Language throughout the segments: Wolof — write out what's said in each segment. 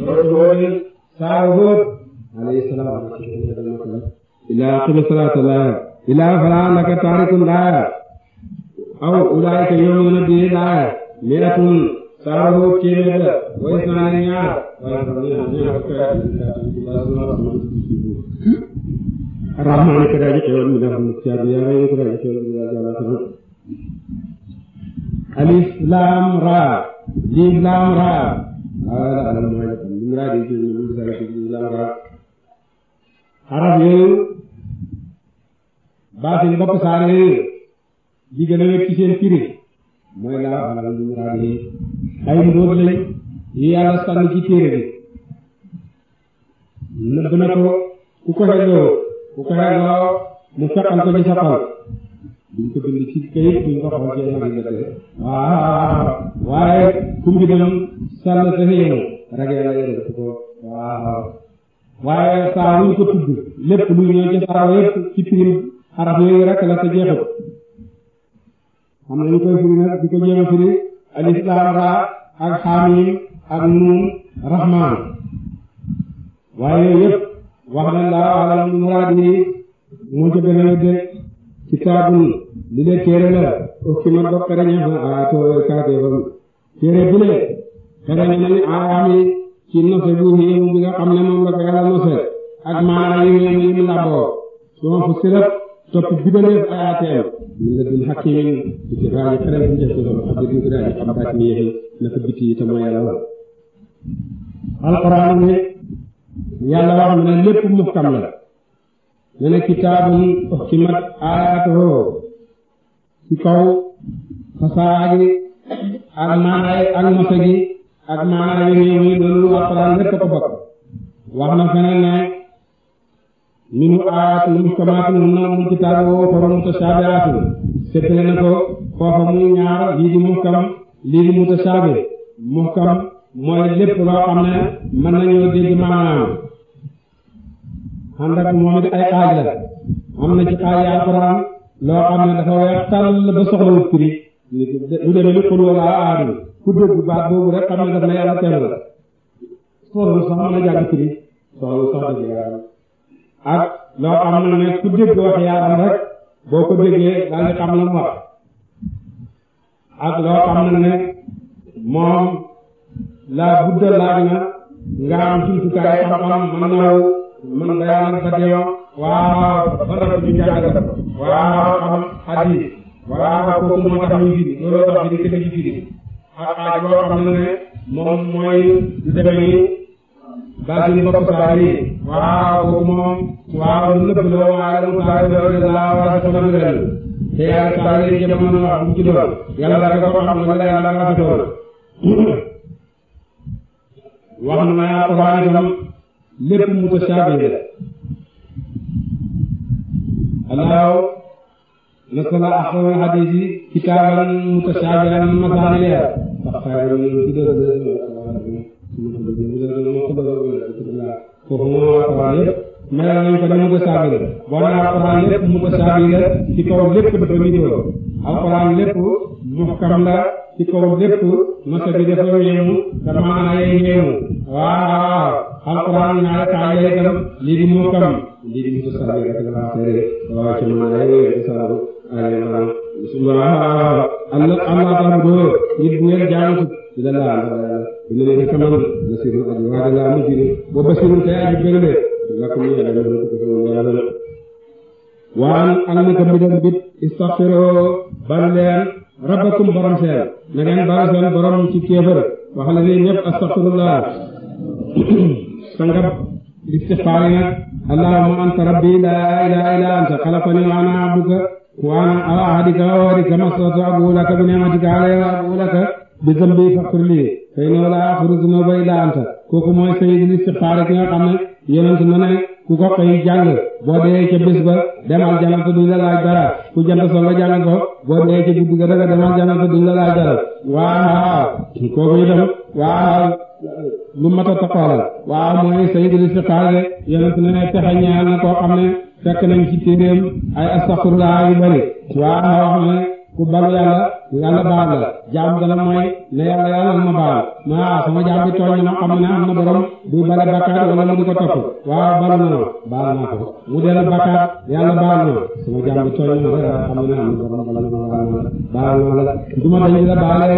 suratu Huud saar Huud alayhi salaam ilaa aqimi salaata laaya ilaa falaa naka taarikun laaya aw ulaayika yomuna bii laaya mi'atun saar Huud téeméer la way saani ñaar rahmaani ka daaji xewal mi dafa mu caadu yaa rayu ka daaji xewal mi dafa jàlla sama alif laam raa liif laam raa muraad yi jublu bu dara ci jublu alxuraan xaraf yooyu baatin bopp saar yooyu di gën a wér ci seen firi mooy laa xalal bu muraad yi ay mbóot lañ yi yàlla sànni ci téere bi nëbb na ko ku ko xegloo ku ko xegloo mu fekkal ko ci sa xol duñ ko ci kayit duñ ko xool ci ay mag yi waaw waaye ku mbi dem sànn sa xëyëmu ragee la yore ko waaw waaye saa wuñ ko tudd lépp luy ñëw ci faraw yëpp ci prime xaraf yooyu rek la ko jeexut xam nañu koy firi nag di ko jéem a firi alislaam ra ak xaamim ak nuun rahmaan waaye yooyu yëpp wax na laa alam muraad yi moo ca gën a de ci taabun li de téere la of ci ma bokkare ñeex na aatoo ah, kaatee fam téere bu ne fegal nañ aaraam yi ci nose bu héew bi nga xam ne moom la fegal nose ak maara yu héew yi mu làbboo suma fu sirëp topp jubaleef ay ateem min la dun xakimin di ci raaji xereñ ci njëf ci xam xam di ko daaji xam baat ni yéexi naka biti yi te mooy yàlla la alxuraan ne yàlla wax na ne lépp muhkam la ne na kitaabun uhkimat aayatuhu ci kaw fasaagi ak maanaay ak nose gi ak maanaam yu néew yi loolu alxuraan rek ko bokk wax na feneen ne minu aayaatin muhkamaatun ummul kitaabi wa uxaru mutashaabihaatun seetlee na ko foofa muy ñaar lii di muhkam lii di mutashaabih muhkam mooy lépp loo xam ne mën nañoo dégg maanaam ànd moom ay xaaj la na ci xaaj alxuraan loo xam ne dafa weex tàll ba soxlawut prix li lu demee ni xul wala aadu ku dégg baat boobu rek xam ne daf na yàlla la soxla sax mën a jàng firi soxla sax dëgg yàlla ak loo xam ne ne ku dégg wax yaaram rek boo ko déggee daal di xam la mu wax ak loo xam ne ne moom laa budda laaj na nga am jumtukaay xam-xam mën naw mën bayaan ba deyoo waaw ba rab ñu jàngal waaw xam xadis waaw kooku moo tax ñu looloo tax ñu di tënk julli ak xaaj boo xam ne moom mooy lu demee ni bàyyi ni bopp saa yi waaw kooku moom waaw lu nëbb la waaye mu saa yi doole laa war a sonal leen te yàlla saa yi jamono wax bu ci doon yàlla rek ko xam wala yàlla nga doon wax na ma alxuraan itam lépp mu ko saabee la alaaw nasala axsanu xadiis yi kitaaban mutashaabihan masaaliha faxtaaril latii tudaa foofu moom alxuraan yëpp melal nañ ko ne mutashaabih boo nee alxuraan lépp mutashaabih la ci kaw lépp dafa niroo alxuraan lépp muxkam la ci kaw lépp masa bi dafa yéemu te maana yi yéemu waaw alxuraan ñaari taay la itam lii di muxkam lii di mutashaabih waaw ci maana yi yéemu am na am naa tax bu doon nit ñeent jaamu si la laa dina leen xamal na si lu aju waaye dangaa mujj ni ba basiru tey aju bëri de lakum yàlla na ko defal yàlla la waan am na ko mbiram bit istafiroo bal leen rabbakum borom seen na ngeen baal seen borom ci kéefër wax la ni ñëpp astafirullah sangab istixfaar yi nag allahumma anta rabbi laa ilaaha illa anta xalaqani wa ana وانا على عهدك ووعدك ما استطعت أبوء لك بنعمتك علي وأبوء لك بذنبي فاغفر لي فإنه لا يغفر الذنوب إلا أنت kooku mooy sayyidul istixfaar ki nga ku ne yonent na ne ku ko xëy jàng boo dee ca bés ba dem aljana te duñ la laaj dara ku jant so nga jàng ko boo dee ca guddi ga daga dem a te duñ la laaj dara waaw kooku itam waaw lu mat a wa waaw mooy sayyidul istixfaar de yonent na ne pexe ñaal na koo xam ne fekk nañ ci téeréem ay astaxfirullah yu bari waaw nga wax ne ku balu yàlla yàlla baal la jaam gala mooy ne yàlla yàlla na ma baal ma sama jaam bi tooñ na xam ne am na borom buy bale bakkaat wala mu di ko topp waaw balu na baal naa ko mu dellu bakkaat yàlla baal na sama jaam bi tooñ na la xam ne am na borom bala na ma baal naa la du ma dañ la baale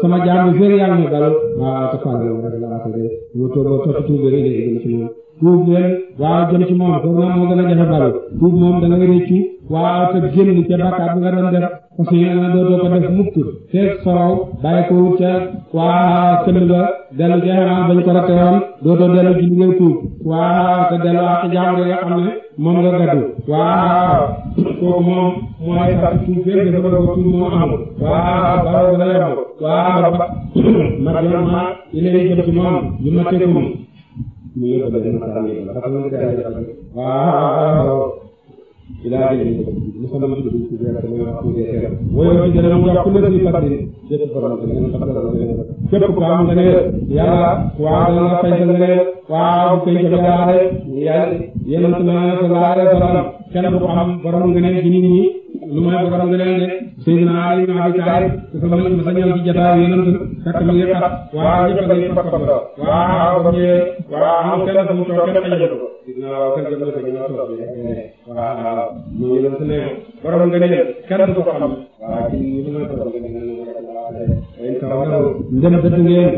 sama jaam bi féer yàlla na baal waaw te fàlle rek la affaire mu toog topp tuubee léegi tuub leen waaw jëm ci moom boobu nag moo gën a jafe bari tuub moom da ngay réccu waaw te génn ca bàkkaar bi nga doon def parce que yéen a dootoo ko def mukk feeg soow bàyyi ko wut ca waaw kënd nga dellu ca xanaa bañ ko ratte woon dootoo dellu ci li ngay tuub waaw te dellu ak jaam nga xam moom nga gaddu waaw kooku moom mooy tax tuub feeg dafa bëgg tuub moom amul waaw baro gën a yomb waaw ba mat yoon ma ilay jëm ci moom ñu ma tegum ni ba da mata ne ba kan da ya da wa ila ga ni musamman da duk da kan ya ku da ya wai da ran ga kullu da ba da da fara da ne ka da ne ke ku ka mun ne ya wa da fa da ne wa ku ke da ya ya yana tana sallallahu alaihi wasallam kan ku am borom ne gini ni lu mooy borom nga leen de Seydina Ali ibn Abi Taalib dafa mën sa ñëw ci jataayu yonent fekk mu ngi xat waa ñëpp a ngi pat pat la waa ba ñëwee waa am kenn sama toog kenn xajatu ko Seydina waaw kenn jëm na ko ñu toog waaw waaw mu ngi leen ne borom nga leen kenn du ko xam waa ci ñu mën a toog nga leen ay taw taw ndem dëgg ngeen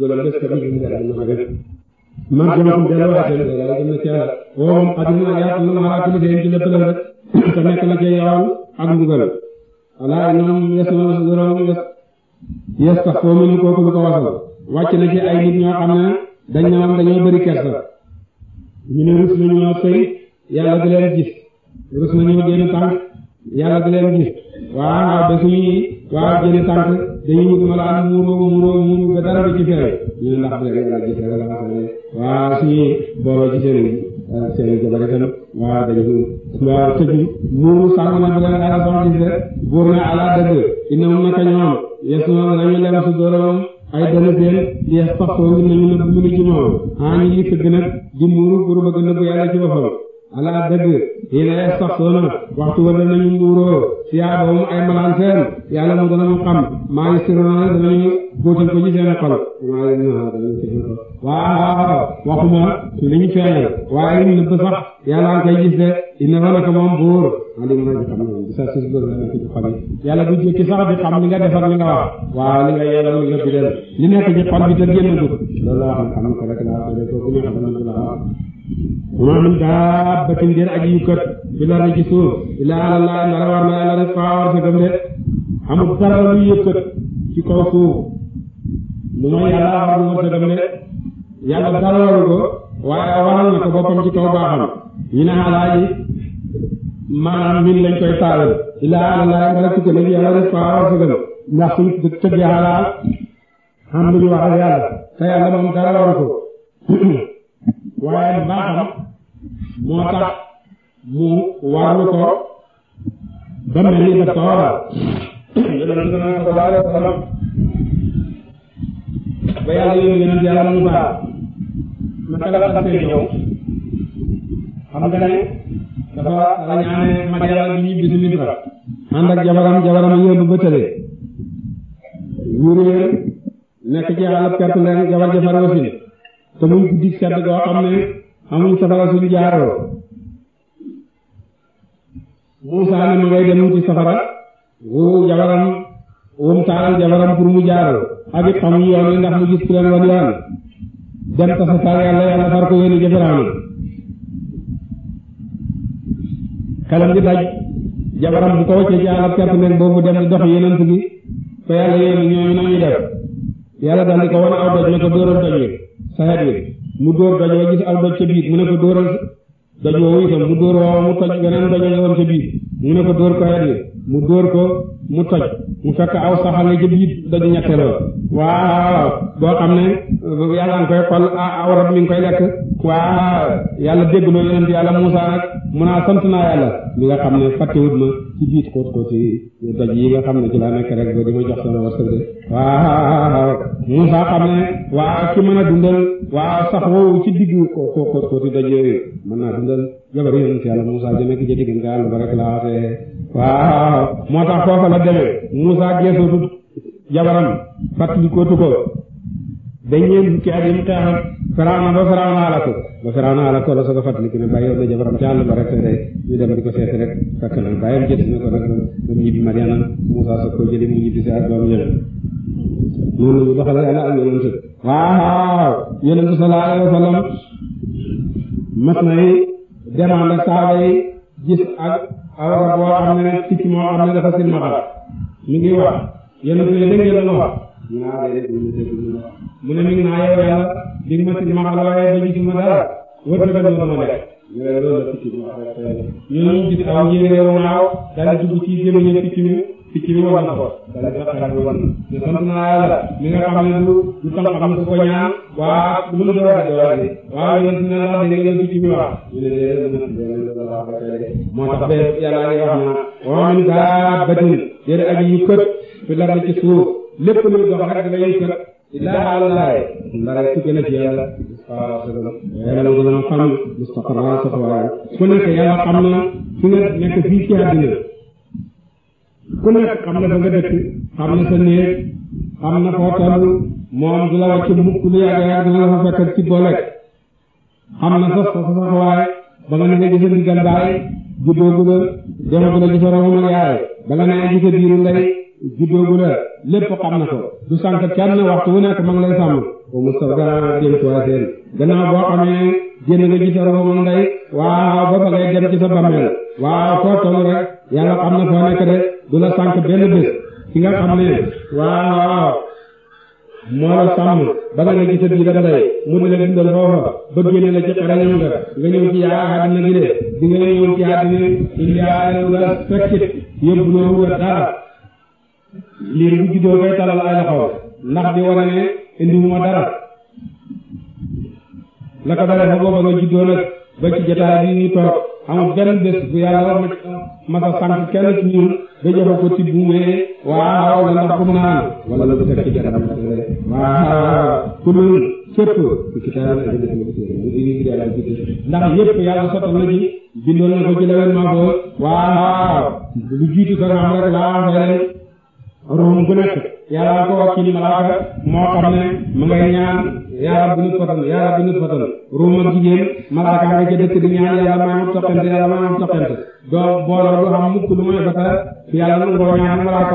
dañu leen xam xam mag jëm delluwaate la jëm na ci yàlla woom adduna yaatu na maa kilifa yi ci lépp la rek te nekk na ci yoon ak mbugal walla ñoom yes na gërëm yes yes sax koo mel ni kooku lu ko wasal wàcc na ci ay nit ñoo xam ne dañ ne woon dañoo bëri kersa ñu ne rus nañoo sëy yàlla du leen gis rus nañoo génn tànk yàlla du leen gis waaw ba suñuy waaw jëli tànk dañuy wut malaan muuroo muuroo muuru ba dara bi ci feeñ ñu ne ndax dina yàlla gis rek la xam ne waaw suñu booloo ci seen ah, seen jabar itam waaw dañu waaw tëju muuru sàmm na ba leen ala dox gis rek buur na ala dëgg ay dana seen yees paxtoo ngir nañu nëbb mu ngi ci moom ah ñu ngi sëgg nag di muuru pour bëgg nëbb yàlla ci boppam ala dëgg yi ne yastaquna waxtu wala nañu mbuuroo siyaabahum ay malaan seen yàlla mu danañu xam maa yasiruna danañu góotal ko ci seen xol waaw waxuma li ñu feeñal waaye li ñu nëbb sax yàlla nga koy gis de inna naka moom buur alim na di xam ne sa sis bor nekk ci xol yi yàlla bu jëkki sax di xam li nga def ak li nga wax waaw li nga yeelal li nga bideel li nekk ci xol bi te génn dut loolu la wax xam ne ko laa ko def ko bu ñu xam ne maanaam daabatin den aji yukkat fi lar ci suuf ilaa àlallah ndara war na yàlla rek faa war sa gëm de amul dara luy yëkkat ci kaw suuf lu mooy yàlla war na war sa gëm de yàlla dara waru ko waaye waral na ko boppam ci kaw baaxam ñu ne xaalaa ji maanaam min lañ koy taalal ilaa àlallah ndara sukka nag yàlla rek faa war sa gëm ndax suñ tëggee xaalaa xam lu ñu wax ak yàlla te yàlla moom dara waru ko waaye mbaaxam moo tax mu warlu ko ba mel ni daf ko waral yonent bi sallallahu alayhi wa sallam ba yàlla yónni yonent yàlla xam nga ne dafa rañaane ma yàlla bi ñuy bind Misra ànd ak jabaram jabaram yóbbu ba tële yuréen nekk ci àll perte leen jabar jafar wasin te muy guddi sedd goo xam ne amuñ safara suñ jaaroo Muusaa ne ma ngay dem wuti safara wu jabaram wum taalal jabaram pour mu jaaroo ak it xamuñ yoon wi ndax mu gis ku leen wan yoon dem tasafaar yàlla yàlla far ko yéene jëfiraanu xelam di daj jabaram bu ko wacce ci àll nekk boobu dem dox yeneen gi fa yàlla yéene ñooñu nañuy def yàlla daal di ko wan aw doj ne ko dóoral doj saxet mu dóor daj wa gis aw doj ca mu ne ko dóoral daj woowu itam mu dóor waaw mu toj beneen daj woon ca biir mu ne ko dóor ko mu dóor ko mu toj mu fekk aw saxal nga jëb yi daj ñetteeloo waaw boo xam ne euh, yàlla nga koy xol awrab ah, mi ngi koy lekk waaw yàlla déggloo yonent yàlla Muusaa nag mu naa sant naa yàlla li nga xam ne fàttewut ci yi nga xam ne ci jox sama war sëgde waaw Muusaa xam mën a dundal waaw sax woowu ci diggu xóot xóoti doj yooyu mën naa dundal jabar yonent yàlla Muusaa jëme ki ca diggante yàlla ba rek laa waxee waaw moo tax foofa la demee Moussa geesootu jabaram fàttalikootu ko ba ñeent fukki at yi mu xeexal Firawna ba ba Firawna halako la soo ko fàttaliku ne bàyyi yoon na jabaram ba rek day ñu dem di ko seeti rek fekk na bàyyam jënd na ko nag mu ñibbi Madiana waaw yonent sallallahu alayhi wa sallam nay demande ak saaba gis ak alors boo xam ne picc moo xam ne dafa silmaxa mi ngi wax yéen su ne dégg ngeen la wax ñu naa ah, dee dégg dégg wax mu ne mi ngi naa yow yàlla dig ma silmaxa waaye ba gisuma ma def ñu ne loolu la picc moo xam ne ñun aw yére wu naaw daal di dugg ci gémmiñu picc mi picc mi war na ko dala dala bi war na te sant naa yàlla mi nga xam ne lu lu xam-xam ko ñaan waa lu mu doole doole waaw yéen dina la wax dégg nga picc bi wax ñu ne déedéet moo tax ba yàlla lay wax naan wa min daabbatin déedéet ak yu kët fi la ci suuf lépp luy dox rek lay kët illaa àlallaaye ndara tuggën a ci yàlla sallallahu alayhi wa sallam yàlla nga gën a xam mustaqarra sa tawaay ku nekk yàlla xam na fi nga nekk fii ci àddina ku nekk xam na fa nga dëkk xam na sa néeg xam na foo toll moom du la wàcc mukk lu yàgg yàgg na la fa fekk ci boolek xam na sa saxawaay ba nga ne nga gisa ndigal baay juddoogu la demagu la gisa roxuma yaay ba nga ne nga gisa biiru ndey juddoogu la lépp xam na ko du sànq kenn waxtu wu nekk ma ngi lay sàmm o Moustapha déntuwaay seen gannaaw boo xamee génn nga gisa roxuma ndey waaw ba fa ngay dem ci sa bammeel waaw foo na foo nekk de du la sànq benn bés ki nga xam ne waaw moo la sàmm ba nga gis a ji la tey mu ne la dundal foofa ba génne la ci xarañam nga la fekkit dara lii bu juddoo koy talal ay loxo ndax di wane ne indi mu ma dara la dara fa booba nga juddoo nag ba ci jotaay bi toog amul benn bés bu yàlla war ma sa sant kenn ci ñun ba joxe ko ci waaw la ndax bu naan wala bu teg ci kanam waaw ku dul fépp ci kanam ndax yépp yàlla sottal na ji bindoon na ko ci lewel ma ko waaw lu jiitu ko nga xam rek waaw xëy na room nekk yàlla ko wàcc ni malaaka moo xam ne mu ngay ñaan yaa rabbi nutfatan yaa rabbi nutfatan ruumam jigéen malaaka ngay ca dëkk ñaan yàlla maa am toqante yàlla maa am toqante doo booloo du xam mukk lu may bata su yàlla nangoo ñaan malaaka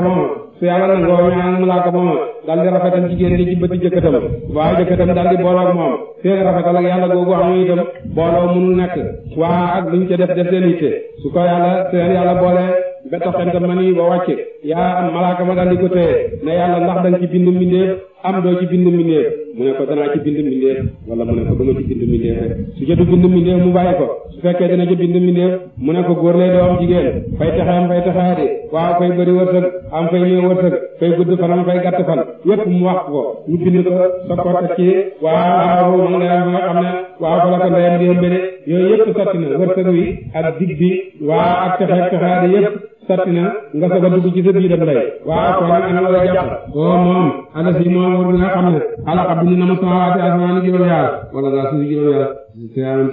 su yàlla nangoo ñaan malaaka mooma daal jigéen di ci bëti jëkkatam waaye jëkkatam daal di booloo ak moom seen rafetal ak yàlla googu amu itam booloo mënul nekk waa ak luñ ca def def seen itte su ko yàlla seen yàlla boolee ba toxtal ka mani ba wàcce yaa malaaka ma daal di ko téye ne yàlla ndax danga ci bind mbindeef am doo ci bind mbindeef mu ne ko danaa ci bind mbindeef wala mu ne ko dama ci bind mbindeef su ca bind mbindeef mu bàyyi ko su fekkee dina ci bind mbindeef mu ne ko góor lay doo am jigéen fay taxe am fay taxaa de waaw fay bëri wërsëg am fay ñëw wërsëg fay gudd fan am fay gàtt fan yépp mu wax ko ñu bind ko sa ko teg ci waaw mu fa la ko ndeyam di yëmbale yooyu yépp sotti wërsëg wi ak dig bi waaw ak taxe taxaa de yépp sotti na nga soog a dugg ci sa biiram a waaw kon oh, ana looy jàpp oo moom ala moom war bi nga xam ne alaxa bind na mu samawaati asamaani juróom yaar wala naa suuf juróom yaar saan mu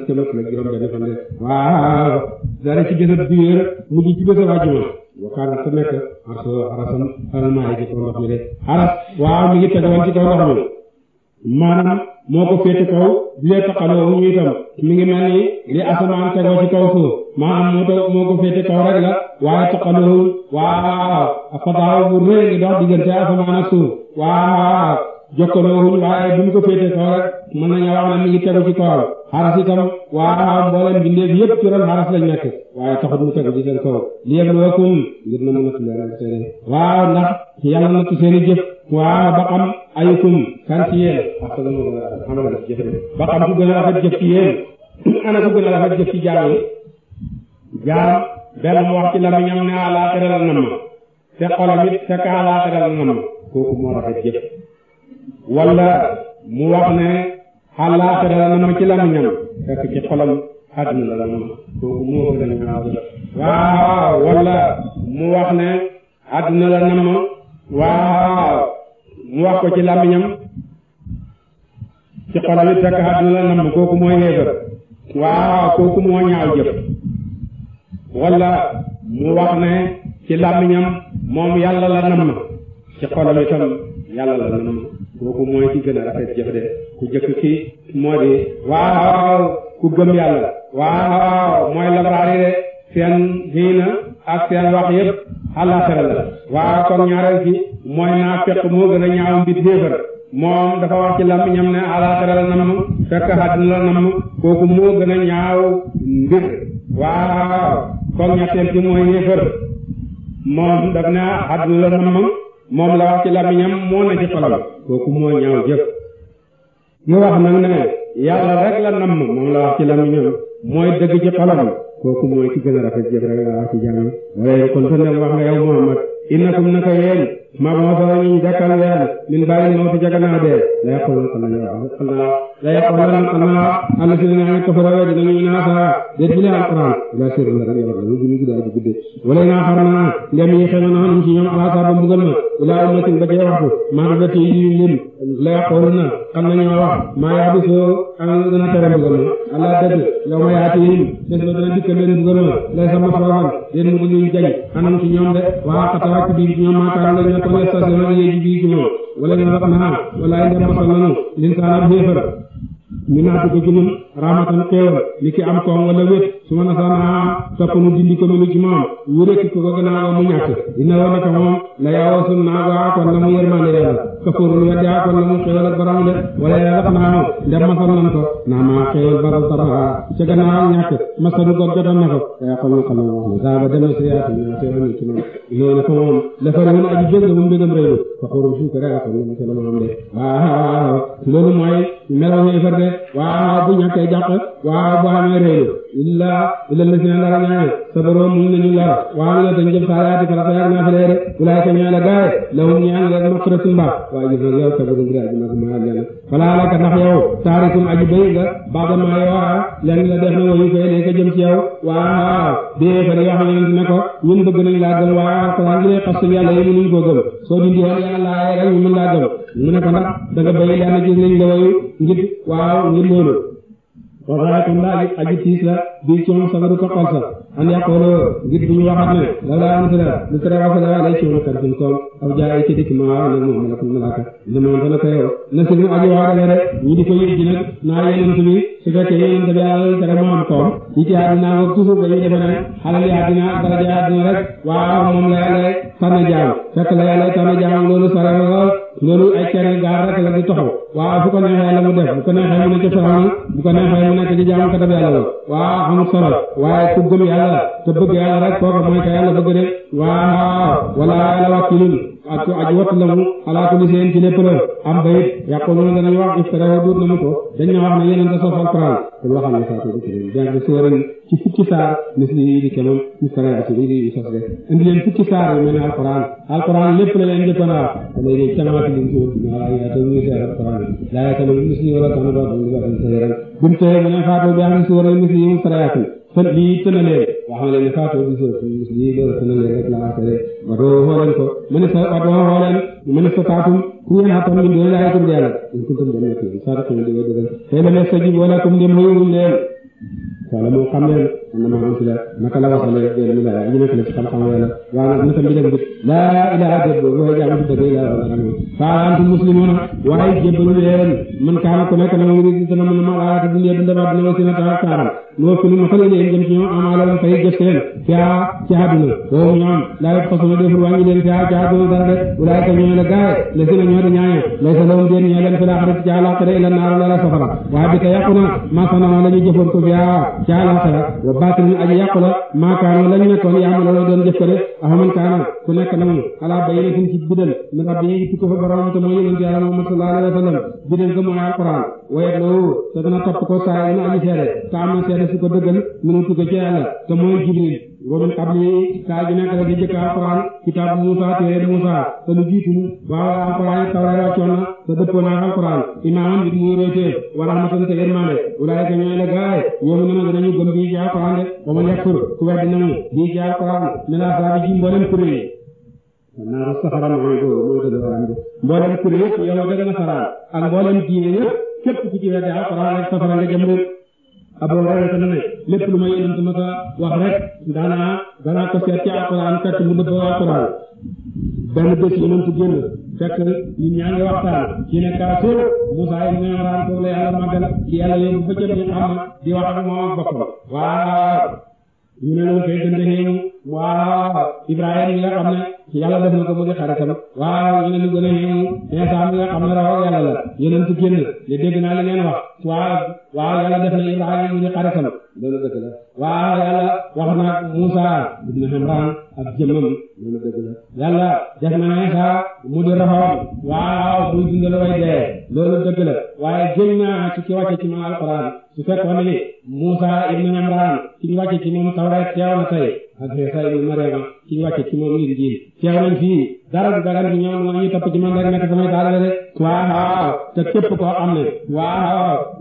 di ci bésab ci kaw ndox mi moo ko féete kaw di leen taqaloo wu ñu itam mi ni li asamaan tegoo ci kaw suuf maanaam moo ko moo ko féete kaw rek la waaye taqaloo waaw fataaw bu rëy ngi dox diggante asamaan ak suuf waaw jokkaloo wuñ ko féete kaw rek mën nañu wax ne mi ngi tegu ci kaw xaras mboolem bindeef yëpp ci ron lañ nekk waaye taxut mu tegu ci seen li yebluwakum ngir na mën a tudd waaw ndax yàlla na ci seen i jëf. waaw ba xam ayukum kan ci ba xam ku gën a rafet jëf ci yéen ana ku gën a rafet jëf ci jaam yi jaam benn mu wax ci lamiñam ne àllaaxira la nam te xolam it fekk àllaaxira la nam nam ci kooku moo gën a ñaaw waaw wala mu wax ne àdduna la nam waaw mu wax ko ci làmmiñam ci xolam it fekk àdduna la namm kooku mooy xéefar waaw kooku moo ñaaw jëf wala mu wax ne ci làmmiñam moom yàlla la namm ci xolam itam yàlla la namm kooku mooy ci gën a rafet jëf de ku jëkk ki moo di waaw ku gëm yàlla waaw mooy labraari de seen diina ak seen wax yépp àllaaxira la waa kon ñaareel gi mooy naa fekk moo gën a ñaaw mbir xéefar moom dafa wax ci làmmiñam ne àllaaxira la namm a ñaaw mbir waaw kon ñetteel moom la wax ci làmmiñam moo ne ci xolam kooku moo ñaaw jëf ñu wax nag ne yàlla rek la namm moom la wax ci làmmiñam mooy dëgg ci xolam kooku mooy ci a a rafet jëf rek laa wax a jaam wala kon sa ndem wax nga yow Muhammad maa ba masala ñu jàkkal weer min dee la yàqoon la yàqoon naa saa de dina alquran la sir la rek yàlla ñu ñu naa xam naa ndem yi xëy na ñu ci ñoom ma ila ummatin ba jee waxtu maa ba ti yi lim a yàqoon na xam nañu wax maa yaa bi soo an dana tere mbugal ma ala dëgg yow ma yaa ti yim des na dana dikk leen mbugal ma lay sama fooxan yéen ñoom de waa xatawàcc kama yastasiruna yéegi bii ci ñoom wala yàlla naa walaay ndem matal nañu linsaanam xéefar ñu naatu ko ci ñun rahmatan xéewal li ki am koom wala wét su ma nasanaa topp nu dindi ko minu ci moom wurékki ko ko gannaaw mu ñàkk dina wa naka moom la yaawoo sun naa waa kon na mu yërmande yàlla wa waddaa kon la mu xewal a borom de wala yàlla def naa ndem masal nan ko naa maa xewal ba du tabaa ca gannaaw ñàkk masalu ko jotoon na ko yaa xam nga xam nga wax na saa ba demee si yaatu ñaa see wàññi ci moom loolu ko moom dafa woon aji bëgg mu mbégam réew kafoorul suuf rek ak ñu ci la moom de waaw loolu mooy melaw ñuy far de waaw bu ñàkkee jàq waa boo amee réew illaa illal la si ne ndara ñaare sabaroo muñ nañu lor waaw na dañ jëm salaati farata yaag naa fi leere wulaay ko ñaale gaaye lahum ñaan leen maqratu mbaax waaye gis na yow sabaru ngir aji mag maa àjjana falaa laka ndax yow taarikum aji bay nga baada maa yoo waa lenn la def na wayu koy léegi jëm ci yow waaw bee fari wax yonent ne ko ñun bëgg nañ laa gëm waaw alxuraan gi lay xas ci yàlla yi mënuñ koo gëm soo dindi yàlla laaye rek ñu mën laa gëm mu ne ko ndax da nga bay la wayu ngir waxaayatun la aji aji tiis la bii ci moom sabaru ko xol sa an yàqooloo ngir bu ñu waxat ne la laa am si la lu tere wasale waa lay ci moom kar suñ koom moom malakul malaaka liman na bi su fekkee yenent bi yàlla la tere mu am koom yi ci àddina ak toujours dañuy defe ne xalal a àddina ak daraja àddina rek jaam fekk la yàlla tànn jaam loolu sore lool loolu ay cere gaar rek la di toxu waaw fu ko neexee la mu def bu ko neexee mu nekk Firawna bu ko neexee mu nekk di jaamu katab yàlla la waaw amul solo waaye ku gëm yàlla te bëgg yàlla rek kooku mooy ka yàlla bëgg de waaw wala la wakkilun ak ak wattu la mu xalaatu li seen ci lépp la am bayit yàqooluna danañ wax iftaraw duut na mu ko dañ na wax ne yeneen da sof alquran kon waxal ne faatu ci leen jàng sóoran ci fukki saar mis li di kemam iftaraw ci di sof de indi leen fukki saar yu mel ne alquran alquran lépp la leen jëkkoon wax lay dee camaati liñ ci wut ala yaa taw ñu seer alquran laa mis li wala tax na ba dañ di ba dañ sa yaram bu mu tëyee mu ne faatoo bi ahli suwar al misli yi muftarayaatin kon lii tëna leen nga xam ne faatoo bi suwar al misli yi loolu tëna leen rek la wax rek watoo xooleen ko mu ne sa ne sa taatum ku ngeen xattan min doon laay tur yàlla in kuntum dem nekk yéen saadakum di wéy dëgg tey ne sa jib wala kum dem leen wala mu xam leen annama ursila naka la wasale yéen wilaya ñu nekk la ci xam-xam yàlla waaye nag nitam bi def gët laa ilaha dëgg mooy jaamu ci dëgg ilaa wala faalantum muslimuna waaye jébbalu leen man kaana ku nekk na mu ngi gis dana mën a ma laata dunya dundamaat dina wasina taal saaram noo sunu masala leen jëm ci ñoom amaalawum fay jëf seen fiaa ci àdduna woowu ñoom laa yot xasuma deful wàññi leen fiaa ci àdduna dara de wulaay ka ñooy la gaaye la sina ñoo di ñaañe lay sa lawum déen ñee leen fi laa xarit ci àllaaxira ila naaru la la safara waaye bi ka yàqu na masanoo la ñu jëfoon ko fiaa ci àllaaxira wa baatilun aji yàqu la maakaano lañ nekkoon yaamalo la doon jëf ko de ahaman kaana ku nekk na mu alaa bayi na sin ci bidal mi nga bi tukko fa borom te mooy yonent yàlla Muhammad sallallahu alayhi wa sallam bidal ga mooy alquran waye loolu te dana topp ko saa yi na aji seede te am na seede def ko dëggal mu ngi tukkee ci yàlla te mooy jibril a min qabli kaa ji nekk la di jëkk alquran kitaabu Muusaa téere Muusaa te lu jiitu waaw a tawra wàccoon na te dëppoo naa alquran imaaman bi muy rootee wa rahmatan a yërmande ulaayika ñooy la gaay ñoomu nana dinañu gëm bii ci alquran de wa man yakfur ku weddi nañu bii ci alquran min asaabi ji mboolem kuréel yi naaru safara mooy mboolem kuréel yëpp yow dëgg na saraan ak mboolem diine yëpp képp ku ci weddi alquran rek safara Abu Hurayra ne lépp lu ma yonent ma wax rek daanaa danaa ko seet ci alxuraan fekk mu dëppoo alxuraan benn bés yonent génn fekk ñun ñaa waxtaan ci ne kaasoo Moussa ibn Imran ko la yàlla màggal ci yàlla yóbbu ba ca bi di wax ak moom boppam waaw ñu ne loolu kay dënd xeeñu waaw Ibrahima mi nga xam ne yàlla def na ko mu di xaritam waaw ñu ne lu gën a yéemu Iisaa mi nga xam ne raw yàlla la yeneen su génn ne dégg naa li ngeen wax waaw waaw yàlla def na Ibrahima mu di xaritam loolu dëgg la waaw yàlla wax na Muusaa ibn Imraan ak jëmmam loolu dëgg la yàlla def na Iisaa mu di raxoom waaw muy dundal way dee loolu dëgg la waaye génn naa ci ci wàcce ci ma alxuraan su fekkoon ne Muusaa ibn Imraan ci ñu wàcce ci moom tawreet teew na tey ak Sayyidul Mariama ci wàcce ci moom Injiil teew nañ fii dara du dagan ci ñoom ñoom ñu topp ci man rek nekk samay taalibe de waaw te képp koo xam ne waaw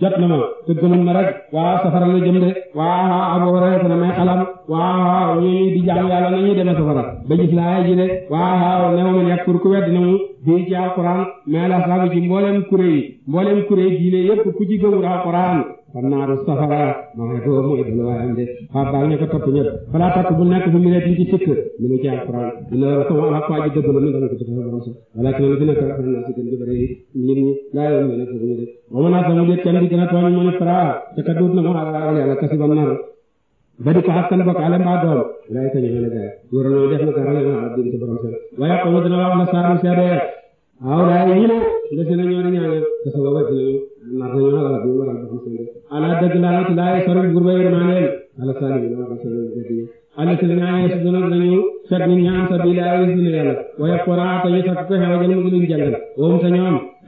jot na ma te gëmum na rek waaw safara la jëm de waaw Abu Hurayra ne may xalam waaw ñooñu di jaam yàlla da demee safara ba gis laaya ji de waaw new man yàkkur ku wedd na mu bii ci alquran mais la sabi ci mbooleem kuré yi mbooleem kuré diine yépp ku ci a alquran xam naa ne safara maa ko mooy dana waayam ko topp ñëpp balaa topp bu nekk bu mu nekk ci tikk mi ngi ci alquran dina mi ngi ko ci dafa borom sax ki fi nekk rafet na si gën di bëri nit ñi laa yoon mel ko ñu de wa man asama a mu ne fara te ka na mu ala ragal yàlla kasi ba nar ba di ko askan bokk ale mbaa doom lay tañu mel gaay wóor na def na dara la ala din ci borom sax waaye ko dina wax na saaru seede aw lay ñi ne la seen ñoo ñaan nar nañu halal bi waral dafa seen ala dëgg laanat laaye faru buur ba ala saalimi na wax seen dëgg yi ala si naa yees duna nañu fet nit ñaan sa bii laa yees dina mu di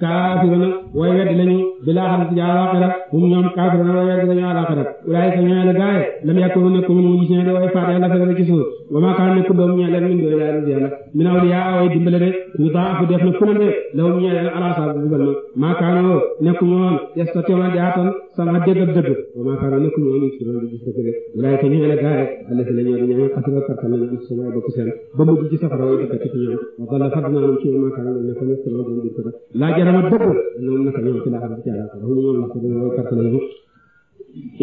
kaafiruna way weddi nañu bilaa xam ci àllaxira hum ñoom kaafiruna way weddi nañu àllaxira ulaay sa ñooñu la gaaye lam yàkkooru nekku min mu gis ne da way faat yàlla fekk ci suuf wa maa kaan nekku doom ñee leen min doo yàlla di yàlla min awliyaa way dimbale de ñu daafu def na ku ne de lawum ñee leen alaasaa bu bugal na maa kaanoo nekku ñoon yes ko teewal jaatan sama dëgg ak dëgg wa maa kaanoo nekku ñoon si loolu gis ko de ulaay sa ñooñu la gaaye àllasi la ñoo di ñoo xasira karta nañu am sama bokk seen ba mujj ci safara way dëkk ci ñoom wa dalla fadnaa ci maa kaanoo nekku ñoom dama dëgg noonu naka ñoom ci laaxal ci àll xam ñoom la ko dama kàttan nañu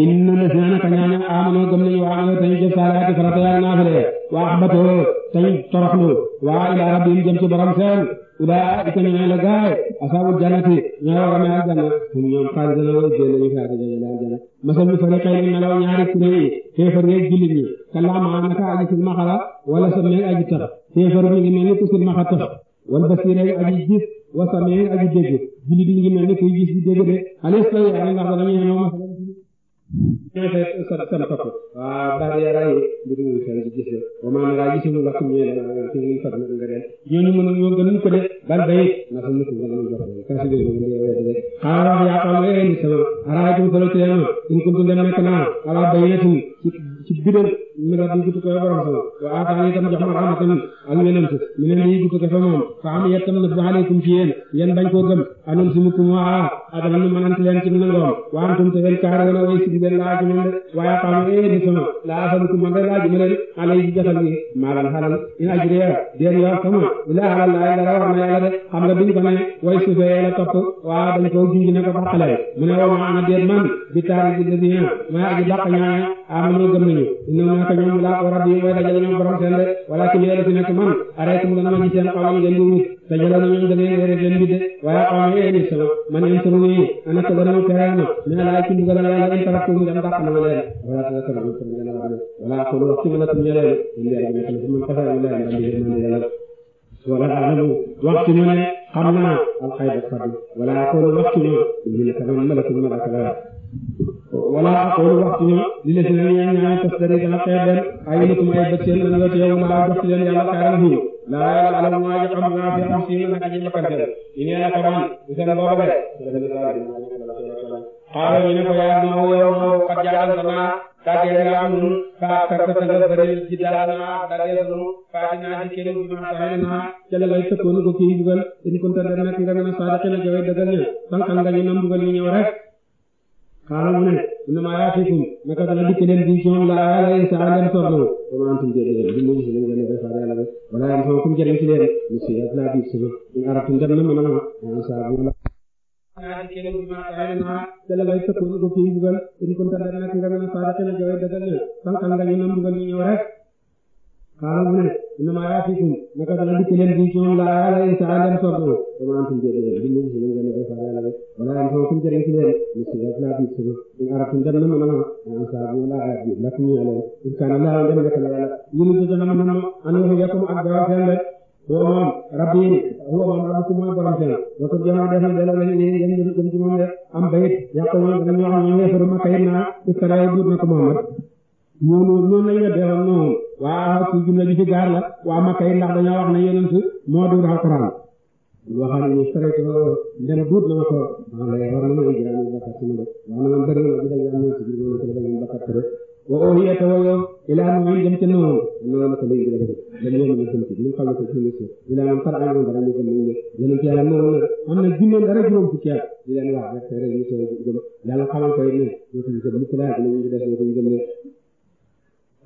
inna la si naka ñaañu amanoo gëm nañu waa amee tañu jëf saalaati farata yaag naafile waa axbatoo tañu toroxlu waa ila rabbihim jëm ci borom seen ulaa'ika ñooy la gaay asaabu jannati ñooy war a mel aljanna hum ñoom xaalidina wa génn ñu faati jëlee la aljanna masalu fariqayni melaw ñaari kuréel yi kéefar yeeg jullit ñi kallaamaa naka aji silmaxa la wala sa mel aji tax kéefar mi ngi mel ni ku silmaxa tax wal basiir aji gis wasami aji dégg julli bi ngi mel ni kuy gis di dégg de alis la yaani ndax danañu yemoo masalan ñeete sa sam topp waaw daal ya ray mbir mu sel di gis wa maa nara gisunu lakum ñeena ci fat na nga den ñooñu mën ñoo gënuñ ko de bal bay na sa nit nga ñu jox ka ci dégg nga yow de xaaral wax yaa xam ne ni sama araaytum solo ci leen in kuntum dem nekk naa ala bayinatin ci biral mira bi gutu ko borom so wa aataani itam jox ma rahmatan ak yonent mi ne nii gutu ko fa moom fa am yettam na alaykum ci yéen yéen bañ koo gëm anon si mukkum waa adama nu mënant leen ci nangoom wa antum te leen kaar wona way sigi leen laaji man de waaye xaam e di sama laa asalukum man de laaji ma leen alay ji jafal gi maa lan xalal in ajriya déen yoo sama ilaa xalal laa dara war na yàlla de xam nga biñ ko ne way suufee la topp waa dañ koo jungi ne ko baxale mu ne woo ma ana déet man bi taari ji dadian maa aji dàq ñaane amanoo gëm nañu inna naka ñoom laa ko rabbi mooy dajale ñoom borom seen de wala ki leela fi nekk man arrêtum dana ma ci seen xawam ngeen di wut dajale na ñoom dana yéere leen bi de waaye xawam yéen nit sama man yéen sama nii ana ko gënal tereel ma mais laaj ci mbugal yàlla in taraftu mu dem dàq na ma leen wala ta sama sama ngeen la wala ko wax ci mënatum ñeleen ñu leer ñu xam man tafa ñu leer ñu leer ñu leer wala alamu waxtu mu ne xam naa alxayda faddu wala ko waxtu mu ñu ne kaman malakul malakala wala xoolu waxtu ne li la dina ñaan ñaan tastari dana xeeb leen ay nitum ay bët seen lan yote yow laa jox leen yàlla kaaram xiw laa yàlla alam waa ji xam naa fi xam si nag aji bakkanteel ñu nee na ko man du seen booba de xaaral ñu ne ko yaa noo yow noo kat jaagal sa naa tàggee nga am nun faa perte nga bëril ji daal naa daggee sunu faa dinaa ci kenn bi ma tane naa ca la lay tëkkoon ko kii mbugal in kunta da nekk nga mën a saadiqina jawee dëggal ñu sankal nga ñu na mbugal ñu ñëw rek xaaral mu ne innama yaatikum naka dana dikk leen bi ci moom laa yàlla in saa leen soobu wa antum jëlee li mu gis ne ngeen defar yàlla rek wala yam sama kum jëriñ ci leen na mën a ma en saa bu la jalla bay ko fii bugal in kunta da nak nga mën a faada te na dagal ne fanqal nga ñu na mbugal ñu ñëw xaaral mu ne innama yaatiikum naka dana dikk leen bi ci in saa leen soog dama am suñu jëriñ li mu gis leen gën a defar yàlla rek wala yàlla foofu suñu jëriñ si leen ñu si def laa biir suñu ñu arab suñu dem na ma en saa bu laa in kaan laa dem nekk na yàlla an waxu yakum ak gaaw seen rabbi huwa moom rabbi mooy borom seen wa ko jama na delloo ma kayit noonu noonu lañ la defoon noonu waa ku jumla ji ci gaar la waa Makka yi ndax dañoo wax ne yonent moo duur alxuraan waxal ñu sore ko ndem duut na ma ko maa lay war na ma jiraani bakkat sama de wax na ma bëri na gis nga ñëw ci biir noonu ci la bakkat rek wa ohiya te woyoo ilaa noonu jëm ca noonu noonu ko lay jëlee dañ leen mën a sënti ñu xam ko suñu si ilaa am far amoon dara ñu gëm ñu ne yonent yàlla noonu nag am na jinne dara juróom fukki at di leen wax rek rek ñu soo gëm yàlla xamal koy ne ñu ko gëm ñu ko laaj ñu def ñu gëm ne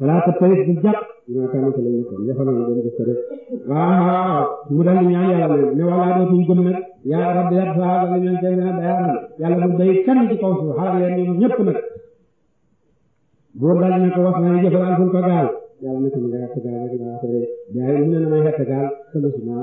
wala te tey bu jàpp ñoo xam ne que lañu ko ñoo xam ne dañu ko sori waaw mu daal di ñaan yàlla ne ne wala dootuñ gëm nag yaa rabbi yaa saa la ñu tey na dayaaral yàlla bu day kenn ci kaw suuf xaaral leen ñoom ñëpp nag buur daal ne ko wax naa jëfalaan ful ko gaal yàlla ne ko nga xett gaal rek nga tere jaay mu ne na may xett gaal te lu suma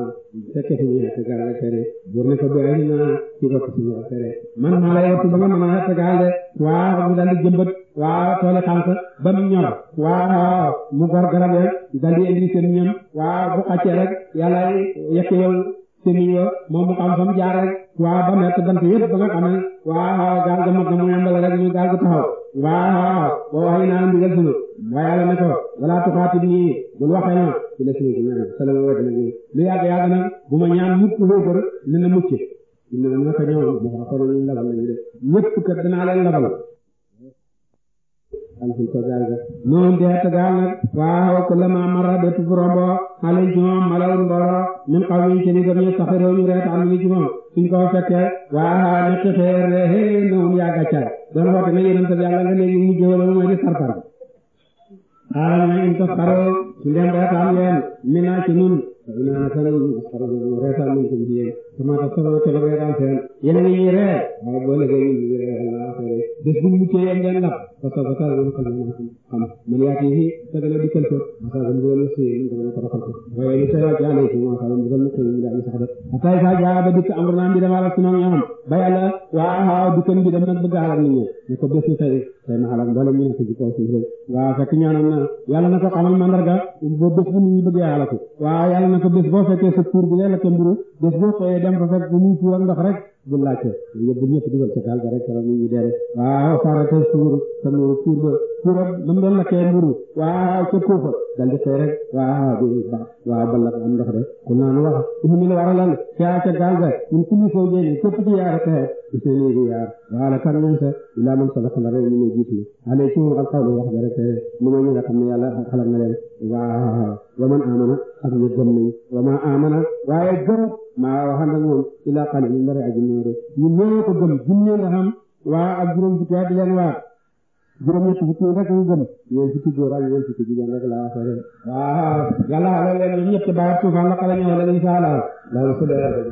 fekke fi ñu xett gaal rek tere buur ne ko bu ay naa ci bopp suñu tere man maa lay wattu ba nga mën a xett gaal de waaw mu daal di jëmbat waaw toole xànq ba mu ñor waaw mu gor garab ya daldi indi seen waaw bu xàccee rek yàlla yekkewal semiñ wa moom mu xam fa mu jaar rek waaw ba mett bant yëpp ba nga xam ne na mu yembal rek ñu ko wala tuxaatib nii bul ne na mucc dina naka ñëw xam ne ñu labal nañu de ñëpp kat danaa leen labal alxem ca gaal ga moom dee ca gaal nag waaw ku la ma mara bépp bu rombo xale yi ci moom malawul mbooloo min xaw yi ci ni gëm ñu saxiroo ñu reet am ñu ci moom suñ ko fekkee waaw hee noom yaa gàccal doon woote na yonent bi yàlla nga léegi mu jëwal mooy di sarpar xaaral na in tos xaroo su ndem reetaan leen mi naa ci nun dina na sanu xaroo reetaan nañ ko ci yéen su ma la solo te la koy daan seen yéen a ngi ñuy ree waaye boo léegi ñu ngi ree la affaire bés bu muccee ngeen lab parce que bakkaar bu xam naa xam man yaa kii te dana dikkal ko bakkaar bu mu si dana ko doxal ko waaye ñu seewaat yaa lay suñu xam bu mu xëy ñu daal sax def atay sa jaa ba dikk amru naa bi dama la suñu ñoom ba yàlla waa xaaw dikkal bi dem nag bëgg xalak nit ñi ne ko bésu tey tey ma xalak mboolem ñu nekk ci kaw suuf rek waa fekk ñaanam na yàlla na ko xamal mandarga boo bés bu nit ñi bëgg xalaku waa yàlla na ko bés boo fekkee sa pour bi ngay lakke mburu bés boo xëyee yam rafet bu mu tuur ndox rek bu laajte bu ñëpp dugal ca gaal ga rek keroog ñu dee rek waaw saarate suur sa nuur suur ba suura lu mu doon lakkee mburu waaw ca kuufa dal di xëy rek waaw bi ba waaw balla am ndox de ku naan wax ñu la waralal ca ca gaal ga ñun kulli foo jéegi képp ci yaar xeer di seeni di yaar waaw la kan ñun sa ilaa man salaka la rew ñu ne jiitu ale ci al qawlu wax ja rek lu ma ñu nga xam ne yàlla xalal na leen waaw wa man amana ak ñu gëm nañ wa ma amana waaye gëm maa wax nag moom ila qalil mbari aji néew rek ñun ñoo ko gëm junne nga xam waa ak juróom fukki at di leen waar juróom ñetti fukki rek ñu gëm ñooy fukki góor ak ñooy fukki jigéen rek laa waxee leen waaw yàlla xale leen ñoom ñëpp ba tuufaan la xale ñëw leen insha Allah loolu su dee rek.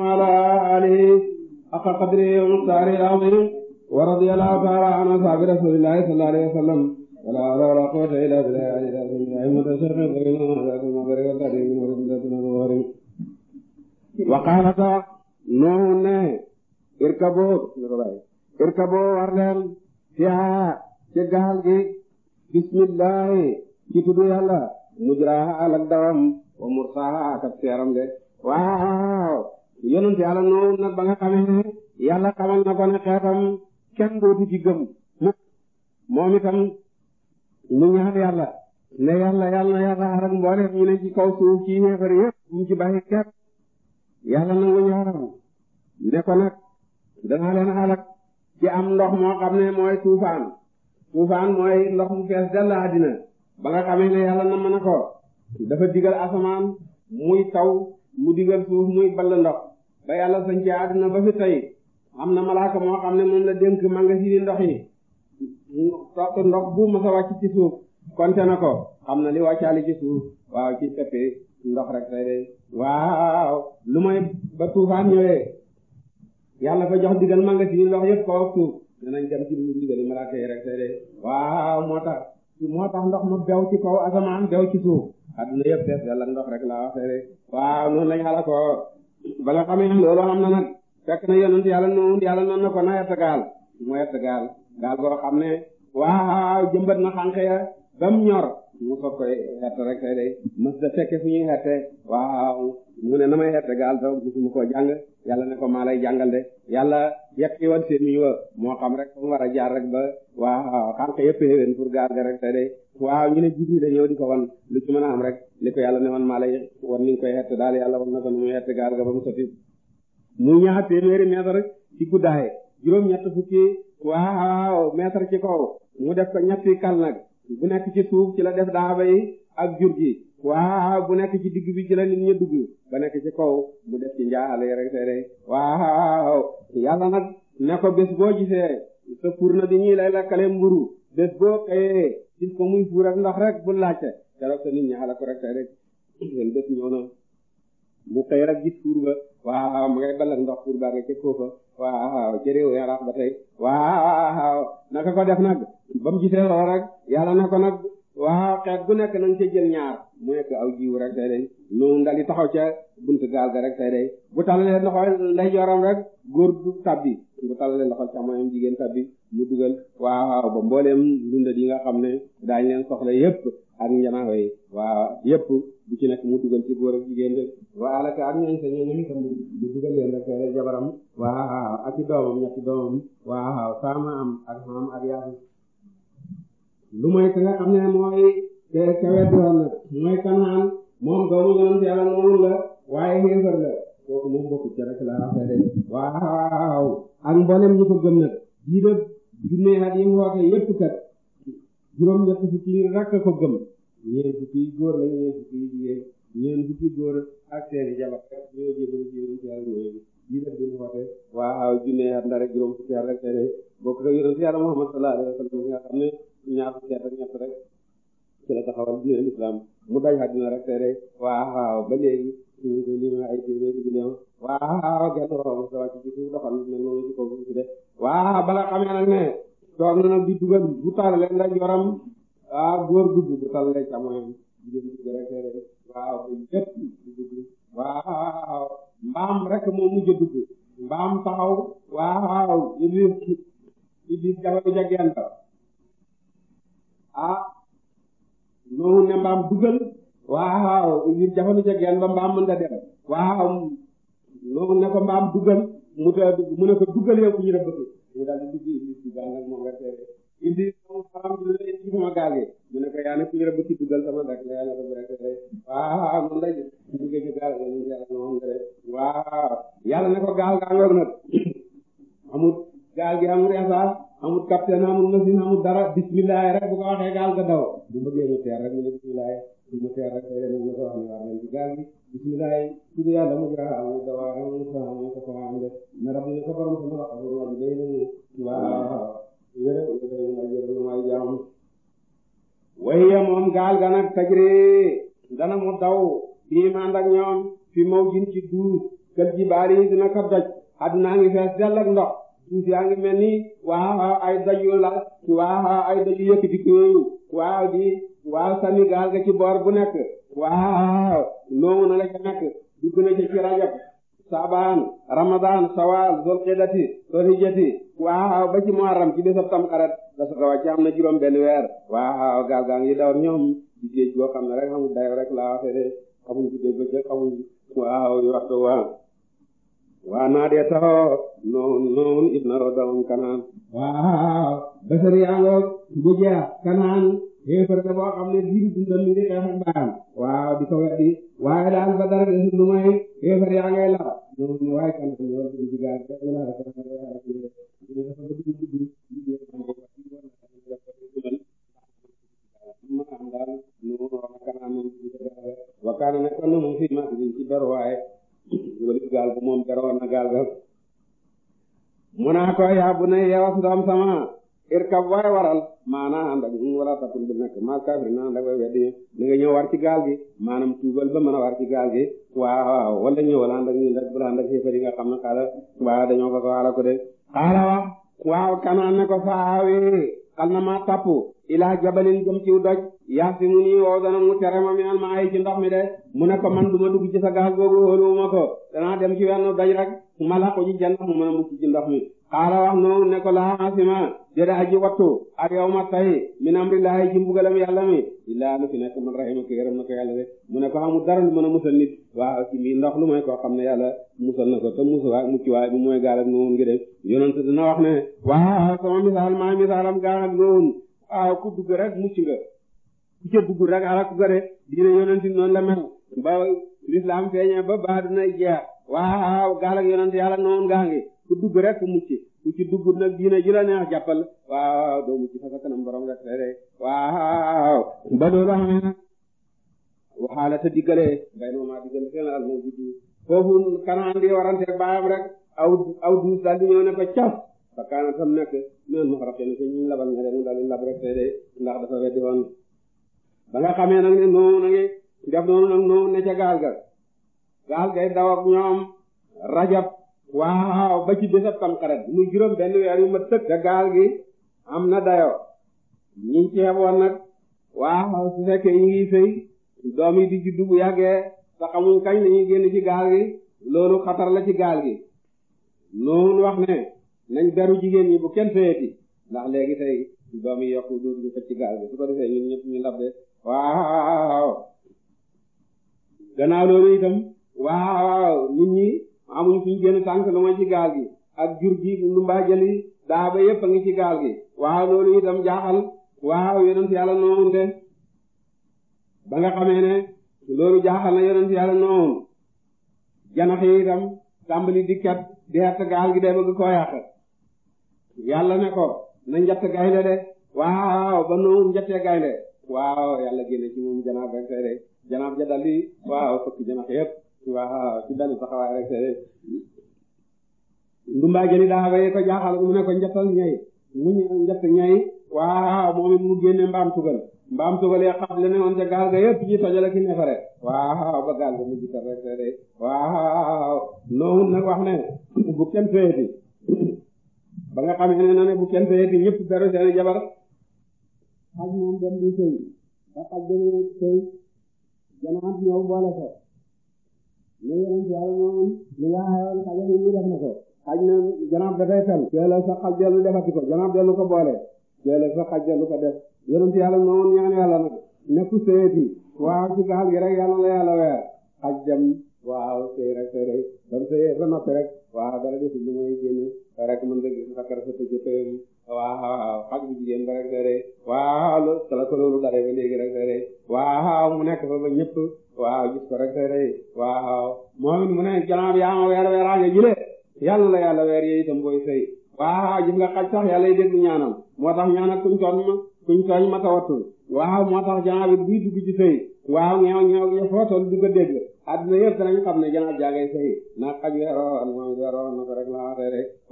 وعلى آله حق قدره ومقداره العظيم wa radiyallahu ta'ala an ashaabi rasulillahi sallallahu alayhi wa sallam wala hawla wala quwwata illa billahi al-'ali al-azim wa qaala ta Nuuh ne irkaboo irkaboo war leen fiha ci gaal gi bismillahi ci tudd yàlla mujraha alak dawam wa mursaha akab seeram de waaw yonent yàlla Nuuh nag ba nga xamee ne yàlla xamal na ko ne xeetam kenn dootu ci gëm moom itam mu ñaan yàlla ne yàlla yàlla na yàlla ne ci kaw suuf ci yéefar yépp mu ci bàyyi kenn yàlla nangu ñaanam ne ko nag danaa leen xalak ci am ndox moo xam ne mooy tuufaan tuufaan mooy ndox mu fees dell àddina ba nga xamee ne yàlla na mën ko dafa digal asamaan muy taw mu digal suuf muy ball ndox ba yàlla sañ ci àddina ba fi tey am na malaaka moo xam ne moom la dénk magasin ndox yi topp ndox bu mës a wàcc ci suuf konte na ko am na li wàccaali ci suuf waaw ci peppe ndox rek tay day waaw lu may ba tuufaan ñëwee yàlla fa jox digal magasin ndox yëpp ko suuf danañ dem ci digal yi malaaka yi rek tay waaw moo tax moo tax ndox mu bew ci kaw asamaan bew ci suuf adduna yëpp des yàlla ndox rek laa wax tay waaw noonu lañ xala ko ba nga xamee loolu xam fekk na yonent yàlla noonu yàlla noonu na ko na yett gaal mu yett gaal gaal goo xam ne waaw jëmbat na xànq ya ba mu ñor mu soog koy xett rek tey day mës fekke fu ñuy xette waaw mu ne na may xette gaal taw musuma koo jàng yàlla ne ko maa lay jàngal yàlla yekki wan seen miñ moo xam rek fa mu war a jaar rek ba waaw xànq yëpp xéwén pour gaal ga rek tey day ñu ne jibril da ñëw di ko wan lu mën a am rek li ko yàlla ne wan maa lay wan ni nga koy xett daal yàlla wan na ko nu muy gaal ga ba mu sotti mu ñaar téeméeri mètre ci guddaay juróom-ñett fukki waaw mètre ci kaw mu def ko ñetti kal nag bu nekk ci suuf ci la def daaba yi ak jur gi waaw bu nekk ci digg bi ci la nit ñi dugg ba nekk ci kaw mu def ci yi rek seede waaw yàlla nag ne ko bés boo gisee sa na di ñuy lay lakkale mburu bés boo xëyee gis ko muy fuur rek bu laajte keroog sa ñi xala ko rek seede seen bés ñëw fuur ba waaw ma ngay balak ndox pour baa nga ca koofa waaw jëréew yaraax ba tey waaw naka ko def nag ba mu gisee lool rek yàlla na ko nag waaw xeet gu nekk nañ ca jël ñaar mu nekk aw jiwu rek tey day noonu ndali taxaw ca buntu gaal ga rek tey day bu talalee loxo ndeyjooram rek góor du tabbi bu talalee loxo càmmoñam jigéen tabbi mu dugal waaw waaw ba mbooleem ndundat yi nga xam ne daañ leen soxla yépp ak njanaaw yi waaw yépp bu ci nekk mu dugal ci góor ak jigéen de waa alaka ak ñooñ sa ñooñu itam mu rek feere ak i doomam ñetti doomam lu mooy ka xam ne mooy te kawet doon junne at yi mu kat juróom ñett fukki rakk a ko gëm ñeen fukki góor la ñeen fukki jigéen góor ak seeni jabar juróom fukki at rek tene ak yonent yàlla Muhammad sallallahu alayhi wa sallam mu daj àddina rek tere waaw ba léegi ñu ngi koy limal ay téeméeri million waaw genn room sa wàcc ci suuf doxal mel noonu ci kaw si de waaw bala xamee nag ne toog na nag di dugal bu tal leen la joram waaw góor dugg bu tal leen camoyam jigéen dugg rek rek waaw ba yëpp dugg waaw mbaam rek moo mujj dugg mbaam taxaw waaw ci biir ci biir jabaru ja genn ah noonu ne mbaam dugal waaw ngir jafandu ca geen ba mbaam mën da dem waaw loolu ne ko mbaam duggal mu ta dugg mu ne ko duggal yow ku ñu rëbb ki mu daal di dugg iblis bi gaal nag moom rek iblis moom mbaam bi lay ci sama gaal gi mu ne ko yaa ne ku ñu rëbb ki duggal sama rek la yaa ne rëbb rek waaw moom la duggee ci gaal ga ñu yàlla moom nga rek waaw yàlla ne ko gaal gaa ngoog nag amul gaal gi amul esaas amul capitaine amul machine amul dara bisimilah rek bu ko waxee gaal ga daw bu bëggee mu teer rek mu ne bisimilah bu mu teer rek mu ne ko wax ne war leen ci gaal gi bisimilah tudd yàlla mu gaa amul dawaa amul sa amul sa xaw am def na rab ne ko borom sama wax ko wàññi day nañu waaw yére yére ma yére ma may jaam waye moom gaal ga nag tajri dana mu daw bii ma ànd ak ñoom fi maw jin ci duus kër ji baari dina ko doj àdduna ngi fees dell ak ndox suuf yaa ngi mel ni waaw ay daj la waaw ay daj yu yëkkati ko yooyu waaw di waaw sànni gaal ga boor bu nekk waaw noomu na la ca nekk dugg na ca ci rajab saabaan ramadaan sawaal zul qidati zul hijjati waaw ba ci muharram ci bésab tamxarit la soog a wàcc am na juróom benn weer waaw gaal gaa ngi daw ñoom di géej goo xam ne rek xamul dayo rek laa waxee de xamuñ guddee bëccëg xamuñ waaw waa naadee taxoo noon noon ibna roddamam kanaan waaw basari angoog kanaan xéefar da boo xam ne diiru dundam mi waaw di ko weddi waaye daal ba dara desul may xéefar yaa ngay law noon waaye kanaan ñoo dugg ci gaal wala wa kaana nekkoon na mu fi ma ci beru walif gaal bu moom beroon na gaal ga mu naa ko yaa bu ne yeewas ndoom sama irkab waay waral maanaa ànd ak ñun hmm, wala takun bu nekk maa kaafir naa ànd ak way weddi na nga ñëw war ci gaal gi maanaam tuubal ba mën a war ci gaal gi waaw waaw wala ñëwal ànd ak ñun rek bul ànd ak yéefar yi nga xam ne xaala waaw dañoo ko ko xaala faawi xal na maa tàpp ilaa jabalin jëm ciw doj yax si mu nii wow mu tere ma minal ma ay ci ndox mi de mu ne ko man du ma dugg ci sa gaal googu hóoluwuma ko danaa dem ci wenn doj rek su ma làqu ji ca ndox mu mën ndox mi xaala wax noowu ne ko laa asima déda aji wattu ak yow ma tay min amrillahi ci mbugalam yàlla illaa lu fi nekk man rahima ko na ko yàlla mu ne ko xamul dara lu mën a musal nit lu may koo xam ne yàlla musal na ko te musuwaay mucc waay bu mooy gaal ak noonu ngi de yonent dina rek mucc nga ku la mel ba lislaam feeñee ba ba dina jeex waaw gaal ak yonent yàlla noonu gaa ku dugg rek mucc ku ci dugg nag diine ji la neex jàppal waaw doo mucc fa sa kanam borom rek rek waaw ba loolu amee nag waxaala te diggalee ngay no maa diggal seen al moo juddu foofu kanaan di warante baayam rek aw aw duus daal di tam nekk meen ma na ca gaal ga gaal gay daw ak ñoom rajab waaw ba ci bésab tamxarit muy juróom benn weer yu ma tëkk gaal gi am na dayoo ñi ci xeboon nag waaw su fekkee ñu ngi sëy doom yi di juddu bu yàggee te xamuñ kañ lañuy génn ci gaal gi loolu xatar la ci gaal gi noonu wax ne nañ beru jigéen ñi bu kenn sëyati ndax léegi tey doom yi yokku du ñu ci gaal gi su ko defee ñun ñëpp ñu labde waaw gannaaw loolu itam waaw nit ñi amuñ fi ñu gën tànk lu ma ci gaal gi ak jur gi lu mbaa jëli daa ba yëpp a ngi ci gaal gi waaw loolu itam jaaxal waaw yonent yàlla noonu de ba nga xamee ne loolu yàlla noonu janax yi itam tàmbali dikkat di hett gaal gi de bëgg koo yàq yàlla ne ko na njatt gaynde de waaw ba noonu njattee gaynde waaw yàlla génne ci moom janax rek de janax ja daldi waaw fëkk janax yëpp waaw ci benn taxawaay rek te ndumbaay jëli daa ba ko jaaxal mu ne ko njattal ñay mu njatt ñay waaw moom it mu génne mbaam tugal mbaam tugal ya xam le ne woon ca gaal ga yëpp ci tojale ki nefere waaw ba gaal ga mujj ta rek te de waaw noonu nag wax ne bu kenn seeti ba nga xamee ne na ne bu kenn seeti ñëpp beru seen jabar xaj moom dem di sëy ba xaj demee sëy janaat ñëw boole ko ne yonent Yàlla moom li nga xayoon xajam yi def na ko xaj na janaab dafay fen jëlal sa xaj dellu defati ko janaab dellu ko boole jëlal sa xaj dellu ko def yonent Yàlla moom ñaan Yàlla nag nekku sëyeti waaw ci gaal gi rek yàlla la yàlla weer xaj dem waaw sëy rek sëy rek ba mu sëyee ba noppi rek waaw dara desul lu mooy génn rek mën nga gis sa kër sa tëj waaw xaj bu jigéen ba rek de rey waaw kala ko loolu ba léegi rek de rey waaw mu nekk ko ba ñëpp waaw gis ko rek de rey waaw moom mu ne janaab yaa ma weer weeraange jule yàlla la yàlla weer yee itam booy sëy waaw gis nga xaj sax yàlla yi déglu ñaanam moo tax ñaanal kuñ tooñ ma kuñ tooñ ma tawattu waaw moo tax janaab bi buy dugg ci sëy waaw ñëw ñëw ya foo toll du ko dégg adduna yëpp danañ xam ne janab jàngay sëy na xaj weeroon moom weeroon na ko la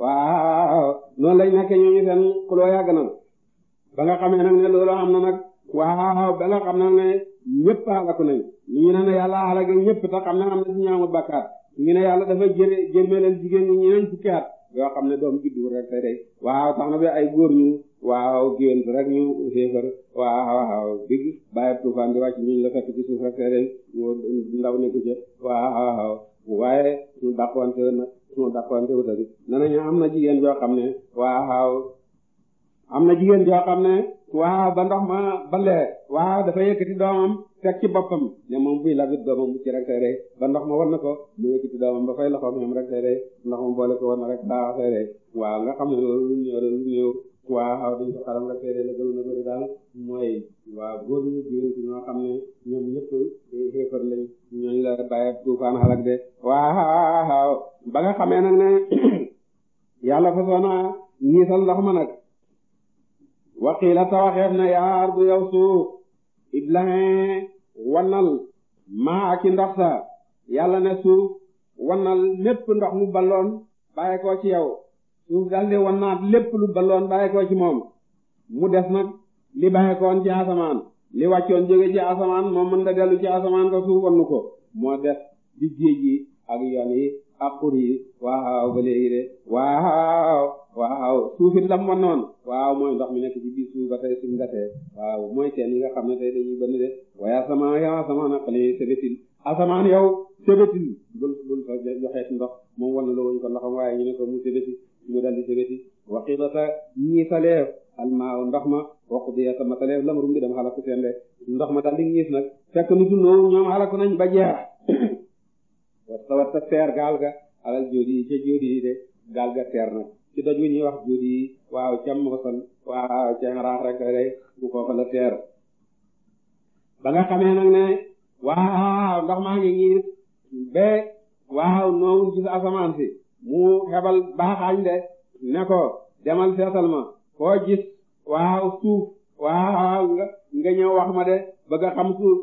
waaw noonu lañ nekke ñooñu seen xuloo yàgg na ba nga xamee nag ne loolu am na nag waaw ba nga xam nag ne ñëpp xalaku nañ ñu ne ne yàlla xalage ñëpp te xam na am na ci ñaamul bakkaar ñu ne yàlla dafa jëre jërmee leen jigéen ñi ñeneen fukki at yoo xam ne doom juddu rek tey tey waaw tax na bi ay góor ñu waaw géwél bi rek ñu xéefar waaw waaw digg bàyyi tuufaan di wàcc ñu la fekk ci suuf rek ren waaw waaye ñu dàqonte nag ñu dàqonte wutal ne nañu am na jigéen joo xam ne waaw am na jigéen joo xam ne waaw ba ma ba lee waaw dafa yëkkati ci boppam ne moom buy labit doomam bu rek tey ba ndox ma war na ko mu yëkkati doomam ba fay loxoom ñoom rek tey rek ndox ma boole ko war rek baax tey rek waaw nga xam ne loolu lu ñëw lu ñëw waa xaw dañ ko xalam rek tey de la gënoon a bëri daal mooy waa góor ñu jigéen ci ñoo xam ne ñoom ñëpp day xéefar lañ ñooñ la bàyyi tuufaan xalak de waaw ba nga xamee nag ne yàlla fasoona niisal ndox ma nag waqiila ta waxeef na yaa ardu yow suuf iblahin wannal maa ki ndox sa yàlla ne suuf wannal népp ndox mu balloon bàyyi ko ci yow suuf daldi wannaat lépp lu balloon bàyyeekoo ci moom mu des nag li bàyyeekoon ci asamaan li wàccoon jóge ci asamaan moom mën da dellu ci asamaan ko suuf wannu ko moo des di gi ak yoon yi ak xur yi waaw ba léegi de lam wannoon waaw mooy ndox mi nekk ci biir suuf ba tey suñ gasee waaw mooy teen yi nga xam ne tey dañuy bënn de waaye asamaan yow asamaan ak xale sëbëtil asamaan yow sëbëtil bul ndox moom wann la woñu ko ndoxam waaye ñu ne ko mu sëbëtil mu daldi sebeti waqiila ta ñiisaleef almaaw ndox ma la ta mataleef lamrum bi dama xalaku seen de ndox ma daldi ñiis nag fekk nu tunnoowu ñoom xalaku nañ ba jeex watta watta teer gaal ga alal jóodi yi ca de gaal ga teer nag ci doj wu ñuy wax jóodi yi waaw ca moosal waaw ca raax rek de bu foofa la teer ba nga xamee nag ne waaw ndox maa ngi ñiis be waaw noonu gis asamaan si mu xebal baaxaañ de ne ko demal seetal ma koo gis waaw suuf waaw nga nga ñëw wax ma de bëgg a xam suuf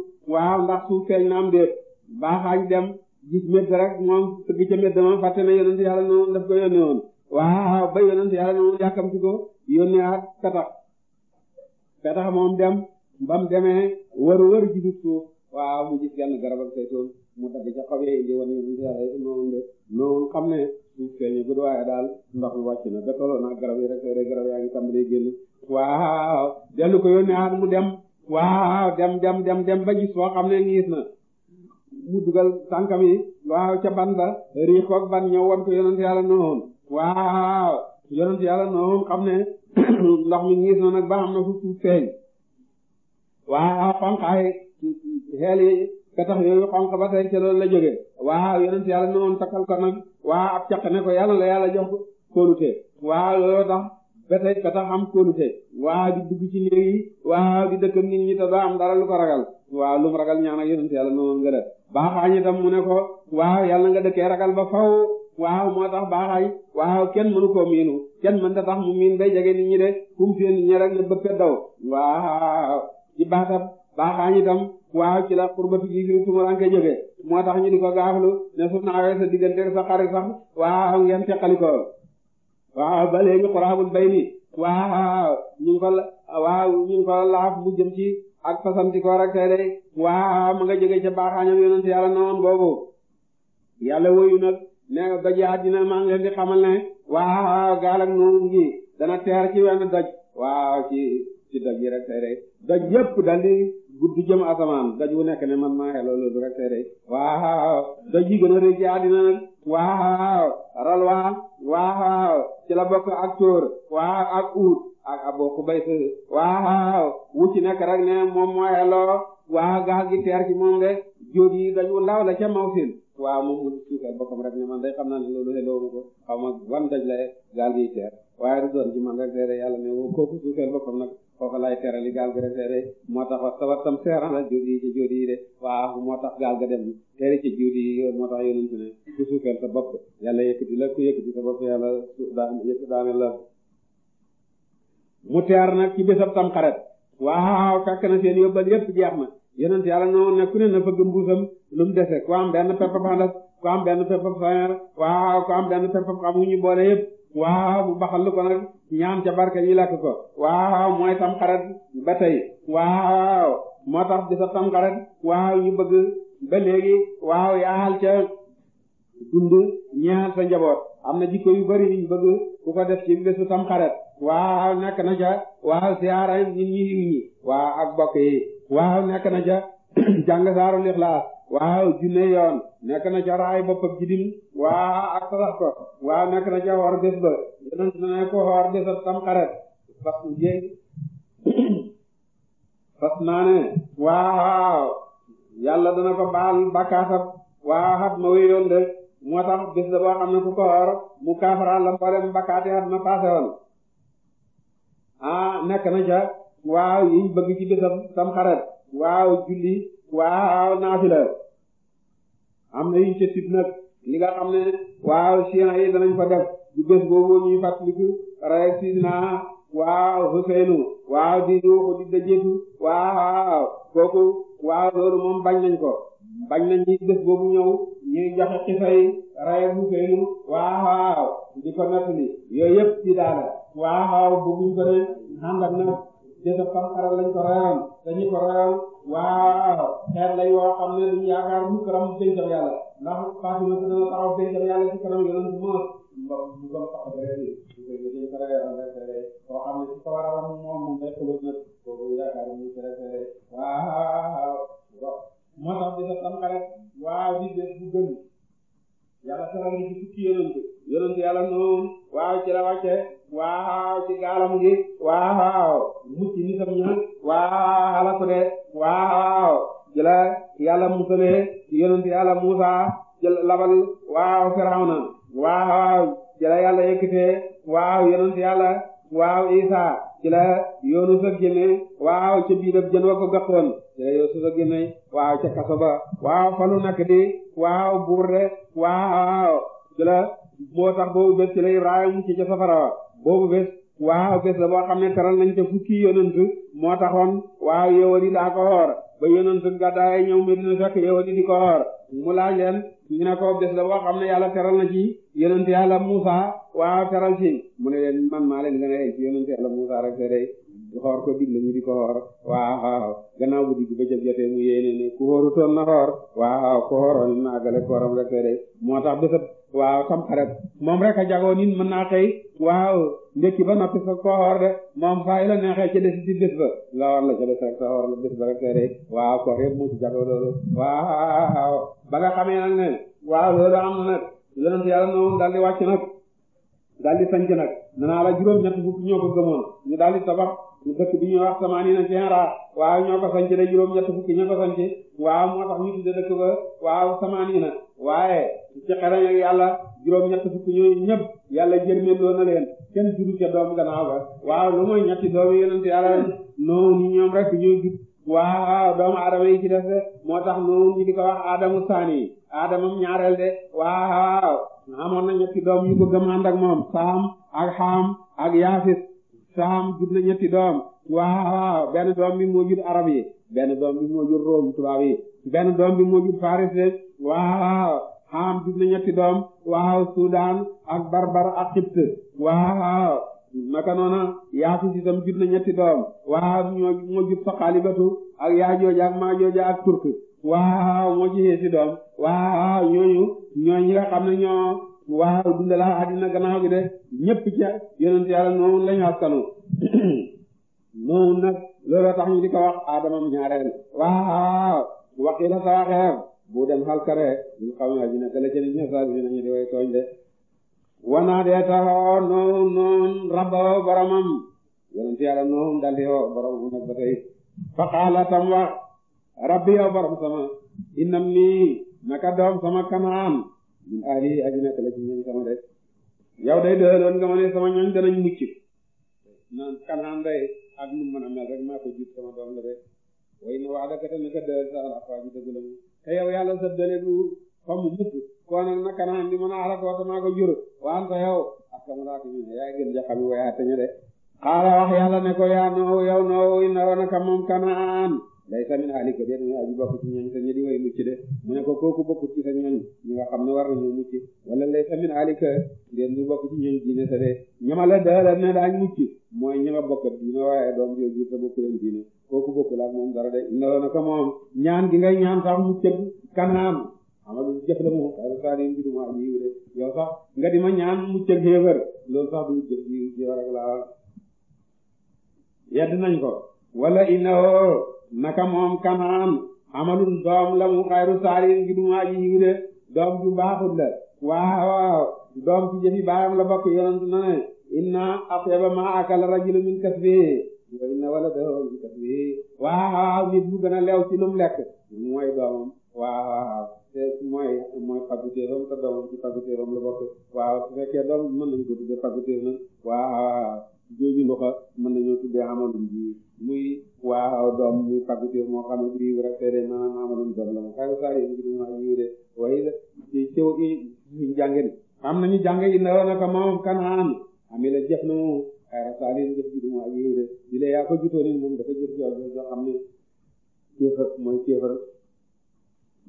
ndax suuf feeñ na am déet baaxaañ dem gis médd rek moom sëgg ca médd ma fàtte na yonent yàlla noonu daf ko yónni woon waaw ba yonent yàlla noonu yàkkamti ko yónni ak petax petax moom dem bam demee waru waru gisut suuf waaw mu gis genn garab ak saytoon mu dagg ca xob de noonu xam ne suuf feeñagut waaye daal ndox mi wàcc na ba tolloo naa garab yi rek rek garab yaa ngi tàmbalee génn waaw dellu ko yónnee aat mu dem waaw dem dem dem dem ba gis foo xam ne ngiis na mu dugal tànkam yi waaw ca ban ba riix koog ban ñëw wan ko yonent yàlla noonu waaw yonent yàlla noonu xam ne ndox mi ngiis na nag ba am na fu feeñ waaw xonqaay xeel yi petax yooyu xonq ba seer ca loolu la jógee waaw yonent yàlla ne woon takkal ko nag waaw ab caq ne ko yàlla la yàlla jox kóolute waaw looloo tax ba tey petax am kóolute waaw di dugg ci néeg yi waaw di dëkk nit ñi te doo am dara lu ko ragal waaw lu mu ragal ñaan ak yonent yàlla ne woon nga def baaxaañ itam mu ne ko waaw yàlla nga dëkkee ragal ba faw waaw moo tax baaxaay waaw kenn mënu koo miinu kenn mën mënta tax mu miin bay jege nit ñi de kum fee nit ñi rek ne bëppet daw waaw ci waaw ci la xurbatu gi fi tumuranke jóge moo tax ñu di ko gaaflu ne su naawee sa diggante sa xarit sax waaw ngeen teqalikoo waaw ba léegi xuraaxul bay ni waaw ñu ngi ko ñu ngi laaf mu jëm ci ak fasantikoo rek tey day waaw mu ca baaxaañam yonent yàlla noonu boobu yàlla woyu nag ne doj leen di xamal ne waaw gaal ak noonu gi ci wenn doj waaw ci ci rek doj yépp daldi guddi jëm asamaan daj wu nekk ne man maa xeloo loolu rek tey de waaw daj yi gën ci la bokk ak tóor waaw ak uut ak abo ku bay sa waaw wu ci nekk rek ne moom moo xeloo waaw gaal gi teer ci moom de jóog yi daj wu ndaw la moom mu suufeel boppam rek ne man day xam naa loolu xeloo ma xaw ma wan daj la gaal gi teer waaye du doon ci man rek tey de yàlla kooku suufeel boppam nag foofu lay terali gaal ga defee moo tax wa sabartam seeran la judi yi ci judi yi de waaw moo tax gaal ga dem teri ci judi yi moo tax yonent ne ku suufeel sa bopp yàlla yëkkati la ku yëkkati sa bopp yàlla yëkkati daane la mu teer nag ci bésab tam xaret waaw kàkk na seen yóbbal yépp jeex na yonent yàlla noonu ne ku ne na fëgg mbuusam lu mu dese ku am benn pepp fandas ku am benn pepp fanweer waaw ku am benn pepp xam wu boole yépp waaw bu baxal ko nag ñaan ca barke ñu lakk ko waaw mooy tam xaret ba tey waaw moo tax di sa tam xaret waaw ñu bëgg ba léegi waaw yaaxal ca dund ñeexal sa njaboot am na jikko yu bari ñu bëgg ku ko def ci bésu tam xaret waaw nekk na ca waaw siyaara nit ñi yiw waaw ak bokk yi waaw nekk na ca jàng saaru lixlaas waaw junne yoon nekk na ca raay boppam jidim waa ak sax ko waaw nekk ca xoor bés ba yonent na ne ko xoor bésab tamxaret fas jéeg fas naa waaw yàlla dana ko baal bàkkaatab waaw xat ma wéyoon de moo tax bés la boo xam ne ku ko xoor mu kaafaraal la mboolem bakkaati xat ma paase woon ah nekk na ca waaw yiñ bëgg ci bésab tamxaret waaw julli waaw naafila am na yiñ ca sib nag nga xam ne waaw siyan yi danañ fa def bu bés boobu ñuy fàttaliku rek si naa waaw Ousseynou waaw di yuuxu di dëjeetu waaw kooku waaw loolu moom bañ nañ ko bañ nañ ñi bés boobu ñëw ñuy joxe xisa yi rek Ousseynou waaw di ko nettali yooyu yëpp ci waaw bëgguñ ko ne ànd ak nag jësa pam xaral lañ ko reyoon dañu ko ragal waaw xeer lañ woo xam ne duñ yaakaar mu këram pencam yàlla ndax fàttali na ko dana taxaw pencam yàlla ci kanam yonent bu ma bu ko tax a bëri dañ ko ragal rek rek koo xam ne ci kawaram moom moom rek ko bëgg nag kooku yaakaar mu ci rek rek waaw moo tax di sa tam xarit waaw di bés bu gën yàlla saxal na ci fukki yonent yàlla noonu waaw ci la wàcce waaw ci gaalam gi waaw mucc nitam ña waaw alaku de waaw ci yàlla musalee yonent yàlla Musa ci labal waaw Firawna waaw ci yàlla yëkkatee waaw yonent yàlla waaw Isa ci la yoonu waaw ca biir ab wa ko gàqoon ci la yoonu waaw ca kaso waaw falu nak di waaw buur de waaw ci la moo tax boobu bés ci la Ibrahima mucc ca safara wa boobu bés waaw bés la boo xam ne teral nañ ca fukki yonent moo taxoon waaw yowadi daa ko xoor ba yonent gàddaay ñëw Medina fekk yowadi di ko xoor mu laaj leen ñu ne ko bés la boo xam ne yàlla teral na ci yonent yàlla Muusa waaw teral ci mu ne leen man maa leen gën a ci yonent yàlla Muusa rek de xoor ko digle ñu di ko xoor waaw gannaaw bu digg bëccëg jotee mu yéene ne ku xóorutoon na xoor waaw ku xóoroon na àggale kooram rek tey de moo tax bésab waaw tamxarit moom rek a jagoo nit mën naa xëy waaw ndekki ba noppi sa koo xoor de moom fay la neexee ca des ci bés ba nga war la ca des rek sa xoor la bés ba rek tey de waaw koor yëpp moo ci jagoo loolu waaw ba nga xamee nag ne waaw loolu am na nag yonent yàlla noonu daal di wàcc nag daal di sanc nag nanaa la juróom ñett fukk ñoo ko gëmoon ñu daal di tabax dëkk bi ñuy wax samaanina Diarra waaw ñoo ko sanc de juróom ñett fukki ñoo ko sanc waaw moo tax ñu tudde dëkk ba waaw na waaye ci xereñ ak yàlla juróom ñett fukki ñooñu ñëpp yàlla jërmendoo na leen kenn juru ca doom gannaaw ba waaw lu mooy ñetti doomi yonent yàlla noonu ñoom rek ñoo jub waaw doomu aadama yi ci def de moo tax noonu ñu di ko wax aadamu saani aadamam ñaareel de waaw amoon na ñetti doom yu ko gëm ànd ak moom saam ak xaam ak yaafis saam jur na ñetti doom waaw benn doom bi moo jur arab yi benn doom bi moo jur room tubaab yi benn doom bi mu jur faris rek waaw ñetti doom waaw sudan ak barbar ak xipt waaw naka noona yaafis itam jur na ñetti doom waaw ñoo moo jur soqalibatu ak yaajooja ak maajooja ak turk waaw moo ci heesi doom waaw ñooñu ñooñu nga xam ne ñoo waaw dundalaa àddina gannaaw gi de ñëpp ca yonent yàlla noonu lañu askanu noonu nag looloo tax ñu di ko wax aadamam ñaareel waaw waqiila saaxeer bu dem halkare ñu ñu di way tooñ de wanaa dee taxoo noonu noonu rabbahu boromam yonent yàlla noonu daldi yoo boromam fa qaala tam wax rabbi yoo borom sama inam nii naka doom sama kanaan min ali aji nekk la ci ñooñ sama de yow day doyaloon nga ma ne sama ñooñ danañ mucc naan kanaan a mel de way na sa doyal sax la waa ji dëgg la du fa mu mukk koo nag kanaan di mën a alakoo te maa ko jur waan sa yow ak sama laata ko yaa noowu yow noowu inna woon ak moom kanaan laysa min halika sa ñi di way mucc de ku ne ko kooku bokkut ci sa ñooñ ñi nga xam ne war nañu mucc wala laysa min halika déet muy bokk ci ñooñ diine sa de ñama la daala na daañ mucc mooy ñi nga bokk diine waaye doom joo jur te bokku leen diine kooku bokkul ak moom dara de inna loo na ko moom ñaan gi ngay ñaan sax mucc kanaam amadu jëf la moom a sani njiduma aji yiw de yow sax nga di ma ñaan mucc xéefar loolu sax du jëf ji jiw rek laa yedd nañ ko wala inna naka moom kanaan amalun doom la mu xayru saaliin gi duma aji yiw de doom ju baaxut la waaw waaw doom ci jëfi baayam la bokk yonent na ne inna ateba ma akala rajulu min kasbihi wa inna waladahu min kasbihi waaw waaw nit bu gën a leew ci lum lekk mooy doomam waaw waaw te mooy mooy pagutéefam te doomam ci pagutéefam la bokk waaw su fekkee doom mën nañ ko tudde pagutéef nag waaw waaw jooju ndoxa mën nañoo tuddee amalum ji muy waaw doom muy faculté moo xam ne bii rek fee de maanaam amalum doom la moom xayma saa yi ñu ma jiw de waaye la ci cëw yi ñu jànge ni am yi la jëf na moom xayma saa yi jëf ji ma jiw di la ni moom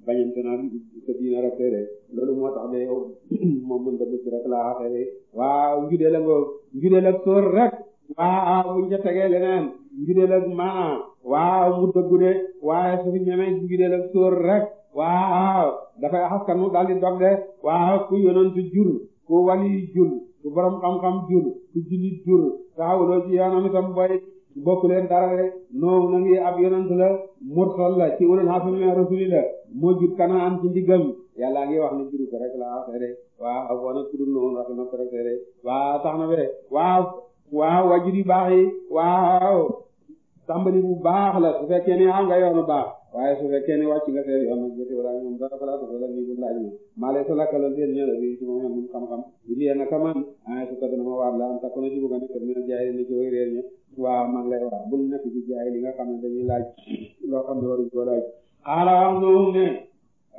bañante naan sa diina rafeere loolu moo tax de yow moom mën da mucc rek laa xafeere waaw njudeel ak ngoog njudeel ak sóor rek waaw buñ ca tegee leneen njudeel ak maanaam waaw mu dëggu de waaye su fi ñemee njudeel ak sóor rek waaw dafay xaskanu daal di dog de waaw ku yonent jur ku wali jur ku borom xam-xam jur ku jullit jur taxawuloo ci yoonam itam boy bokku leen dara de noo na ngi ab yonent la mursal la ci ulul hasmi min rusuli la moo jur kanaan ci ndiggam yàlla ngi wax ne juru ko rek laa waxee de waaw ak wana tudul noonu wax na ko rek de waaw tax baax yi waaw tàmbali bu baax la su fekkee ne am nga yoonu baax waaye su fekkee ne wàcc nga seen yoon nag jëte wala ñoom dara fala soto la nii bu laaj ma maa lay sa lakkaloon seen ñëla bi ci moom xam mum xam-xam bi lieen na kaman a su ko dana ma waat la am takku na ci bëgg a jaay li na ci way réer ña waaw man lay waat bul nekk ci jaay li nga xam ne dañuy laaj loo xam xaala wax noonu ne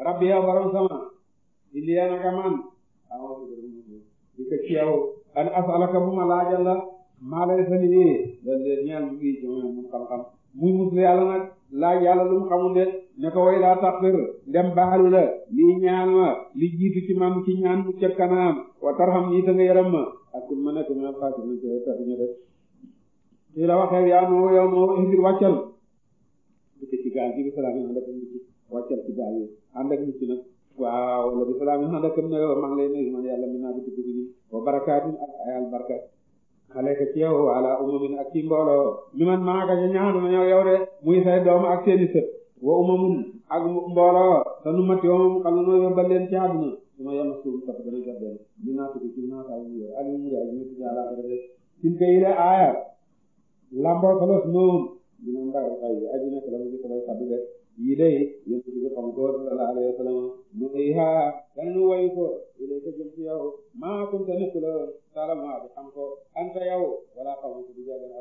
rabbi yow sama illiya naka man di ko ci an asalaka bu ma laajal la maa lay sa liggéey loolu de ñaan bi fii ci moom xam-xam muy muslu yàlla nag laaj yàlla lu mu xamul de ne ko way laa taqir ndem baalu la lii ñaan ma li jiitu ci mam ci ñaan bu ca kanam wa tarham nii ta nga yaram ma ak kun ma nekk ma fàttali ma ci tax ñu rek kii la waxee yaa noo yow noo indir wàccal tukkee ci gaal gi bi salaamin ànd ak mucc ci gaal yi ànd ak mucc nag waaw la bi salaamin ànd ak am nelaw maa man yàlla mi naa bi dugg bi wa barakaatin ak ayal barkat aleyka ci yow ala umamin ak ci mbooloo mi man maaka ñu ñaandu na ñëw yow de muy say doom ak seeni sët wa umamun ak mbooloo te nu matti moom xam na noo yóbbal leen ci àdduna su ma yàlla suum sap dana jotdeen mi naa ci naa saa yu wér ali yi de aaya lamboo solos ñu doon raadu xay bi aju nekk la mu de yii day yëpp ci ko sallallahu alayhi wa sallam nu iha danañu wayu ko ilay ka jëm ci yow a kunta nekk la salama ko anta yow wala xamu ko du jàggan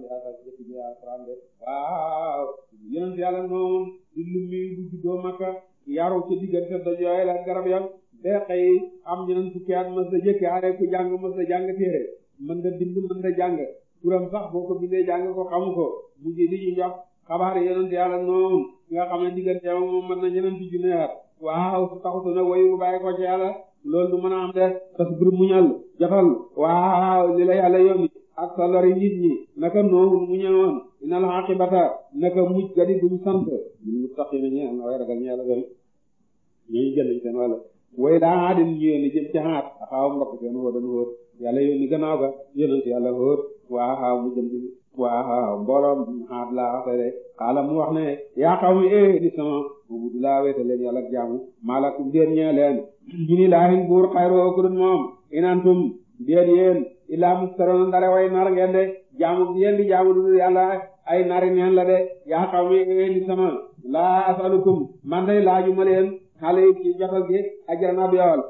li asa jëkk ji alquran de waaw yonent yàlla noonu di lummi bu juddoo makka yaru ci diggante doj yooyu la garab ya bee xëy am ñeneen fukki at mës a jëkki aare ku jàng mës a jàng téere mën nga bind mën turam sax boo ko bindee jàng ko xamu ko mujj di ñu jox xabaar yonent yàlla noonu nga xam ne digganteem moom mën na ñeneen junne at waaw su taxutu wayu bu bàyyi ko ci yàlla loolu du mën a am de tas bur muñal jotal waaw li la yàlla yónni ak sa lori nit ñi naka noohun mu ñëwoon inal aqibata naka mujj gadi buñ sant ñun muttaqina ñi am na way ragal ñu yàlla gën ñooñu jël nañ seen wàll way daa aadin ñu yónni jëm ci xaat axaaw mbokk seen hóodan hóot yàlla yónni gannaaw ga yonent yàlla waaw mu jëm ci waaw mbooloom xaat laa waxte de xaala mu wax ne yaa xaw mi e eh, di sama bubudu laa wéeta leen yàlla ak jaamu maalakum déen ñee leen ñu ni laahin buur xayroo kurut moom inantum déen yéen illaa muftaroon ndare way nar ngeen de jaamu yéen di jaamu du yàlla ay nari neen la de yaa xaw mi e eh, di sama laa asalukum man day laaju ma leen xale yi ci jotal gi ajran ab yool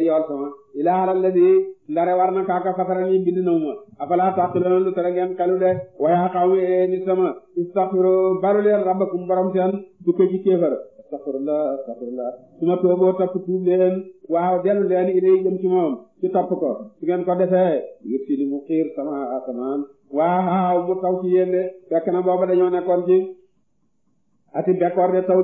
yool sama ilaa alal la di ndare war na kaaka fatarani bind na ma afala taqiluna lu tere ngeen xelu de waya xawmi e nit sama istaghfiru balu leen rabbakum borom seen du ko ci kéefër astaghfirullah astaghfirullah su ma tooboo topp tuub leen waaw dellu leen ilay jëm ci moom ci topp ko su ngeen ko defee yëpp si li mu xiir sama asamaan waaw mu taw ci yéen de fekk na booba dañoo nekkoon ci ati bekkoor de taw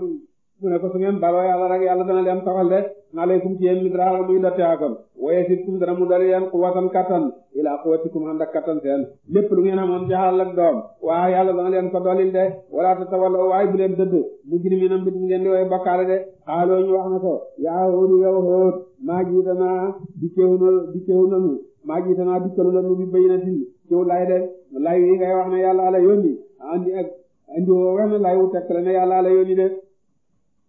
mu ne ko su ngeen baloo yàlla rek yàlla dana leen tofal de maaleykum ci yéen midraara muy lotte akam a si kum dana mu dari yeen quwatan kattan ilaa quwatikum ànd ak kattan seen lépp lu ngeen amoon ci xaal ak doom waaw yàlla dana leen ko dolil de wala ta tawaloo waaye bu leen dëdd mujrimiina mbit ngeen di way bokkaale de xaaloo wax na ko yaa hóodu yow hóot maa jiitanaa di kew na di kew nanu maa jiitanaa di kalu lanu bi bay na tin ciw lay de lay wi ngay wax ne yàlla la yónni andi ak andi woo wax yàlla la yónni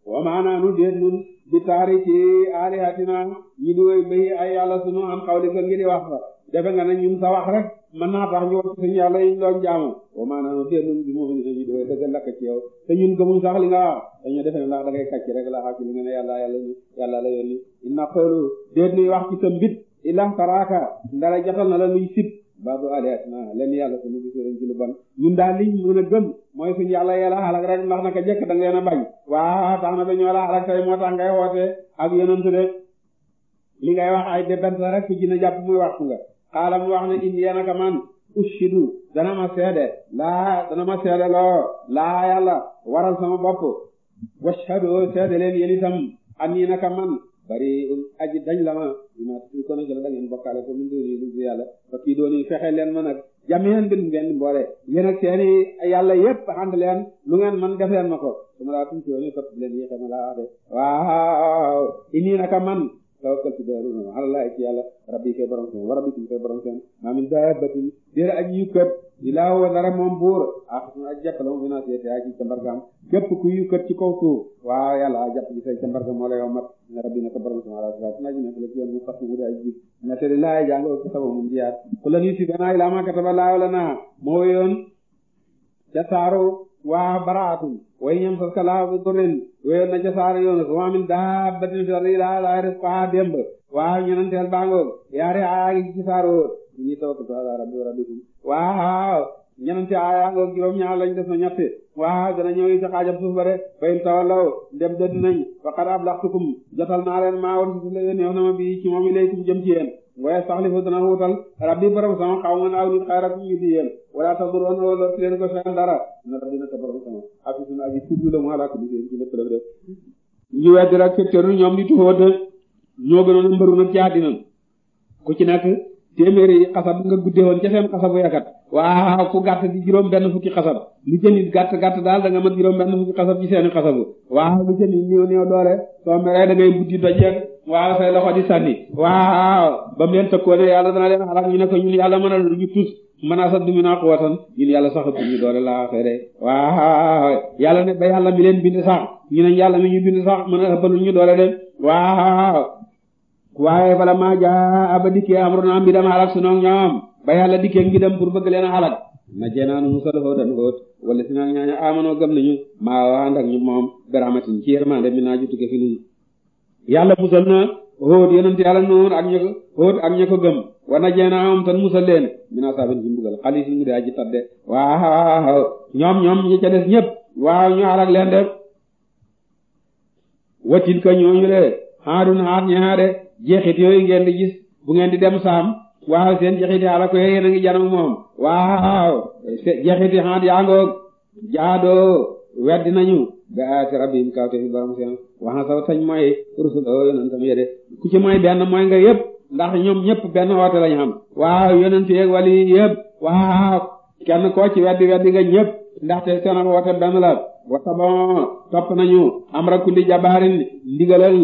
wa maana nu déet nun bi taari ci alihatina ñi di way bay ay yàlla sunu am xawli ko ngi wax fa defe nga ne ñun sa wax rek man naa tax ñu wax suñu yàlla yi ñu doon jaamu wa maana nu déet nun bi mu ne ñi di way dëgg lakk ci yow te ñun gëmuñ sax li nga wax da ngay kàcc rek la xaw ci li nga ne sa mbit illa taraka ndara jatal na la nuy sib baadu alihatina leen yàlla suñu gis leen ci lu bon ñun daal liñ mën a gëm mooy suñu yàlla yàlla xalak rek ndax naka jekk da nga leen a bañ waa tax na ba ñoo la xalak tey moo tax ngay woote ak yonentu de li ngay wax ay débent la rek ci na jàpp muy wax nga xaala mu wax ne indi yanaka man ushidu dana ma seede laa dana ma seede loo laa yàlla waral sama bopp washhadu seede leen yéen itam ani naka man bari aji dañ la ma bi ma suñ ko nag da ngeen bokkaale ko min dooni lu du yàlla fa kii dooni fexe leen ma nag jami'an bi ngeen di mboole yéen ak seeni yàlla yépp ànd leen lu ngeen man def leen ma ko su ma laa tumti wooni topp leen yéexe ma laa wax de man tawakkaltu doyarul alallahi ci yàlla rabbi kay borom seen wa rabbikum kay borom seen maa min daabatin déer ak yukkat ilaa huwa dara moom buur axatun ak jàpp la mu financété ci cambargaam képp ku yukkat ci kaw suuf waaw yàlla jàpp ci say cambarga moo la yow mat na rabbi naka borom seen ala siraat naji nekk la ci yoon mu fas mu de ay na te laa jàng oo kasaba mun jiyaat ku la nuyu si banaa ilaa ma kataba laa wala naa moo waa baraatum way ñam sas ka laa gonen weyoon na ca saara yoonu su ma min daabatin fi ardi laa laa rizqahaa démb waaw ñenanteel bangoog yaari aaya ngi ci saar wóor ñi tawakkatu ala rabbi wa rabbikum waaw ñenante aaya ngoog juróom ñaar lañ def na ñetti waaw dana ñëw ci xaajab suuf ba de bayin tawallaw ndem dëdd nañ faqad ablaxtukum jotal naa leen maa war si la yónni wax na ma bi ci moom ilaykum jëm ci waaye sax li fa dana wutal rabbi borom sama xaw ma naaw nit xayrakum ñu di yéen wala tadurun wala leen ko seen dara na rabbi la mu alaaka ñu weddi rek fekkeeru ñoom ni tuxóote ñoo nag ci àddina ku ci nekk téeméeri xasab nga guddee woon ca seen xasabu yakat waaw ku gàtt di juróom benn fukki xasab lu jënit gàtt gàtt daal da nga mën juróom benn fukki xasab ci seeni xasabu waaw lu jënit néew néew doole soo meree da ngay buddi waaw say loxo di sànni waaw ba mu leen tëkkoo de yàlla dana leen xalaat ñu ne ko ñun yàlla mënal lu ñu tus mën a sa dumi naa xuwatan ñun yàlla sax du ñu doole laa fee de waaw yàlla ne ba yàlla mi leen bind sax ñu ne mi ñu bind sax mën a ëppalu ñu doole de waaw waaye bala maa jaa aba dikkee su noog ñoom ba yàlla dikkee mbidam pour bëgg leen a xalak na jeenaanu musal xóotan xóot wala si naag ñaaña amanoo gëm nañu maa waa ànd ak ñu moom beramatin ci yërmande mi naa jutuke fi nuñu yàlla musal na Hóot yonent yàlla Nóor ak ña ko Hóot ak ña ko gëm wa najjaynaahum tan musal leen min asaabin ci mbugal xalis yi mu dee aji tadde waaw ñoom ñoom ñi ca des ñépp waaw ñu xalak leen de wa tilka ñooñu le xaadun xaat ñaade jeexit yooyu ngeen di gis bu ngeen di dem saam waaw seen jeexiti xalak yooyu yéen a ngi janam moom waaw jeexiti xaat yaa ngoog jaadoo weddi nañu ba ayati rabbihim kawte fi borom seen wax na sax tañ mooy rusuloo yonentam yede ku ci mooy benn mooy nga yëpp ndax ñoom ñëpp benn woote lañ xam waaw yonent yeeg wali yëpp waaw kenn koo ci weddi weddi nga ñëpp ndaxte seen woote benn la watama topp nañu amra kulli jabaarin ndigalal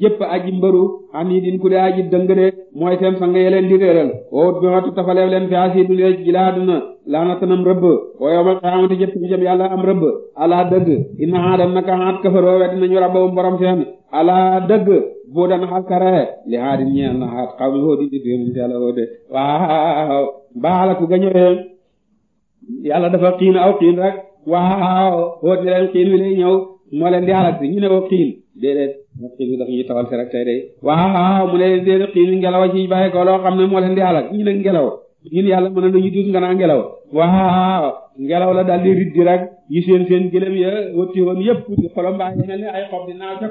jëpp aji mbëru an yi din ku dee aji dëng de mooy seen sang yee leen di réeral wowut bi wattu tafaleef leen fi asi dune ji laaduna laanatanam rëbb wa yawmal qiyaamati jëpp jëm yàlla am rëbb ala dëgg inna haadam naka haat kafaroo wedd nañu rabbahum borom seen ala dëgg buudan xalkare li haadin ñeel na haat xaw mi hóodi di tuye mun te yàlla hóode waaw baaxalaku gañëwee yàlla dafa xiin waaw wóot bi leen xiin wi ñëw moo leen di xalak si ñu ne ko xiin déedéet mu xiin wi daf ñuy tawal a rek tey day waaw mu wi ngelaw a ci bàyyi ko loo xam ne moo leen di xalak ñu ne ngelaw ñun yàlla mën na lu ñu duus nga naa ngelaw waaw ngelaw la daal di riddi rek yi seen seen gëlëm ya wëtti woon yëpp xolom baa ngi mel ne ay xob di naaw ca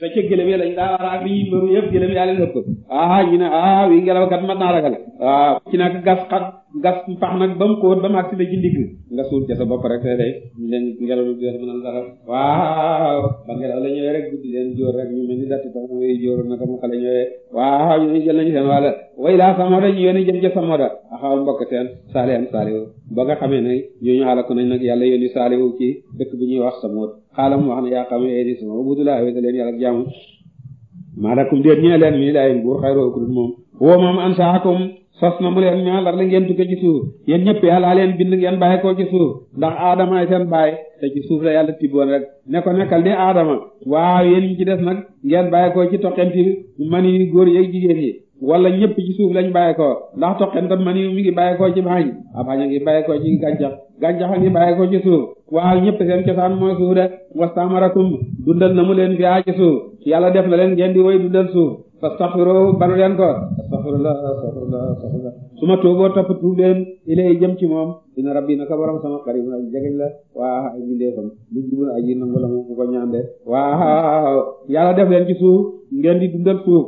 te ca gëlëm ya lañ daa war a ak li yëpp gëlëm yaa leen ëpp ah ñu ne ah wi ngelaw kat mat naa ragal waaw ci nag gas xat gas pax nag ba mu kóot ba mu agsi ba ci ndigg nga suul ca sa bopp rek ngelaw lu dee mënal dara waaw ba ngelaw la ñëwee rek leen jóor rek ñu mel ni datti tax muy jóor naka mu xale ñëwee waaw ñu ne jël nañu seen wàlla way laa samoda ñu yónni jëm ca samoda axaw mbokk seen saali am a ba nga xamee ne ñooñu xalako nañ nag yàlla yónni saaliwu ci dëkk bu ñuy wax samood xaala mu wax ne yaa xam ne sama ubudu laa wéetal leen yàlla ak jaamu maalakum déet a leen mii laayin buur xayroo ku dul moom woo moom an saakum sos na mu leen ñaa lar la ngeen tukke ci suuf yéen ñëpp yàllaa leen bind ngeen bàyyi ko ci suuf ndax aadamaay seen bàyyi te ci suuf la yàlla tibboon rek ne ko nekkal ni aadama waaw yéen ñi ci des nag ngeen bàyyi ko ci toqenti man yi góor yeeg jigéen yi wala ñëpp ci suuf lañ bàyyi ko ndax toqentam man yi mi ko ci bañ a ngi bàyyi gàncax gi bàyyi ko ci suuf waaw ñëpp seen cosaan mooy suuf de wastaamarakum dundal na mu leen fiyaa ci suuf yàlla def na leen ngeen di woy dundal suuf fastaxfiru balu leen ko astaxfirullah astaxfirullah astaxfirullah ma tuuboo topp tuub leen jëm ci moom dina rabbi naka borom sama xarit na jegeñ la waa a bindeefam lu def leen ci ngeen di dundal suuf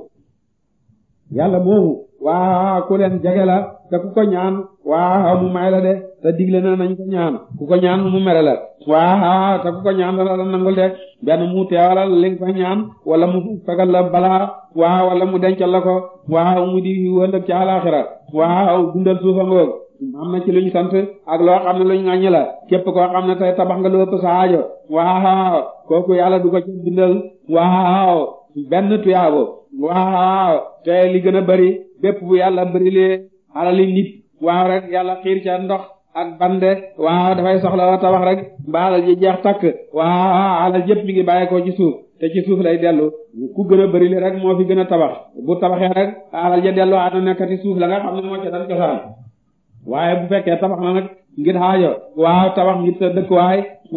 yàlla moomu waaw ku leen jege la te ku ko ñaan waaw mu may de te digle na nañ ko ñaan ku ko ñaan mu mere la waaw te ku ko ñaan dana la nangul de benn mu teewalal li nga ñaan wala mu fegal la balaa waaw wala mu dencal la ko waaw mu di wëllëg ca alaxira waaw dundal suufa ngoog am na ci lu sant ak loo xam ne lu ñu ŋàññi la képp koo xam ne tabax nga lu ëpp sa aajo waaw kooku yàlla du ko ci dundal waaw benn tuyaabo waaw te li gën a bari bépp bu yàlla bëri lee alali nit waaw rek yàlla xiir ca ndox ak bande waaw dafay soxla wa tabax rek ba alal ji jeex takk waaw alal jëpp mi ngi bàyyi ko ci suuf te ci suuf lay dellu ku gën a bëri li rek moo fi gën a tabax bu tabaxee rek alal ja dellu ana nekkati suuf la nga xam ne moo ca dan cosaan waaye bu fekkee tabax na nag ngir xaajo waaw tabax ngir sa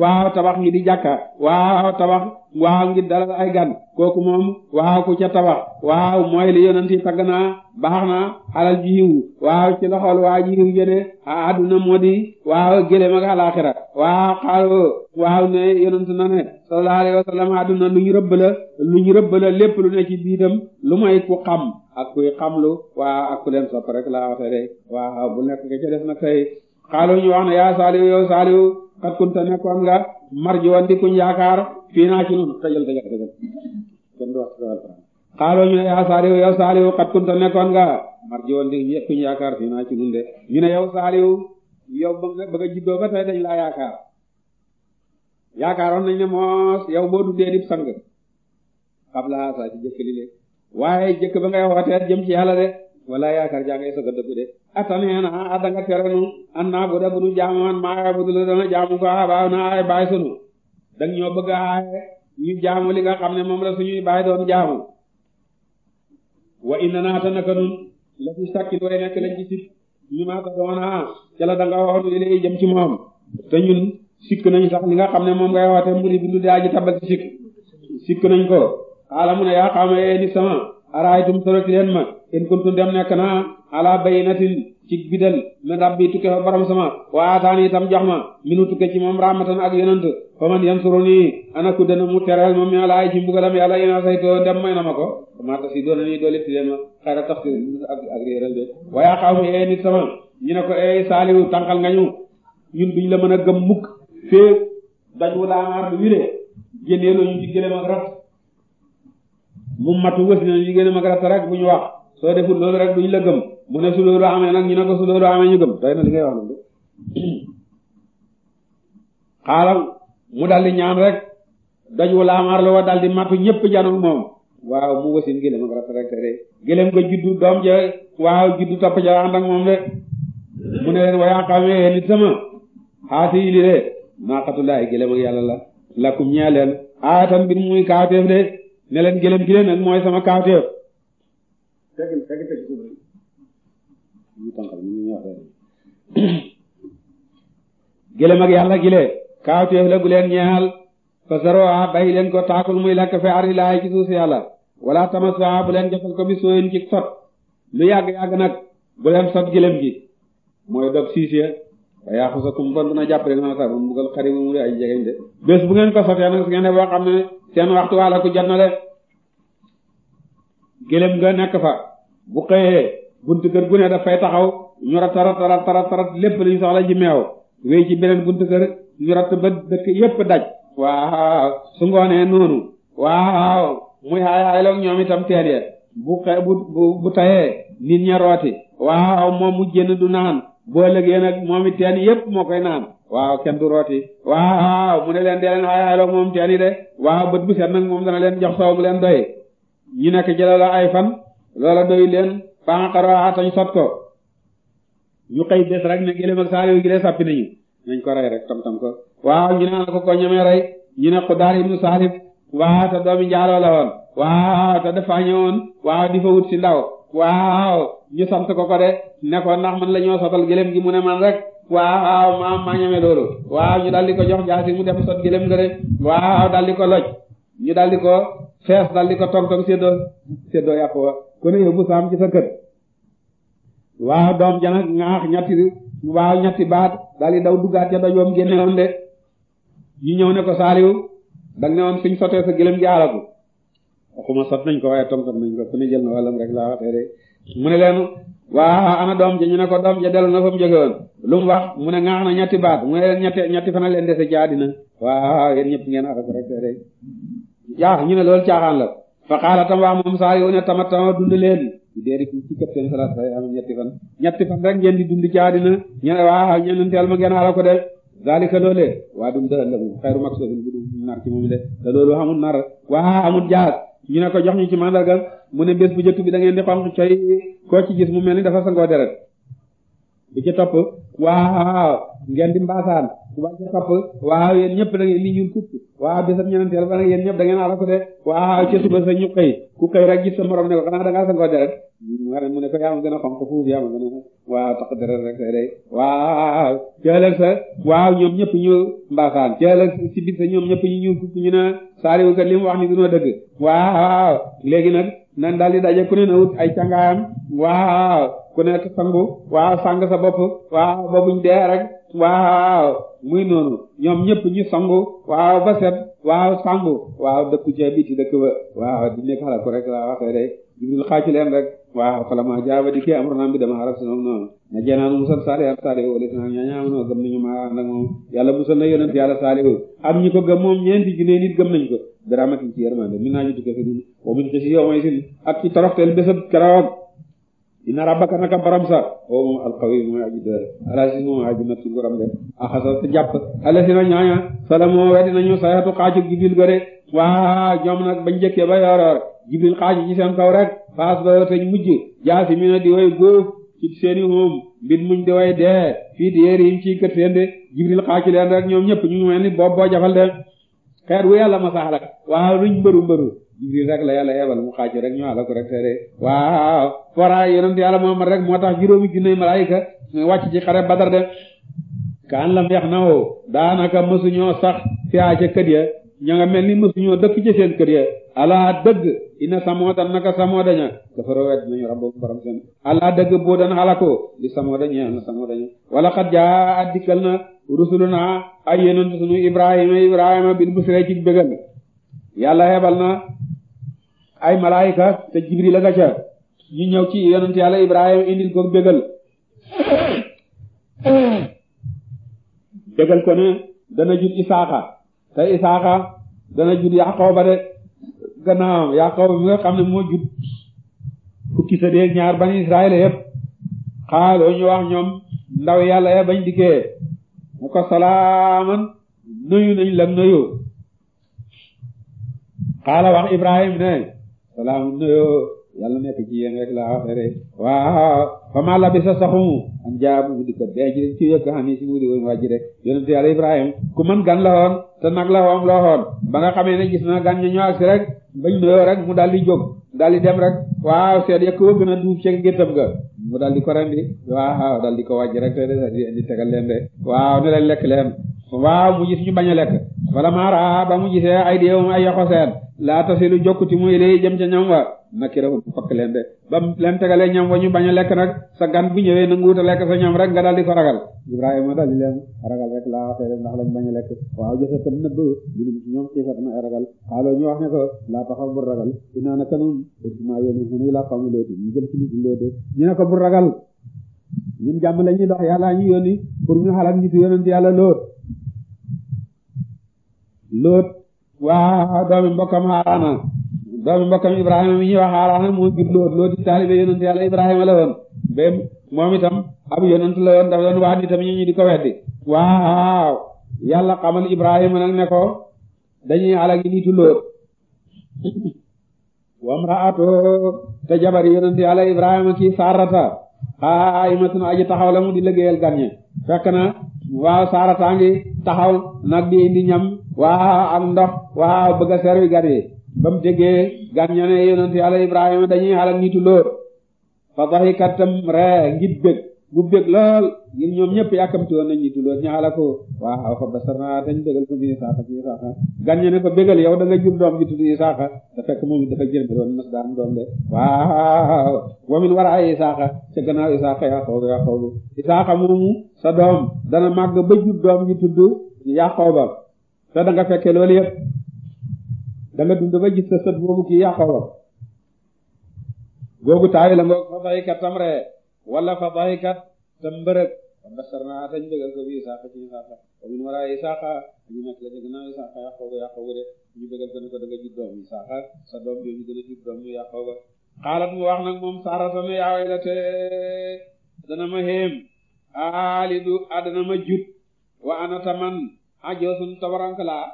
waaw tabax ngir di jàkka waaw tabax waaw ngir dalal ay gan kooku moom waaw ku ca tabax waaw mooy li yonent tagg naa baax na alal ji yiw waaw ci loxol waa ji yiw jëne a àdduna moo di waaw gëléem ak alaaxira waaw xaalo waaw ne yonent na ne sallallahu alayhi wa sallam àdduna lu ñu rëbb lépp lu ne ci biitam lu may ku xam ak kuy xamlu waaw ak ku leen sopp rek laa waxe de waaw bu nekk nga ca def nag tey xaalu ñu wax ne yaa saaliw yow saaliw kat kunta nekkoon nga marjuwan di kuñ yaakaar fii naa ci noonu tëjal tëjal tëjal kenn du wax xaalu ñu ne yaa saaliw yow saaliw kat kunta nekkoon nga marjuwan di kuñ yaakaar fii ci noonu de ñu ne yow saaliw yow ba nga juddoo dañ laa yaakaar yaakaaroon nañ ne moos yow boo duddee dib sang xablaa saa ci jëkk li le waaye jëkk ba ngay wootee jëm ci yàlla de wala yaakaar jaa ngay soog a de ataneen a danga terenu an naa bu bu nu jaamu man maa bu dul jaamu ko abaaw na ay ñoo bëgg aaye ñu jaamu li nga xam ne moom la ñuy baay doon jaamu wa inna naa ta naka nun la sakkin way nekk lañ ci sikk ñu maa ta doona danga waxoon wi lay jëm ci moom te ñun sikk nañ sax li nga xam ne moom ngay woote muri bi nu daa ji tabal ci sikk sikk nañ ko xaala mu yaa xaama yee ni sama araaytum soroti leen ma in kuntum dem nekk naa ala bayinatin ci bidal min rabbi tukke fa borom sama waataani itam jox ma minu tukke ci moom rahmatan ak yonant fa man yansuruni ana ku mu tereel moom mi laay ma ko mata si doona doole ti ma xara tax ti ak ak réeral de waaye xaw mi ee nit sama ñu ne ko ee saaliwu tànqal nga ñu ñun duñ la mën a gëm mukk fee daju laamaar bi wile génnee ñu ci gëlëm ak mu matu wës nañu ci gëlëm ak rat rek bu ñu wax soo deful loolu rek duñ la gëm mu ne su amee ñu ne doy na li ngay wax nag mu daldi ñaan rek doj wu laamaar la wa daldi matu ñëpp janoog moom waaw mu wasin gëlëm ak rek de gëlëm nga juddu doom ja waaw juddu topp ja moom de mu ne leen wayaa xamee eh, nit sama xaasi yi li de naaqatulaay gëlëm ak yàlla la lakum ñaa leen aatan bi muy kaawteef de ne leen gëlëm gi leen mooy sama kaawteef ñu tànqal ñu ñu affaire gëlëm ak yàlla gile kaawteef la gu leen bàyyi leen ko taakul muy lakk fe ari ci suuf si yàlla wala tamasaa bu leen jafal ko bi sooyin ci sot lu yàgg-yàgg nag bu leen sot gëlëm gi mooy dog siis ya waaye yaa xusa kum bon dina jàppale na sax mu buggal xari bu mu ay jegeñ de bés bu ngeen ko sotee nag su ngeen ne boo xam ne seen waxtu wala ku jot na de gëlëm nekk fa bu xëyee buntu kër gu ne daf taxaw ñu rat rat rat rat rat lépp lu ñu soxla ci meew wéy ci beneen buntu kër ñu rat ba dëkk yépp daj waaw su ngoonee noonu waaw muy xaay xaayloog ñoom itam teel ya bu xe bu bu tayee nit ña rooti waaw moom mu génn du naan boo lëgee nag moom it teen yépp moo koy naan waaw kenn du rooti waaw mu ne leen dee leen xaay xaayloog moom teen yi de waaw bët bu set nag moom dana leen jox soow mu leen doy ñu nekk ci ay fan loola doy fanqaroha tañ sot ko ñu xëy bés rek ne gëléem ak gi lee sàppi nañu nañ ko rey rek tam-tam ko waaw ñu naan ko ko ñemee rey ñu ne Xudaar ibnu Saalib waaw te doomi njaaloo la woon waaw te dafa ñëwoon waaw wut si ndaw waaw ñu sant ko ko de ne ndax man la ñoo sotal gëléem gi mu ne man rek waaw maam maa ñeme loolu waaw ñu daldi ko jox jaasi mu def sot gëléem nga de waaw daldi ko loj ñu daldi ko fees daldi ko ku ne yóbbu saam ci sa kër doom ja nag ŋaax ñetti waaw ñetti baat dal i daw duggaat ca dajoom génne woon de ñu ñëw ne ko saaliw da nga ne woon suñ sotee sa gëlëm gi alagu waxuma sot nañ ko waaye tomtom nañ ko ku ne jël na wàllam rek mu ne leen waa ana doom ja ñu ne ko doom ja dellu na fa mu jóge woon lu mu wax mu ne ŋaax na ñetti baat mu ne leen ñetti ñetti fana leen dese ci àddina waaw yéen ñëpp ngeen alagu rek de de yaax ñu ne loolu caaxaan la fa xaala tam moom saa yoo ne tama tama dund leen di déeri ku ci kët seen salaat fay am ñetti fan ñetti fan rek ngeen di dund ci àddina ñene waa ñenenteel ma ngeen ala ko de zalika loolee waa dum dëxal lamu waa xamul jaas ñu ne ko jox ñu ci mandarga mu ne bés bu jëkk bi da ngeen di xonq coy koo ci gis mu mel ni dafa sangoo deret bi ci topp waa ngeen di mbaasaan wàcce kapp waaw yéen ñëpp da a di ñuul kukk waaw bisab ñenenteel ba sa ñu xëy ku xëy rek gis sa morom ne ko xanaa ah, da ngaa sangoo deret wara mu a xonq foofu yaama gën a waaw tax sa waaw ñoom ñëpp ñu mbaasaan ceelëg si bit ñoom ñëpp ñu ñuul kukk ñu ne saariwu kat li mu wax ni dunoo dëgg waaw léegi nag nan daal di daje ku ne na wut ay cangaayam waaw ku ne sangu waaw sang sa bopp waaw ba buñ dee rek waaw muy noonu ñoom ñëpp ñu sangu waaw ba set waaw sangu waaw dëkku ca biti dëkk ba waaw di nekk ko rek laa waxee de jibril xaaci leen rek waaw falama jaaba di kee amronam bi dama xarab si moom noonu na jeenaan musal saalihan saalihu wala si naa ñaañaam noo gëm nañu maa nag moom yàlla musal na am ñu ko gëm moom ñeenti junne nit gëm nañu ko biramatin ci yërmande min naa ñu tukkee fi dun wa min xisi yow may sin ak ci toroxteel inna rabbaka naka borom sa oo oh, moom alqawi mooy aji doole alasis moom aji mat ci borom de axasa te jàpp alasina ñooña salamoo weddi nañu sayatu xaaju jibil gore waa ñoom nag bañ njëkkee ba yooroor jibil xaaju ci seen kaw rek faas ba teñ mujj jaasi mi na di way góof ci seeni hoom mbir muñ di way dee fii di yéer yi ci kër seen de jibril xaaju leen rek ñoom ñëpp ñu mel ni boob boo jafal de xeer wu yàlla ma saxalak waaw luñ mbëru mbëru jibril rek la yàlla yebal mu xaaju rek ñu ala ko rek moo tax juróomi junne malaayika wàcc ci xare Badar de kaan lam yax na woo daanaka mësuñoo sax fiaa ca kët ya ña nga mel ni mësuñoo dëkk ci seen kët ya alaa dëgg ina samooda naka samoodaña dafaroo wet nañu rabbu borom seen alaa dëgg boo dan xalakoo li samoodaña na samoodaña wala xat jaa addikal na rusuluna ay yonent sunu Ibrahima Ibrahima bin busree ci bégal yàlla yebal na ay malayka te jibril la nga ca ñu ñëw ci yonent yàlla ibrahim indil ko bégal bégal ko ne dana jur isaaxa te isaaxa dana jur yaqooba de gannaawam yaqooba mi nga xam ne moo jur fukki sa dee ñaar bani israel yépp xaaloo ñu wax ñoom ndaw yàlla ya bañ dikkee mu ko salaaman nuyu nañ la nuyu xaala wax Ibrahim ne salaam yàlla nekk ci yéen rek laa waxee rek waaw fama la sa saxumu an jaabu di ko dee ci ci yëkk xam si wudi woñu wàjji rek yonente Ibrahim ku mën gan la te nag la woom ba nga xamee ne gis na gan ñu ñëw rek bañ nuyoo rek mu daal di jóg daal di dem rek waaw seet yëkk wëgg na duuf ci géttam ga mu daal di ko rendi waaw daal di ko wàjji rek te di tegal leen de waaw ne lekk leen waaw mu gis ñu bañ a lekk wala maara ba mu gisee ay déewum ay yoxo seen laa tasilu jokkuti muy léegi jëm ca ñam wa nakira mu fakk leen de ba leen tegalee ñam wa ñu bañ lekk nag sa gan bu ñëwee nanguut a lekk sa ñam daal di ko ragal Ibrahima daal di leen ragal rek laa waxee leen ndax lañ bañ a lekk waaw jësa tam nëbb binum ci na ay ragal xaaloo ñu wax ne ko laa taxaw bu ragal na ñu jëm ci nitu la ñuy dox yàlla ñu yónni pour ñu xalaat nitu yonent yàlla loot loot waa doomi mbokkam Haaraana doomi mbokkam Ibrahima mi ñuy wax Haaraana moo jur loot loot di yonent yàlla Ibrahima la woon ba moom itam ab yonent la woon dafa doon wax nitam ñu ñu di ko weddi waaw yàlla xamal Ibrahima nag ne ko dañuy alagi nitu loot wamraato te jabar yonent yàlla Ibrahima kii sarata xaa imatun taxaw la mu di liggéeyal gan ñi fekk na waaw saarataa ngi taxaw na di indi ñam waa ak ndox waa bëgg a servi gan yi ba mu gan ña ne yonent yàlla Ibrahima dañuy xalak nitu lóor fa daxikat tam ree ngir bëgg mu bëgg lool ñoom ñëpp yàkkamti woon nañ ñu tulloon ñaala ko waaw fa basarna dañ bëggal ko bi Isaaxa ci gan ñu ko bëggal yow da nga jur doom ji tudd Isaaxa te fekk moom it dafa jërbi doon mas daan doom de waaw wamin war ay Isaaxa ca gannaaw moomu sa doom dana màgg ba jur doom ji tudd Yaqooba te da nga fekke loolu yëpp da nga dund ba gis sa boobu kii Yaqooba googu taayi nga fa fay ka wala fa dahikat te mbërëg fa basharnaa tañ bëggal ko bi Isaaqa ci Isaaqa wa min waraa Isaaqa ñu nekk la jëg naa Isaaqa Yaqooba Yaqooba de ñu bëggal ko ne ko da nga jur doom Isaaqa sa doom jooju dana jur doom Yaqooba xaalat mu wax nag moom Saarata dana ma xéem aalidu adana ma jut wa anata man a tabarank laa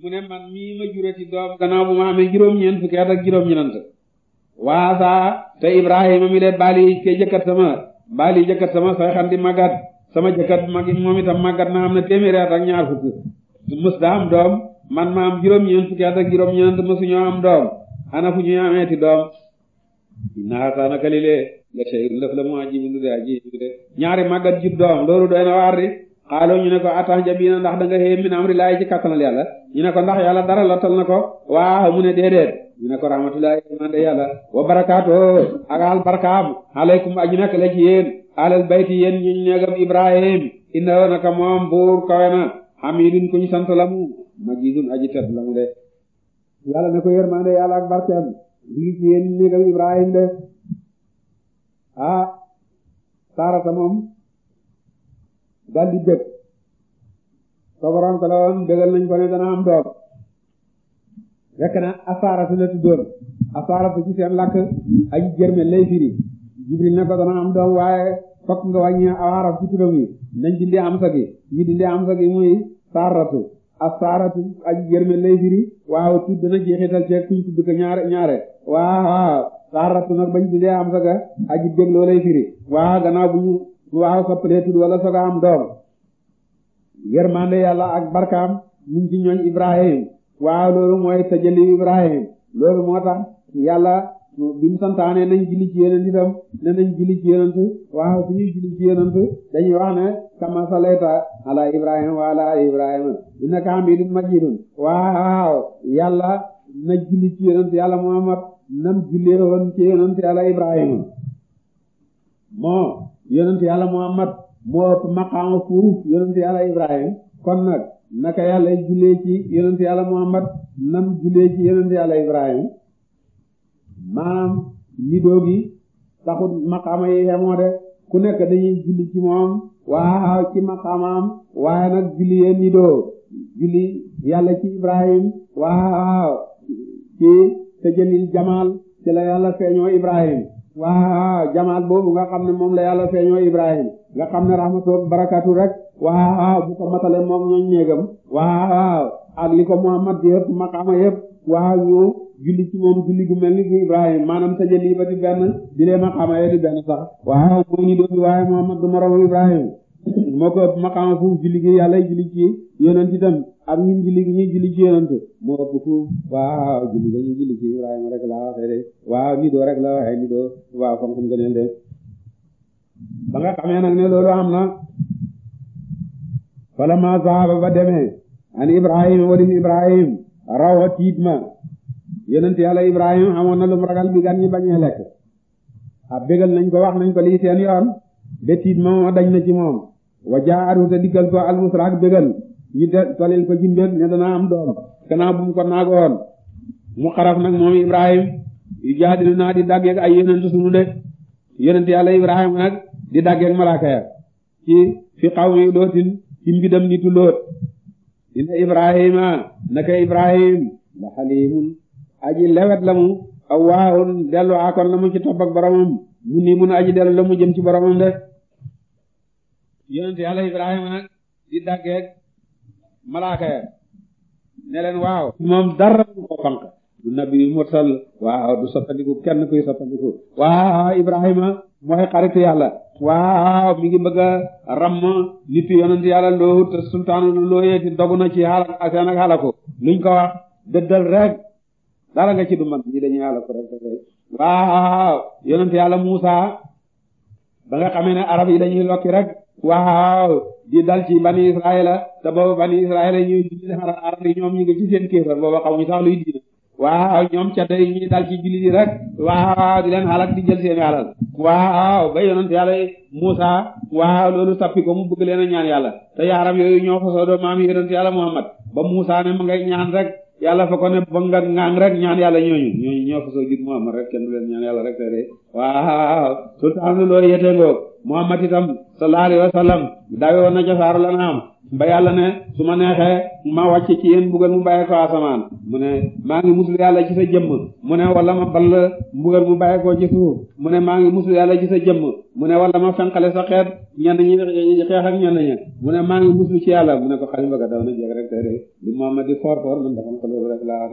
mu ne man mii ma jurati doom gannaaw bu ma amee juróom-ñeent fukki at ak juróom-ñeent waasa te Ibrahima mi leen baali ke jëkkat sama baali jëkkat sama say xan di màggat sama jëkkat magi moom itam màggat na am na téeméeri at ak ñaar fukk mës da am doom man ma am juróom-ñeent fukki at ak juróom-ñeent mësuñoo am doom ana fu ñuy ameeti doom inna hasanaka lilee la shay'un mu ajibu lu de ajibu de na waar di xaaloo ñu ne ndax da nga ñu ne ko ndax yàlla dara lottal na ko waa mu ne déedéet ñu ne ko rahmatullahi mande yàlla wa barakaatoo ak al barkaam aleykum aji nekk la yéen alal bayti yéen ñu neegam ibrahim inna naka moom buur kawe hamidun ku ñu sant la mu majidun aji tedd la de yàlla ne ko yërmande yàlla ak barkeem lii yéen ñu neegam ibrahim de ah saarata moom daldi bég soborom ko la woon ko ne dana am doom fekk na asaaratu la tuddoon asaaratu ci seen làkk aji jërme lay firi jibril ne ko dana am doom waaye fokk nga wàññi aw araf yi nañ dindi am sa gi ñu dindi am sa gi muy saaratu asaaratu aji lay firi waaw tudd dana jeexital ci kuñ tudd ko ñaare ñaare waaw saaratu nag bañ dindi am sa ga aji lay firi waaw gannaaw bu ñu waaw soppalee tudd wala soga am doom yërmande yàlla ak barkaam min ci ñooñ ibrahim waaw loolu mooy tajali Ibrahim loolu moo tax yàlla bi mu santaane nañ julli ci yonent itam ne nañ julli ci yonent waaw su ñuy julli dañuy wax ne kama salayta ala Ibrahim wa ala Ibrahima innaka hamidun majidun waaw yàlla na julli ci yàlla Muhammad nam jullee woon ci yonent yàlla Ibrahima moo yonent yàlla Muhammad moo ëpp maqaama fuuf yonent yàlla Ibrahim kon naka yàlla jullee ci yonent yàlla muhammad nam jullee ci yonent yàlla ibrahim maanaam nidoo gi taxut maqaama yi xemoo de ku nekk dañuy julli ci moom waa ci maqaamaam waaye nag julli yee nidoo julli yàlla ci ibrahim waa ci tëjalil jamaal ci la yàlla feeñoo ibrahim waa jamaal boobu nga xam ne moom la yàlla feeñoo ibrahim nga xam ne rahmatu barakatu rek waa waaw bu ko matale moom ñooñ néegam waa ak li ko Muhammad di yëpp maqaama yëpp waa ñu julli ci moom julli gu mel ni gu Ibrahim maanaam tajalli ba di benn di lee maqaama di benn sax waaw moo ñu doon waaye Muhammad du moromu Ibrahim moo ko ëpp maqaama fuuf julli gi yàlla julli ci yonent itam ak ñun julli gi ñuy julli ci yonent moo ëpp fuuf waaw julli ga ñu julli ci Ibrahima rek la waxee de waaw ni doo rek la waxee ni doo waaw fonk mu gëneel de ba nga xamee falama zahaba ba demee an ibrahim walis ibrahim rawha tiit ma yonent yàlla ibrahim xamoon na lu mu ragal bi gan ñi bañee lekk ab bégal nañ ko wax nañ ko lii seen yoon ba tiit ma moo dañ na ci moom wa jaaru te dikkal ko almusra ak bégal ñu de tolil ko jimbéen ne danaa am doom gannaaw bu mu ko naagoon mu xaraf nag moom ibrahim yu jaadilu naa di dàggeeg ay yonent sunu de yonent yàlla nag di dàggeeg malaaka ya ci fi xaw mi dootin cim gi dem nitu loot inna ibrahima naka ibrahim la xalimun aji lewet la mu awaahun dellu akon la mu ci topp ak boromam mu aji dellu la mu jëm ci boromam de yonent yàlla ibrahima nag di daggeeg malaaka ya ne waaw moom dara du ko fanq du nabi mursal waaw du soppandiku kenn kuy soppandiku waaw ibrahima mooy xaritu yàlla waaw mi ngi bëgg a ram nit yonent yàlla loohu te sultaanu looyee ti dogu na ci xaalak ak seen ko xalaku luñ ko wax dëddal rek dara nga ci du mag ñi dañuy xalaku rek waaw yonent yàlla Muusa ba nga xamee ne arab yi dañuy lokki rek waaw di dal ci bani israila te booba bani israila ñuy diine arab yi ñoom ñu ngi ci seen kéefar booba xamuñu sax luy diina waaw ñoom ca day ñuy dal ci jullit yi rek waaw di leen xalak di jël seeni alal waaw ba yonent yàlla Muusa waaw loolu tappi ko mu bëgg leen a ñaan yàlla te yaaram yooyu ñoo xosoo doo maam yonent yàlla Muhammad ba Muusa ne ma ngay ñaan rek yàlla fa ko ne ba nga ngaang rek ñaan yàlla ñooñu ñooñu ñoo xosoo jub Muhammad rek kenn du leen ñaan yàlla rek te de waaw sultaanu loo yete ngoog Muhammad itam sallallahu alayhi wa sallam dawe ca saaru la naam ba yàlla ne su ma neexee ma wàcc ci yéen mbugal mu bàyyi ko asamaan mu ne maa ngi musul yàlla ci sa jëmm mu ne wala ma ball mbugal mu bàyyi ko ci suuf mu ne maa ngi musul yàlla ci sa jëmm mu ne wala ma fenqale sa xeet ñenn ñi xeex ak ñi mu ne maa ngi musul ci yàlla mu ne ko xalim bëgg daw na jeeg rek tey de li moom di for for man dafa ko loolu rek laa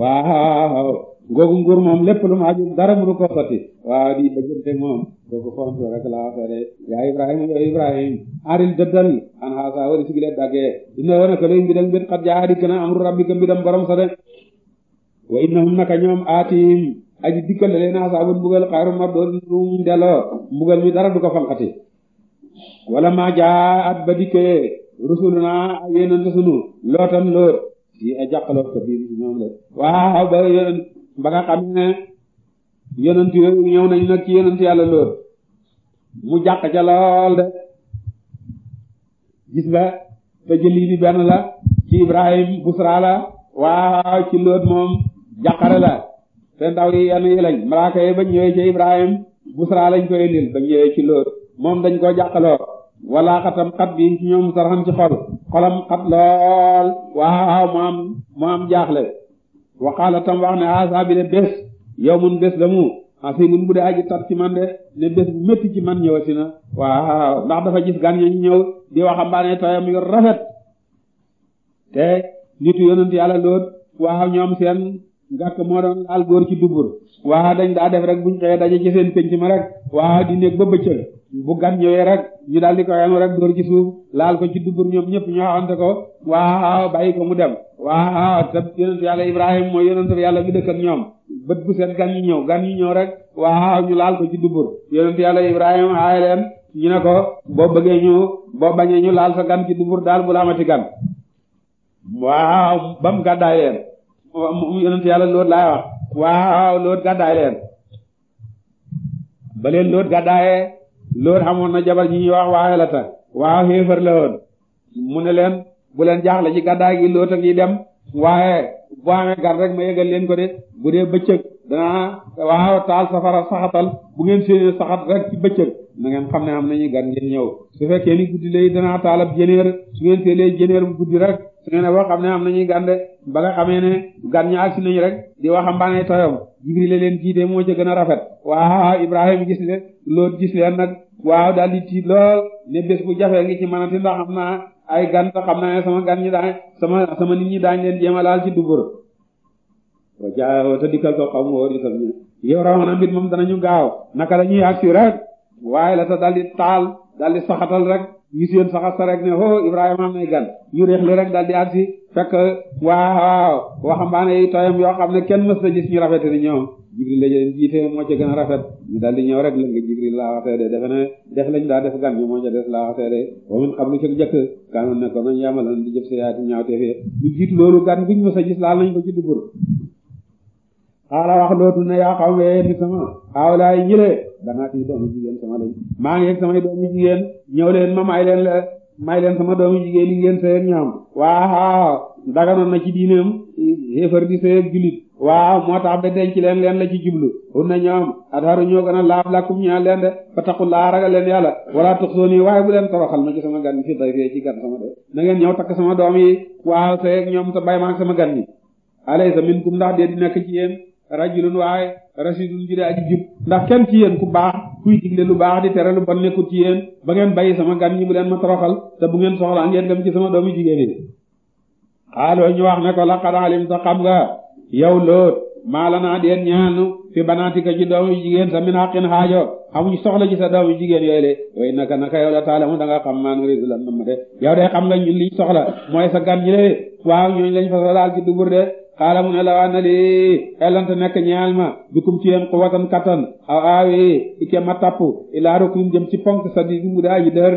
waaw googu nguur moom lépp lu mu aju dara mënu ko sotti waaw di bëggante moom kooku fonto rek la waxee yaa Ibrahima yow Ibrahima aril dëddal an xaasaa wari sigile daggee inna wona ko lay mbidam mbir xat jaa di gën a amru rabbika mbidam borom sa de wa innahum naka ñoom aatiim aji dikkal leen asaabun mbugal xayru mardud dum delloo mi dara du wala ma jaa at ba dikkee rusuluna yéenante sunu lootan loot si a jàqaloo ko biim ñoom de waaw ba nga xam ne yonent yooyu ñëw nañu nag ci yonent yàlla lool mu jàq ca lool de gis nga te jëli bi benn la ci Ibrahim busra la waaw ci lool moom jàqare la te ndaw yi yenn yi lañ malaaka yi bañ ñëwee ci Ibrahim busra lañ koy indil bañ ñëwee ci lool moom dañ koo jàqaloo wala xatam xat bi ci ñoom saraxam ci xol xolam xat lool waaw mu am mu am jaaxle waxaala tam wax ne haasa bi de bés yow mun bés la mu asi bu dee aji tat ci man de ne bés bu métti ci man si na waaw ndax dafa gis gan ñu ñëw di waxambaane tayam yu rafet te nitu yonent yàlla lool waaw ñoom seen ngàkk moo doon laal góor ci dubur waaw dañ daa def rek buñ xëyee daje ci seen penc ma rek waaw di nekk ba bëccëg bu gan ñëwee rek ñu daal di ko yanu rek door ci suuf laal ko ci dubur ñoom ñëpp ñu xawante ko waaw bàyyi ko mu dem waaw te yonent yàlla Ibrahima mooy yonent yàlla bi dëkk ak ñoom bët bu set gan ñu ñëw gan ñu ñëw rek waaw ñu laal ko ci dubur yonent yàlla Ibrahima aaye leen ñu ne ko boo bëggee ñu boo bañee ñu laal sa gan ci dubur daal bu la amati gan waaw ba mu gàddaay leen ba leen loot gàddaayee lool amoon na jabar ji ñuy wax la waaw xéefar la woon mu ne leen bu leen jaaxle ji gàddaay gi loota ngi dem waaye bu amee gar rek ma yëgal leen ko de bu dee bëccëg danaa waaw taal safara saxatal bu ngeen séenee saxat rek ci bëccëg na ngeen xam ne am nañu gan ngeen ñëw su fekkee ni guddi lay danaa taalab jëneer su ngeen séenee jëneer bu guddi rek su na boo xam ne am nañuy gan de ba nga xamee ne gan ñi agsi nañu rek di waxambaane tooyam Jibril leen jiite moo ca gën a rafet waaw Ibrahima gis leen lool gis leen nag waaw daal di tiit lool bu jafee ngi ci mënati ndax xam naa ay gan xam naa ne sama gan ñi daañ sama sama nit ñi daañ leen jéem a laal ci dubur wa jaa te dikkal ko xaw ñu gaaw naka la ñuy rek waaye la dal daal taal daal di saxatal rek ñu si yéen saxasta rek ne ho oh, Ibrahima am nay gan ñu réex rek daal di si fekk waaw waxambaane yi tooyam yoo xam ne kenn mës na gis ñu rafet ni ñoom Jibril lañ jiite moo ci gën a rafet ñu daal di ñëw rek la nga Jibril laa waxee de defe ne def lañ daa def gan bi moo ca des laa waxee de wa min qablu ci jëkk kaanoon ne ko nañ yamaloon di jëf sa yaati ñaawteefee ñu jiitu loolu gan buñ mës a gis laal nañ ko ci dubur xaala wax lootu ne yaa xaw nga yéen banaati doomu jigéen sama lañ maa ngi doomu jigéen ñëw ma may leen la may leen sama doomu jigéen yi ngeen sëy ak ñoom waaw na ci diineem xéefar di sëy ak julit waaw moo tax ba denc leen leen la ci jublu xun na ñoom adharu ñoo gën a laab lakum ñaan leen de fa taqullaa ragal leen yàlla wala tuxsooni waaye bu leen toroxal ma ci sama gan fi dayfee ci gan sama de na ngeen ñëw sama doom yi waaw sëy ak ñoom te bay maag sama a yi alaysa minkum ndax dee di nekk ci rashidun ji aji jub ndax kenn ci ku baax kuy digle lu baax di tere lu bon nekkut ci yéen ba ngeen bàyyi sama gan ñi bu leen ma toroxal te bu ngeen soxlaa ngeen dem ci sama doomu jigéen nga yow la naa deen ñaanu fi banaatika ci doomu jigéen sa min xaqin xaajo amuñ soxla ci sa doomu jigéen yooyu da nga xam maanu résu lan nam ma de yow de xam nga ñun soxla mooy sa gan ñi le waaw ñooñu lañ fa sa daal dubur de xaala mu ne la waa na lii elante nekk ñaal ma bikum ci yéen xuwatan kattan aw aawi ike ma tapp ilaa ruknin jëm ci ponk sa di dingu daa ji dër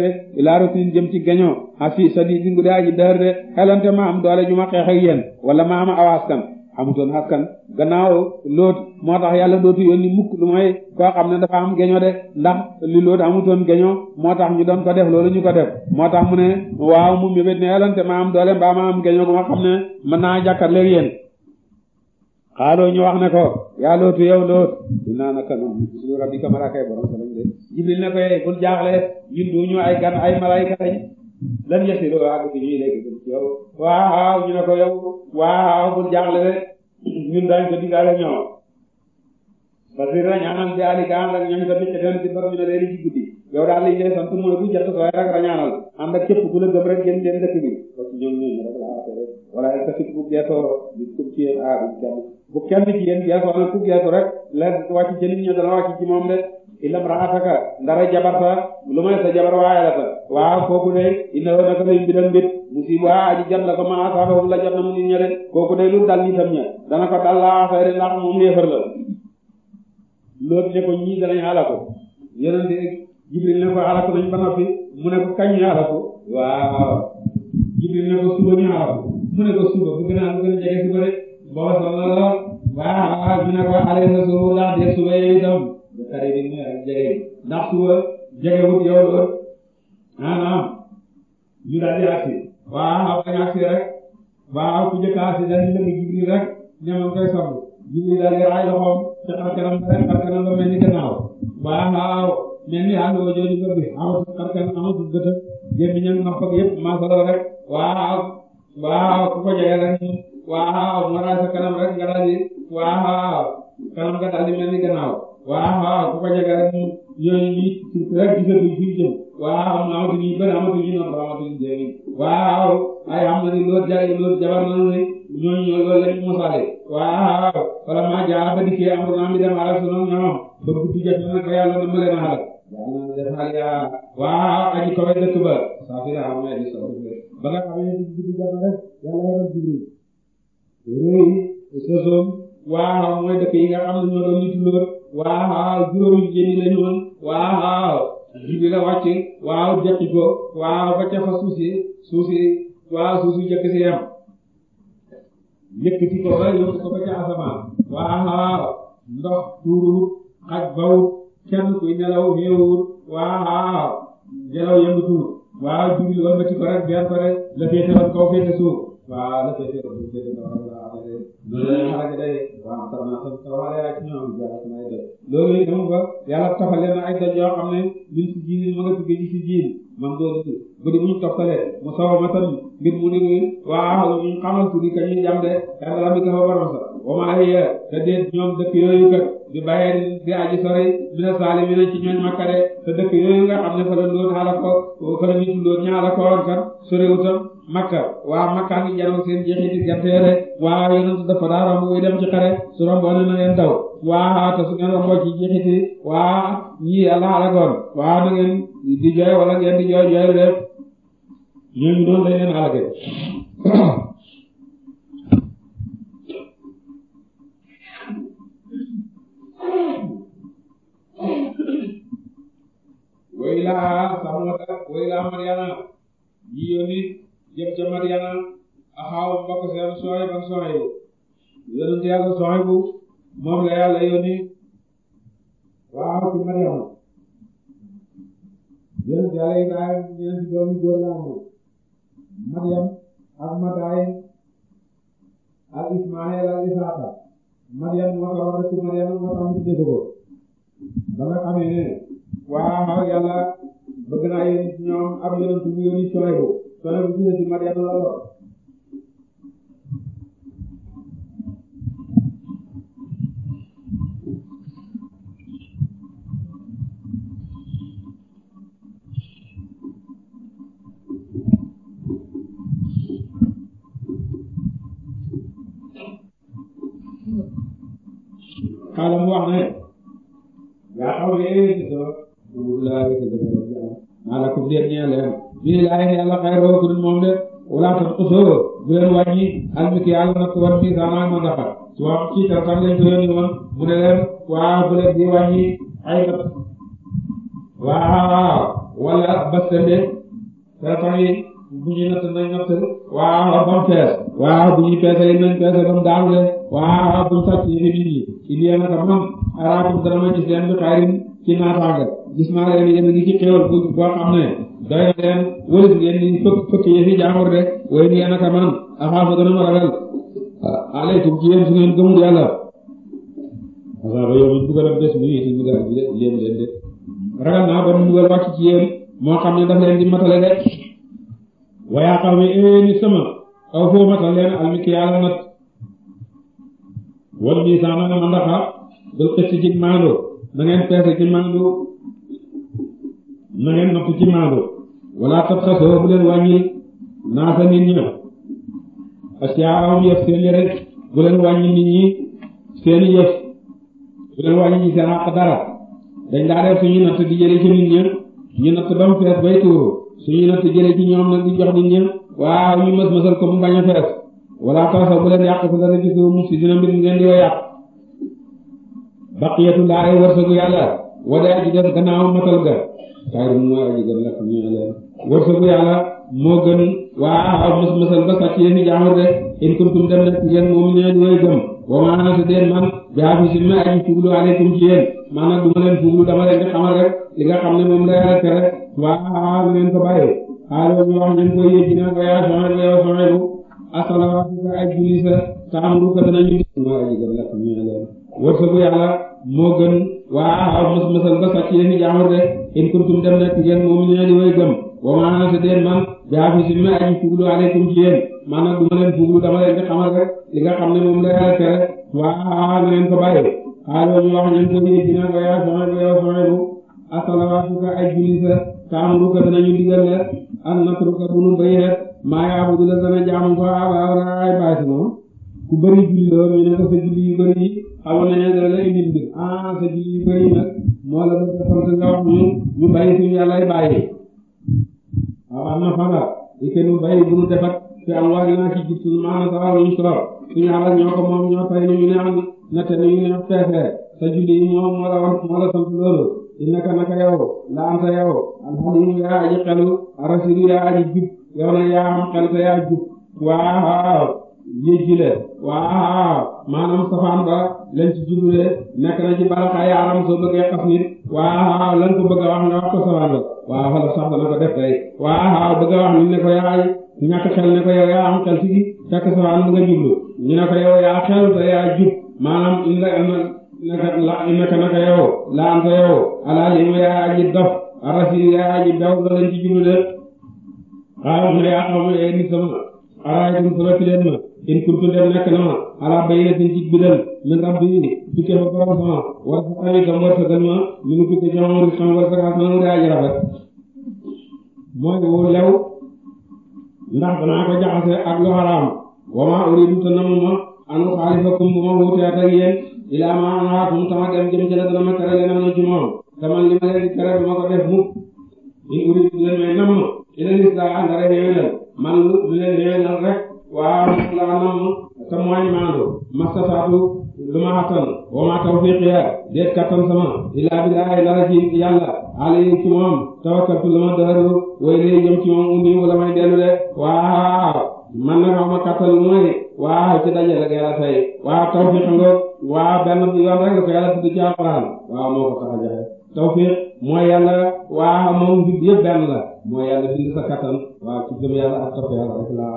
jëm ci gaño asi di dingu daa ji de elante ma am doole ñu ma xeex ak yéen wala ma am awaaskan amutoon askan gannaaw loot moo tax yàlla dootu yónni mukk lu may koo xam ne dafa am geño de ndax li loot amutoon geño moo tax ñu doon ko def loolu ñu ko def moo tax mu ne waaw mu mébét ne elante ma am doole mbaa am geño gu ma xam mën naa jàkkaarloo yéen xaaloo ñu wax ne ko yaa lootu yow loot dinaa naka noonu lu rabbika malaakay borom sa lañ de jibril ñun duñu ay gan ay malaayka lañ lan yesiloo àgg si ñuy léegi gëm ci yow waaw ñu ne ko yow waaw bul jaaxle de ñun daañ ku la gëm rek génn leen dëkk wala ay kati bu ci yéen ah bu kenn bu kenn ci yéen geesoo nag ku rek la wàcc ci nit ñi dana wàcc ci moom de ilam raxataka ndara jabar lu may sa jabar waaye la sa waaw kooku de inna woo naka lay mbiram mbit musiba aji jot la ko ma asaabahum la jot na mu nit ña de kooku de lu dal nitam ña dana ko dal laa xayri ndax moom yéefar la loolu ne ko ñii danañ xalaku yonent Jibril ne ko xalaku nañ ba noppi mu ne ko kañ mu ne ko suba bëgg naa lu gën a jege suba rek booba sol la lool waaw waaw ñu ne ko alee sa suba ndax dee suba yow itam ba pare bi mu ne ak jege ndax suba jege wut yow lool ah ah ñu daal di agsi waaw bañ agsi rek waaw ku njëkk a agsi daal di lëng Jibril rek ne ma koy soxla Jibril daal di raay loxoom ci xar kanam rek xar kanam ba mel ni gannaaw waaw waaw mel ni ànd wa jooju bi amatul xar kanam amatul bët gémmiñam nopp ak yëpp maa solo rek waaw waaw ku ko jege rek waaw mu raay sa kanam rek nga daal di waaw kanam nga daal di mel ni gannaaw waaw ku ko jege rek yooyu yi rek gisatu fi jëm waaw amatuñu bëri amatuñu noonu amatuñu dégg waaw ay am na ni loolu ja loolu jabar nañu ne ñooñu ñoo loolu lañu mosalee waaw wala maa jaa ba dikkee am na mi dem alal sunu ñoom ba guddi jot na ko yàlla na ma leen a xalal yàlla na def xal yaa waaw aji kawe dëkk ba saa fi yaa xam ne ba nga xamee ne guddi jàmm rek yàlla yabal Jibril réew Sosone waaw mooy dëkk yi nga xam ne ñoo doon ñu tudd ba waaw juróomi la ñu woon waaw Jibril la wàcc waaw jëkki ko waaw ba ca fa suuf si suuf si waaw suuf si jëkk si yam yëkkati ba yóbbu ko ba ca asamaan waaw ndox tuuru xaj baw kenn kuy nelaw xéewul waaw ngelaw yëngatu waaw jibril wëlbati ko rek benn ko rek la féete woon kaw féete suuf waaw la féete woon féete kaw rek la affaire yi xaraj day waaw sax na sax sawaale ci ñoom jarat nay de loolu yi dama ko yàlla tafale na ay doj yoo xam ne liñ ci jiin ma nga tuggee ci jiin man doonatu budi muñ toppale mu sawamatan mbir mu niru waaw ñu xamal tuddi ka ñuy jam de yàlla bi kafa borom sa wama hiya te déet ñoom dëkk yooyu kat di bàyyeen di aji sori mina saali mi na ci ñooñ makka de te dëkk yooyu nga xam ne fa la doon xaalak ko fa la ñu tuddoon ñaala ko woon kat soriwutam makka waa makka ngi janoog seen jeexiti ganteere waa yonent dafa daa romb dem ci xare su romboone na ngeen daw waa te ngeen romboo ci jeexiti waa ñii yàlla alagoon waa na di jooy wala ngeen di jooy jooy lépp ñooñu doon dañ leen alage wa ilaa samota wa ilaa maryama ji yónni jëm ca Madiyana axaaw mbokk seen Suhayb ak Suhayb yonent yàlla Suhayb moom la yàlla yónni waaw ci Madiyana yonent yàlla Ibrahim ñeenti doomi góor la amoon Maryam ak Madayin ak Ismaayil ak Isaaka Maryam moo taxoon rek Maryam moo tax ñu dégg ko ba nga xamee ne waaw yàlla bëgg naa yónni ci ñoom ab yonent bu yónni Suhayb sooy bu ci ne si Madiane la woon xayrahu ku dul moom de wala tanqusuhu bu leen wàññi al-mikyaala natt wal miizaana ma nafa ci wax ci tartan leen ko yónni woon mu ne leen waaw bu leen di wàññi ay natt waaw wala bastande tartan yi bu ñuy natt nañ natt waaw a naka man araatum dana ma gis leen bi xayrin ci naataange gis naa leen yéen a ngi ci xéwal bu boo doy na leen ngeen ni fëkk fëkk yëfi jaamur de way ni anaka man axaafa dana ma ragal ah, alaykum ci yéen su ngeen gëmul yàlla asaaba yow miñ bugalam des mi ti bugal bi de léen leen de ragal naa ba mu bugal wàcc ci yéen moo xam ne daf leen di matale de wayaa xaw mi eh, ni sama aw foo matal leen almiki yàlla nat wal miisaan na nga ma ndaxa bil xisti ci maandu na ngeen peese ci maandu ci maandu wala a bu leen a naasa nit ñi asiyaahum yëf seen yëre bu leen wàññil nit ñi seen yëf bu leen wàññil seen àq dara dañ daa def suñu natt di jëlee ci nit ñi ñu natt ba mu fees bay tuuru suñu natt jëlee ci ñoom nag di jox nit ñi waaw ñu mës mësal ko mu bañ a fees wala tabxasoo bu leen yàq si dara gisu mu si dina mbir ngeen di ko yàq baqiyatu laa ay wërsëgu yàlla wadaay ji def gannaaw matal ga xayru mu waa ji gën la ko ñëwee leen wërsëgu yàlla moo gën waa mos mosal ba sàcc yéen i jaamur de in kuntum dem nekk ngeen moom ñee di way gëm wa maanaam te deen man biaa fi simma aji fuglu aleykum ci yéen maanaam du ma leen fuglu dama leen di xamal rek li nga xam ne moom la yàlla tere waa leen ko bàyyee xaaloo ñu wax ñu koy yëjji na ko yaa soxebu yaa soxebu asalawaatuka ay julli sa taamru ko danañu di moo aji gën la ko ñëwee leen wërsëgu yàlla waaw mos mosal ba sàcc yéen i a de in kuntum dem nekk ngeen moom ñu ne way gëm wa ma ana man bi hafiisin ma aji fuglu aleykum ci yéen man nag du ma leen fuglu dama rek li nga xam ne moom la yàlla tere waaw na leen ko bàyyi xaaloo ñu wax ñu ko yéeg dina ko yaa soxe ko yaa soxe bu asalawaatuka ay julli sa taamuruka danañu digal la an natruka bu nu bayi rek maa yaabudu la dana jaamu ko abaawra ay baasi moom ku bëri julli la ñu ne ko sa julli yu bëri xamoon nañu dana la indi mbir ah sa ji yu bëri nag moo la bëgg a sant nga wax ñun ñu bàyyi suñu yàllay bàyyi waaw am na fanga i kenn bàyyi bu nu defat te am waa gi naa ci jub suñu maana sawar ñu soor suñu alal ñoo ko moom ñoo fay ni ñu ne am na te ni ñu ne feefee sa julli yi moom moo la wax moo la sant loolu innaka naka yow la anta yow alxalimu yaa aji xelu arasidu yaa aji jub yow na yaa am xel te yaa jub waaw yëjji le waaw maanaam safaan ba lañ ci jublu de nekk na ci baraxa yaaram soo bëggee xas nit waaw lan ko bëgg a wax nga wax ko sawar la waaw xala sax dana ko def tey waaw bëgg a wax nit ne ko yaay ñàkk xel ne ko yow yaa am xel ci fekk sawar mu nga jublu ñu ne ko yow yaa xel te yaa jub maanaam inda naka la naka naka yow la am ta yow alaa limu yaa aji dof arasi yaa aji bew la lañ ci jublu de xaaral mu ne yaa xaw ma nit sama araaytum sura fileen ma in kuntu dem nekk na ala bayyinatin ci bidal min rabbi tukkee fa borom sama war sa tamit dam war sa gën ma mi nu tukkee jamono di sama war sa kaa sama daa jarafet mooy wu lew ndax danaa ko jaxase ak lu xaraam wa ma uridu te namu ma anu xaalifakum bu ma wuutee ak yéen ilaa ma anaakum sama dem jëm ci la dana ma tere leen na ci moom taman li ma leen di tere du ma ko def mukk in uridu leen may nam ma ila lislaa andara yewenal man lu leen yewenal rek waaw moom laa nam te maandu mastafaatu lu ma xattan wa ma tawfiqiya déet kattan sama illaa billaahi dara ci yàlla alayhi ci moom tawakkaltu la ma dëxëru way lay undi wala may dellu de man nag aw ma kattan lu may waaw ci daje la yàlla tey waaw tawfiq nga waaw benn yoon rek la ko yàlla tudd ci alxuraan moo ko tax a mooy yàlla waa moom bi yëpp la mooy yàlla bind sa kattan ci gëm yàlla ak topp yàlla ak la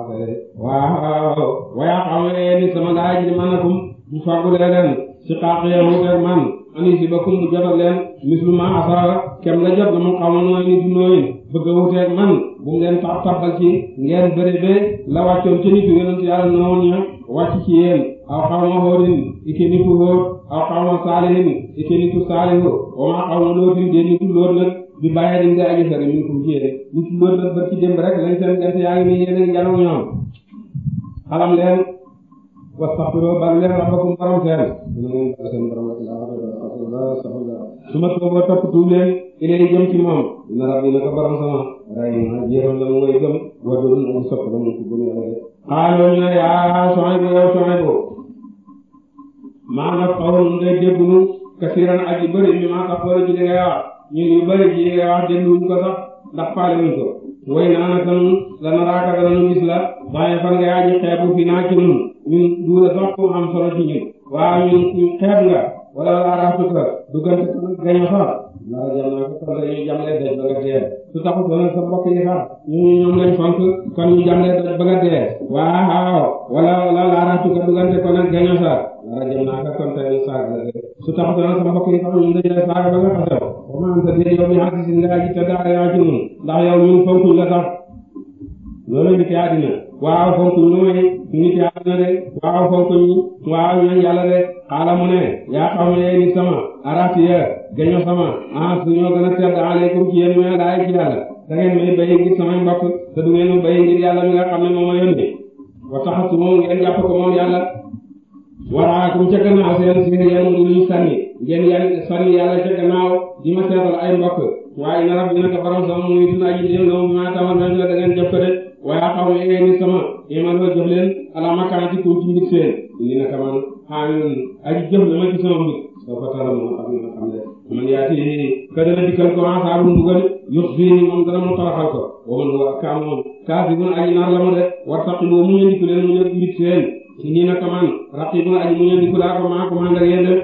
waaw waaw xam ne ni sama laaj ji man akum mu fàggule leen si xaq yow ak man ani si bakkum mu jotal leen misluma asaara kem la jot mu xamal mooy ni du nooyin bëgg a wuteeg man bu mu leen tax taxal ci ngeen bëri ba la wàccoon ca nit yonent yàlla noonu ña wàcc ci yéen aw xawma Hoodin ike nitu Hood aw xawma Saalihin ike nitu Saalihu wa maa xawma Lootin de nitu Loot nag bi bàyyi dañ koy aji sori min kum ci yéen nitu Loot nag ba ci démb rek lañ seen gerte yaa ngi nii yéen a ngi yanu ñoom xalam leen wastaxfiroo bal leen rabbakum borom seen su ma tooboo topp tuub leen ilay jëm ci moom dina rabbi naka borom sama ray ma jéexam la mu ngay gëm wadul aji sopp la mu ko gëm yàlla xaaloo ñu ne yaa Suhaybu yow maa nga xaw nu ngay déglu kasiran ak yu bëri mi maa taxoon ci li ngay wax ñun yu bëri ci li ngay wax ko sax ndax faale wuñ ko. way naa naka nun lana raaka danañu gis la waaye fan nga yaa ñu fi naa ci nun ñun duura sax ku am solo ci ñun waaw ñun ñu xeeb nga wala laaraatuka duggante sa gaño sax lara jam naa ko kon dañuy jamlee daj ba nga dee su taxu sona sa mbokk yi sax ñu ñoom lañ fonk kon ñu jamlee daj ba nga dee waaw wala wala laaraatuka waaw jëm naa ko kon tey saaga la su tax doon sama mbokk saaga ba nga xasew ba ma dee yow mi xasisi ndaa ji te daa yaa ci ñun ndax la sax loolu nit yaa dina waaw fonkuñ lu may nit yaa dina de waaw waaw ñaan yàlla de xaala mu ne yaa xam ne nit sama aratiya gaño sama ah su ñoo gën a tedd aleykum ci yéen te du ngeen ma bay ngir yàlla mi nga xam ne moom a yónni wa taxatu moom ngeen jàpp ko moom waraakum ca gannaaw seen siir yéen lu ñuy sànni ngeen yan sànni yàlla ca gannaaw di ma seetal ay mbokk waaye na rab dina ko borom sama muy dina aji dem na mu maa taman rek na da ngeen jëf ko de waaye xaw ma ngay ni sama iman leen ala makaan ci kuñ ci mbir seen indi na ka man xaamin aji jëf ma ci sama mbir soo fa tala mu xam na xam de man yaa ti ka dana dikkal ko maa saabu mbugal yux fii moom dana mu toroxal ko wa man wa kaa moom inni naka man raqibun aji muñal di ku laa ko maa ko man ak yéen de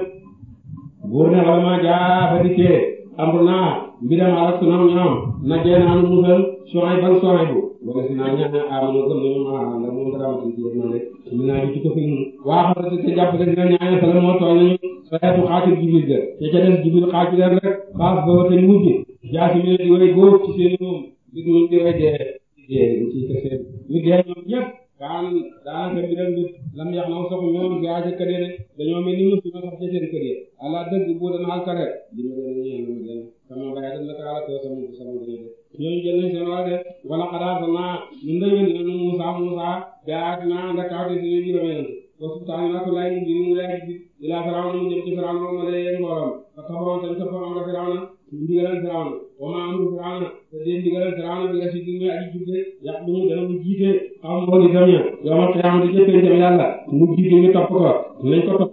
buur ne maa jaa ba dikkee amru naa mbiram alak su nam ñoom na jee naa nu musal soxay ban soxay bu wala si na amano ma ànda moom daramati ci yéen rek mi naa ji ci ko fi ñun waa xamante te jàpp te dina ñaane sala moo tooñ nañu saetu xaatir jibil de te ca des jibil xaatir rek xaas booba te mujj jaasi mi ne di way góof ci seen moom nit ñun di way dee dee ci seen ñu kaan daanaka mbiram nit lam yax naw ñoom bi aji kër yi dañoo mel ni musuma sax ci seen kër yi ala dëgg bu dan xal kare li ma leen leen sama baay dem na taala ko sama sama gënal ñooñu jël nañ seen wàll de wala xanaa xanaa ñun de yéen ñoom Moussa Moussa daa dinaa ànd ak kaw te suñu juróomi yéen ba subtaan naa ko laaj ñu ngi mu laaj bi ilaa Firawna mu jëm ci Firawna ma lay yéen mboolam ba taxawoon tamit sa fam la Firawna ndigalan Firawna wa maa amru Firawna te dee ndigalan Firawna bi nga si duñu aji jubte yàq du mu dana mu jiite xaw ma ni tam ya yow ma xiyam di jëppee jëm yàlla mu jiite ñu topp ko nañ ko topp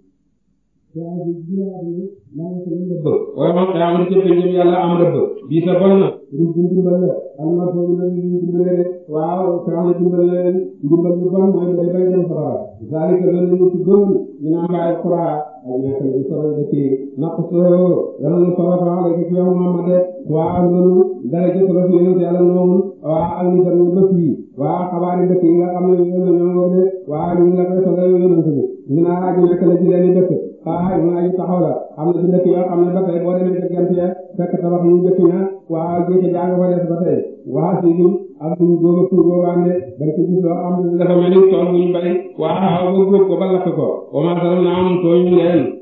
ci ay bi ci biir adduna maa ngi seen rëbb booy wax daa am ci pénjam yàlla am rëbb bii sa bon na ruus bu ndimbal la alma foofu la ñu dimbale de waaw saam na dimbal la leen ndimbal bu bon mooy bay bay dem safara zalika loolu ñu ci gëmoon ñu naan baay xuraa ay nekk la solo de ci naq soo danañu solo faa lay ci yow Muhammad de waaw loolu dara ci solo fi yonent yàlla noonu waaw ak ñu dem ba fii waaw xabaari dëkk yi nga xam ne ñoom ñoo ngoo de waaw ñu la koy solo yonent bi ñu naan aji nekk la ci leen dëkk xaay mu aji taxaw la am na ci dëkk yoo xam ne ba tey boo demee ca gent ya fekk tabax ñu jëkk ña waaw géej jaa nga fa des ba tey waa si ak suñ góob ak tur boobu am de da nga ko gis loo xam ne dafa mel ni tool bu ñu bari waa xaw nga góob ko ba lakk ko wa maa leen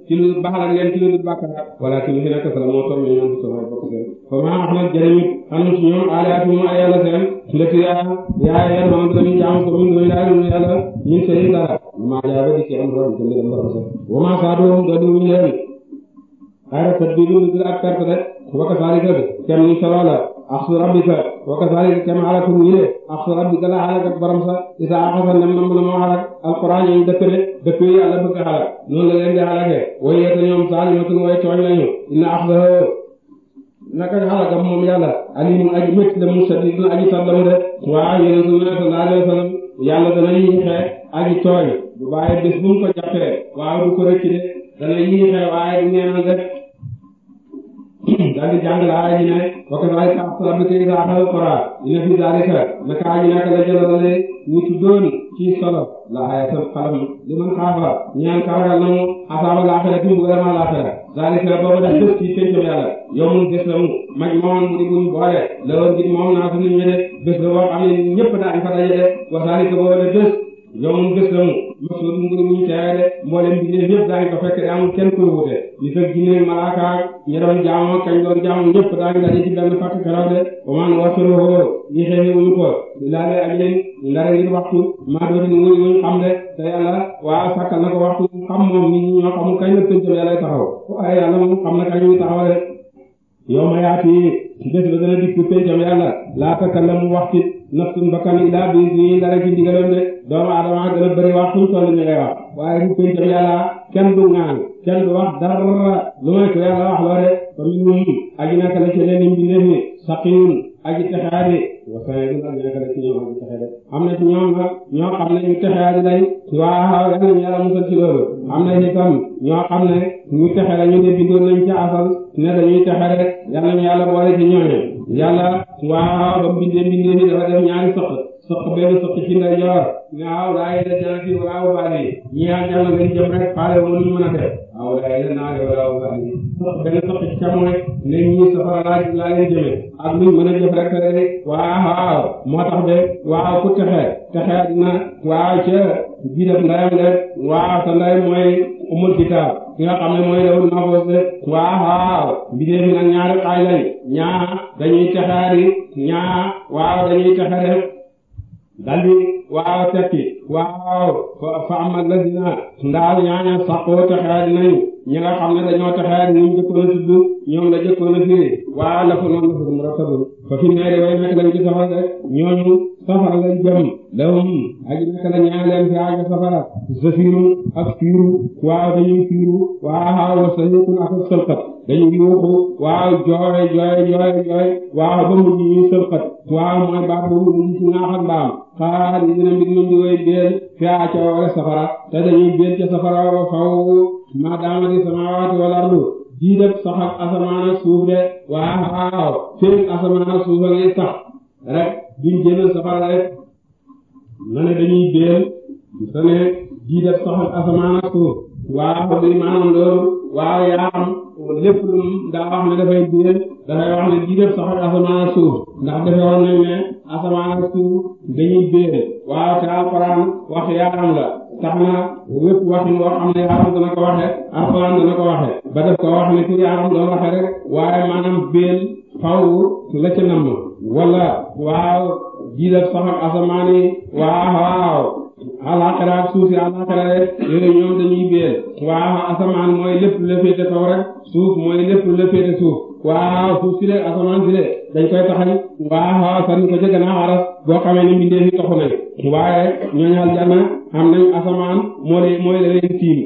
ci lu baax leen ci lu dul bàkkaar wala ci lu fi nekk sala moo tooñ ñu ñoom sama bokk seen fa maa xam ne jëriñu xanu ci ñoom aalihaatuhum ay yàlla seen ndëkk yaa yaa yeen moom dañuy jaam ko min doon daal ñu yàlla ñun seen dara wa maa saaduhum dolliwuñ leen ay rafet bi lu dul ak perte de wa kasaalika bi kenn ñu solo axsu rabbika wa kazaalika kem xalakum ñi ne axsu rabbika la xalak ak borom sa isa axasa nem na mën a moo xalak alquran ñooñu dëkk de dëkk yi yàlla bëgg xalak noonu la leen di xalakee way yeete ñoom salimatun way tooñ lañu inna axsaha naka xalakam moom yàlla alimun aji métti la mu sadidun aji tar la mu de waaw yéen su ne sallallahu alayhi wa sallam yàlla dana yiixee aji tooñ waaye bés bu mu ko jàppee waaw du ko rëcc de dana yiixee waaye du neenal rek daal di jàng laaya ñu ne wa kazaalika asxaabul kahfi ahal qur'aan inna fi zaalika naka ñu naka la jëlale ñu tuddoon ci solo laayatul qalam li man xaafa ñaan kaagal namu asaaba laaxira fi mbugalama laaxira zaalika boobu def def ci pencam yàlla yow mun bés la moon mu di buñ boole gi moom naa su nit ñi de bés la boo xam ne ñëpp daañ fa daje de wa zaalika boobu def bés yowmul bés la mu masuur mu ngi muñ yëpp daañu ko fekk de amul kenn koy wute li fekk jinne malaaka ñi doon kañ doon jaamu ñëpp daañu daje ci benn fàtt keroog de waman wasuroo li xewe wuñu ko laa de ajalin ngir waxtu maa dooti nu wuñ xam de te yàlla waa sàkkal na waxtu xam moom nit ñoo xamul kañ la pëncëm yàlla taxaw waaye yàlla moom xam na kañ muy taxaw de yow ma yaati bés ba dana dikk pëncëm yàlla laa naftun bakkan ilaa bi bi ndara ci ndigalam de doomu aadama dana bëri wax suñ toll ñu ngay wax waaye bu pencam yàlla kenn du ŋaan kenn du wax dara lu may ko yàlla wax loo de fa minhum aji naka la ci leen mbindeef ni saqiyun aji texaadi wa sa'idun aji naka la ci ñoom aji texe de am na ci ñoom nag ñoo xam ne ñu texaadi lañ waaw yàlla ñu yàlla musal ci loolu am na ci tam ñoo xam ne ñu texe la ñu ne bindoon nañ ca asal ne dañuy texe rek yàlla ñu yàlla boole ci ñooñu yàlla waaw ba mu bindee bindee bi dafa soq soq benn soq ci ndey joor waaw laay la jaati waaw baali ñaar ñaar la ngeen jëm rek faale woon ñu mën a def waaw laay la naare waaw baali soq benn soq ci càmmoñ ne ñii safara laa laa leen jëmee ak luñ mën a jëf rek rek waaw moo tax de waaw ku texe texe na waaw ca jiidaf ndayam de waaw sa nday mooy umul kitaab nga xam mooy lawul waaw waaw mbindee fi nag ñaa dañuy texaari ñaa waaw dañuy texe rek daldi waaw tekki waaw fa amal la dina ndaal ñaaña saqoo texaari nañu ñi nga xam ne dañoo taxe ak ñu jëkkoon a tudd ñoom la jëkkoon a firi waa la fa noonu fa murakkabun fa fi naari way nekk lañ ci safara rek ñooñu safara lañ jëm lahum aji nekk la ñaa leen fi àgg safara zafiru ak fiiru waaw dañuy fiiru waa xaaw wa sahiqun ak ak sëlxat dañuy yuuxu waaw jooy jooy jooy jooy waaw ba mujj ñuy sëlxat waaw mooy baat boobu mujj ci naaxal mbaam xaar yi dina mbir ñoom di way béel fi ca wala safara te dañuy béel ca safara ba faw maa daamati samaawaati wal ardu dii def saxab asamaan ak suuf de waaw féeg asamaan ak suuf a ngay sax rek duñ génn safara asamaan ak suuf waaw bi maanaam loolu waaw yaa lépp lu daa wax ne dafay béel dafay wax ne dii def saxab asamaan ak suuf ndax dafa wax nañ ne asamaan ak suuf dañuy béel waaw te alxuraan wax yaa la tax na wépp waxin woo xam ne aram dana ko waxe alxuraan dana ko waxe ba def ko wax ne ci aram doon waxe rek waaye maanaam béel faw la ca namm wala waaw jiidal saxam asamaan waaw waaw suuf si alaxira rek yooyu ñoom dañuy béel waaw asamaan mooy lépp la féete kaw rek suuf mooy lépp la féete suuf waaw suuf si rek asamaan si rek dañ koy taxañ mbaa xaw sànni ko ca gannaaw aras boo xamee ne mbindeef yi toxu nañ waaye ñooñu aljanna am nañ asamaan moo leen mooy la leen tiim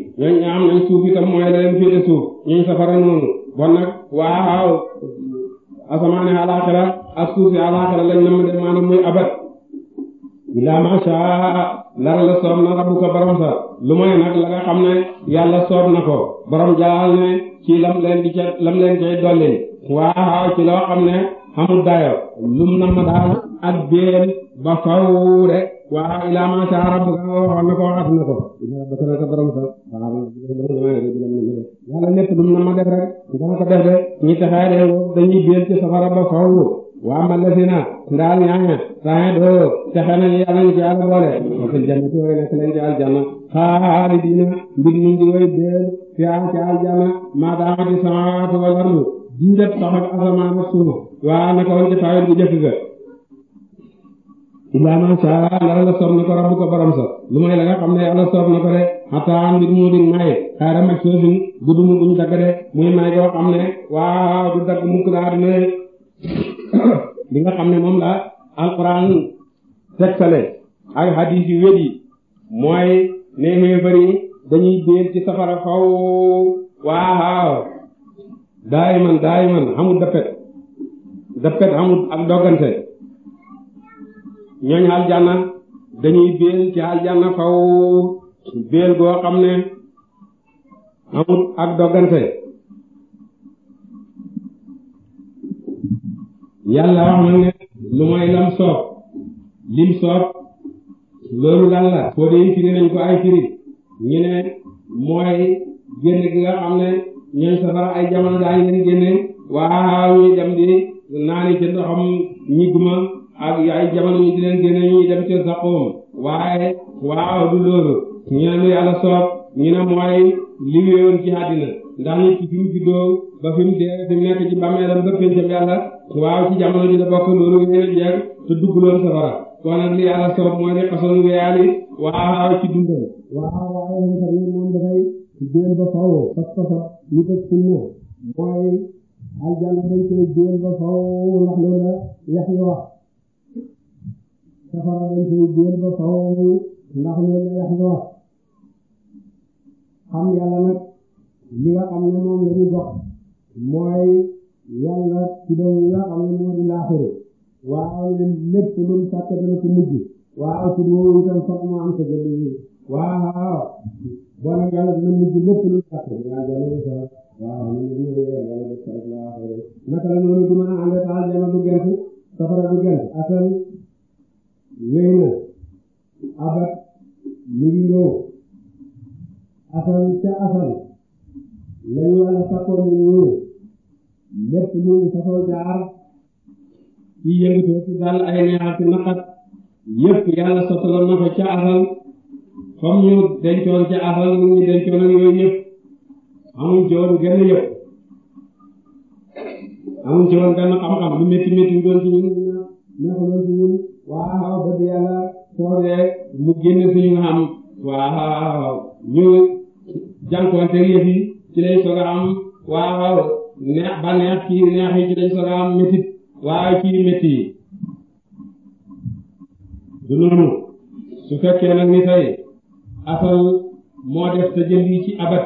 ñooñu safara noonu bon nag waa xaw asamaan yi ak suuf yi alaaxira lañ nam de maanaam muy abat illaa maa shaa lara soob na rabbuka borom sa lu mooy nag la nga xam ne yàlla soob na ko borom jalaal ne ci lam leen di ca lam leen ci loo xam ne amul dayo lum na ma daal ak béen ba faw de waaw ilaa ma sha rabbuka waxoon na ko waxat na ko ila ba kana sa borom sa waaw yàlla lépp lum na ma def rek dama ko def de ñi taxaay de dañuy béen ci safara ba faw waa ma lesina ndaal ñaaña saxee doo texe nañu yàlla ñu ci yàlla boole wa fil jannati way nekk leen ci aljanna xaalidiina mbir ñu ngi way béel fi ci aljanna maa daamati samaawaatu wal ardu diirab sax ak asamaan ak suuf waa naka woon ca taawil bu jëkk ga illaa maa sha Allah la soob na ko rabbu ko borom sa lu may la nga xam ne yàlla soob na ko de xataan mbir mu di may xaara mag soofin gudd mu guñ dagg de muy may goo xam ne waaw du dagg mukk laa dina li nga xam ne moom la alquran tegtale ak hadis yu wér yi mooy ne xéefar yi dañuy déel ci safara faw waaw daayiman daayiman xamul dapet dëppet amut ak doggante ñooñ aljanna dañuy béel ci aljanna faw béel goo xam ne amut ak doggante yàlla wax na ne lu mooy lam soob lim soob loolu lan foo dee firi nañ ko ay firi ñu ne mooy génn gi nga xam ne ñooñ safara ay jamono daañu leen génne waaw ñu dem di naani ci ndoxam ñig ma ak ay jamono ñu di leen génne ñuy dem ca Zakum waaye waaw du loolu ñu ne lu yàlla soob ñu ne mooy li wéyoon ci àddina ndax nit ci fi mu juddoo ba fi mu dee fi mu nekk ci bàmmeelam ba péncam yàlla waaw ci jamono ji la bokk loolu wéyoon jeeg te dugguloon safara kon nag li yàlla soob mooy ne façon wéyaali waaw ci dundam waaw waaye moom tamit moom dafay jéem ba faw pas pasab ñu teg sunna mooy aljana dañ koy jéem ba faaw ndax la yax yi wax safara dañ ba faaw ndax la yax yi wax li nga xam ne moom la ñu dox mooy yàlla tuddam yi nga xam ne moo di laaxiru waaw lépp lu mu sàkk dana ko mujj waaw tur woowu itam foog mu am sa jëli waaw bon yàlla dina mujj waaw ñun de dina weer yàlla def ko rek la waxee naka la noonu du mën a ànd ak aljana du gent safara du gent asal wéy na abat mi ngi ñëw asal ca asal lañu yàlla sakkoon ñu ñëw lépp lu ñu safoo jaar ci yëngatu ci dal ay neexal ci naqat yëpp yàlla sotaloon na ko ca asal comme ñu dencoon ca asal mu ñu dencoon ak yooyu yëpp amuñ ci woon genn yëpp amuñ ci woon benn xam-xam lu métti métti doon ci ñun nekkaloon mu génn suñu xam waaw ñu jànkuwante yëf yi ci lay soog a am waaw neex ba neex kii neex yi ci lay soog a am métit waaw yi du noonu su fekkee nag ni tey asal moo def sa jël yi ci abat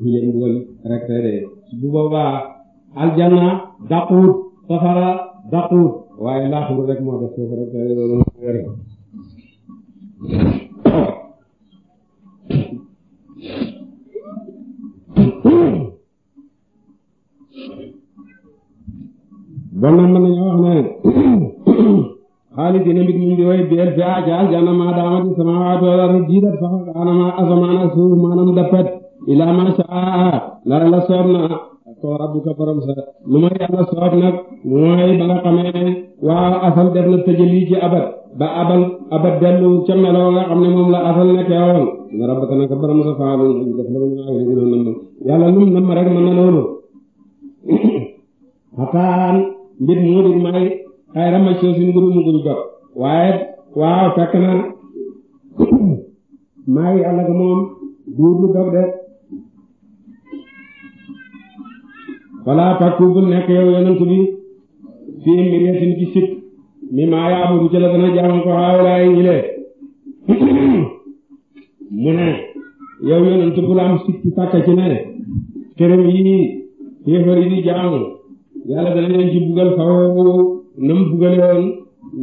ñu leen mbugal rek te de bu boobaa aljanna dàquwut safara dàquwut waaye laaxul rek moo def foofu rek te de loolu wér bon nag mën nañoo wax ne xaalidina mbir mi ngi woy biel fi aja aljana ma daamati samaawaati wal ardi diidat sax daanama asamaan ak suuf maanaam dapet ilaa ma saa lara la soob na ko rabbuka borom sa lu ma yàlla soob nag mooy ba nga xamee ne waaw asal def na tëjëli ci abad ba abal abad dellu ca meloo nga xam ne moom la asal na keewoon nga rabbaka nag borom sa faalu def la mu yàlla lum nam rek mën na loolu xataan mbir mu may xay ramacoo si nguru mu dog waaye waaw fekk na may yàlla moom duur lu dog de wala pakku nekk yow yonent bi fii miriyatin ci sik mi maa yaamuru ci la dana ko xaawalaay ñi mu ne yow yonent bul am sik ci ci ne këram yi xéefar yi di jaamu yàlla dana leen ci bugal faw nam bugale woon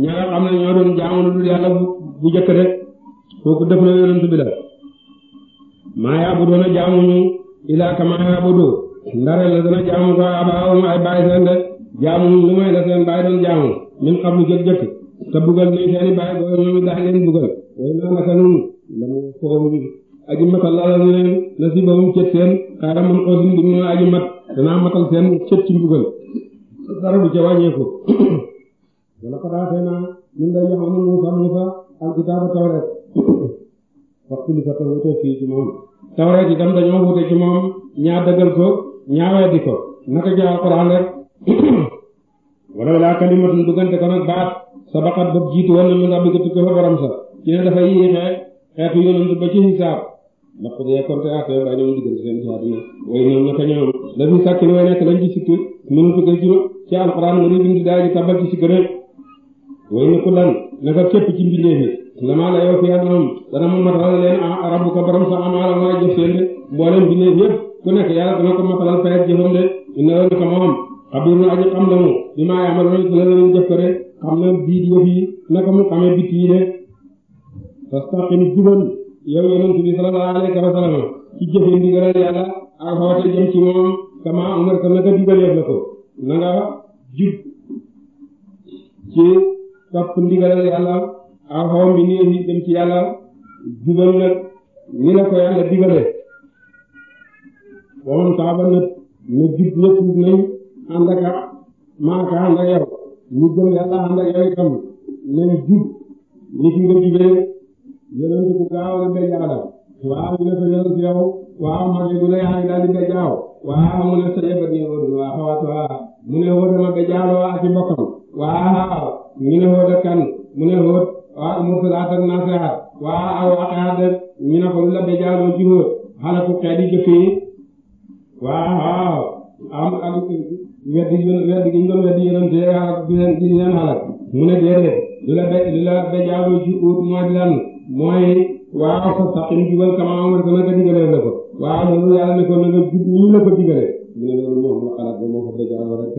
ña nga xam doon jaamu dul yàlla bu jëkk rek kooku def na yonent bi la maa yaabudoona jaamuñu ilaa kama yaabudoo ndare la dana jaamu ko abaawum ay baay seen de jaamu lu may la seen baay doon jaamu min xam lu jëkk jëkk te bugal nañ seen baay boobu mu foofu leen na si mat danaa matal seen cët ci mbugal dara du ca wàññeeku wala xadaatee naa ñun dañoo wute ci moom ñaa dëggal ko ñaawee di ko naka jëw alquran rek wala laa kalimatun duggante ko nag baat sabaqat bopp jiitu woon na min rabbika tukki fa borom sa ci ne dafay yéexee xeetu yonent ba ci hisaab ndax bu dee compté affaire bay ñoom diggante seen ci àdduna way ñoom naka ñoom la fi sàkkin way nekk lañ ci sikki mënu tukkee ci ci alquran nga di bind daay ji ci sikki rek way ne ku lan naka képp ci mbindeef innamaa la yuwaffiyannahum dana mu matalal leen ah, ah, rabbuka borom sa amaala mooy jëf seen mboolem bindeef yëpp ku nekk yàlla dana ko matalal la naka moom xabirun aji xam mu bimaa ya'maluun la leen jëf ko de yi naka mu xamee bitti yi de fastaqim jubal yow yonent bi sallallahu alayhi wa sallam ci jëfe ndigalal yàlla jëm ci moom kama umarta naka digaleef la ko na nga ci topp ndigalal yàlla aw mi ngi leen dem ci yàlla jubal ni la ko yàlla digalee waxoon saaba na na jub na tuub nañ ànd ak maaka ànd ak yow ñu gëm yàlla ànd ak yow itam nañ jub ni ki nga jubee yonent bu gaaw la béy yàlla waaw ñu ne ko yonent yow di béy jaaw mu ne sa yëbat ne wóorul waa xawaatu waa mu ne wóor dama béy jaaloo ak ci bokkam waaw ñu ne wóor kan mu ne wóor waaw mursalaat ak nasiha waaw aw waqiat rek ñu ne ko lu la be jaaloo ci hóor xalaku xeet yi jëkk yi waaw am ak weddi weddi gi ñu doon weddi yonente ak di leen di leen xalak mu ne déedéet lu la be lu la be jaaloo ci hóor mooy lan mooy waaw fastaqim jubal kama amarta naka digalee la ko waaw loolu yàlla ne ko naka jub ñu la ko digalee mu ne loolu moom la xalaat ba moo ko dajaaloo rek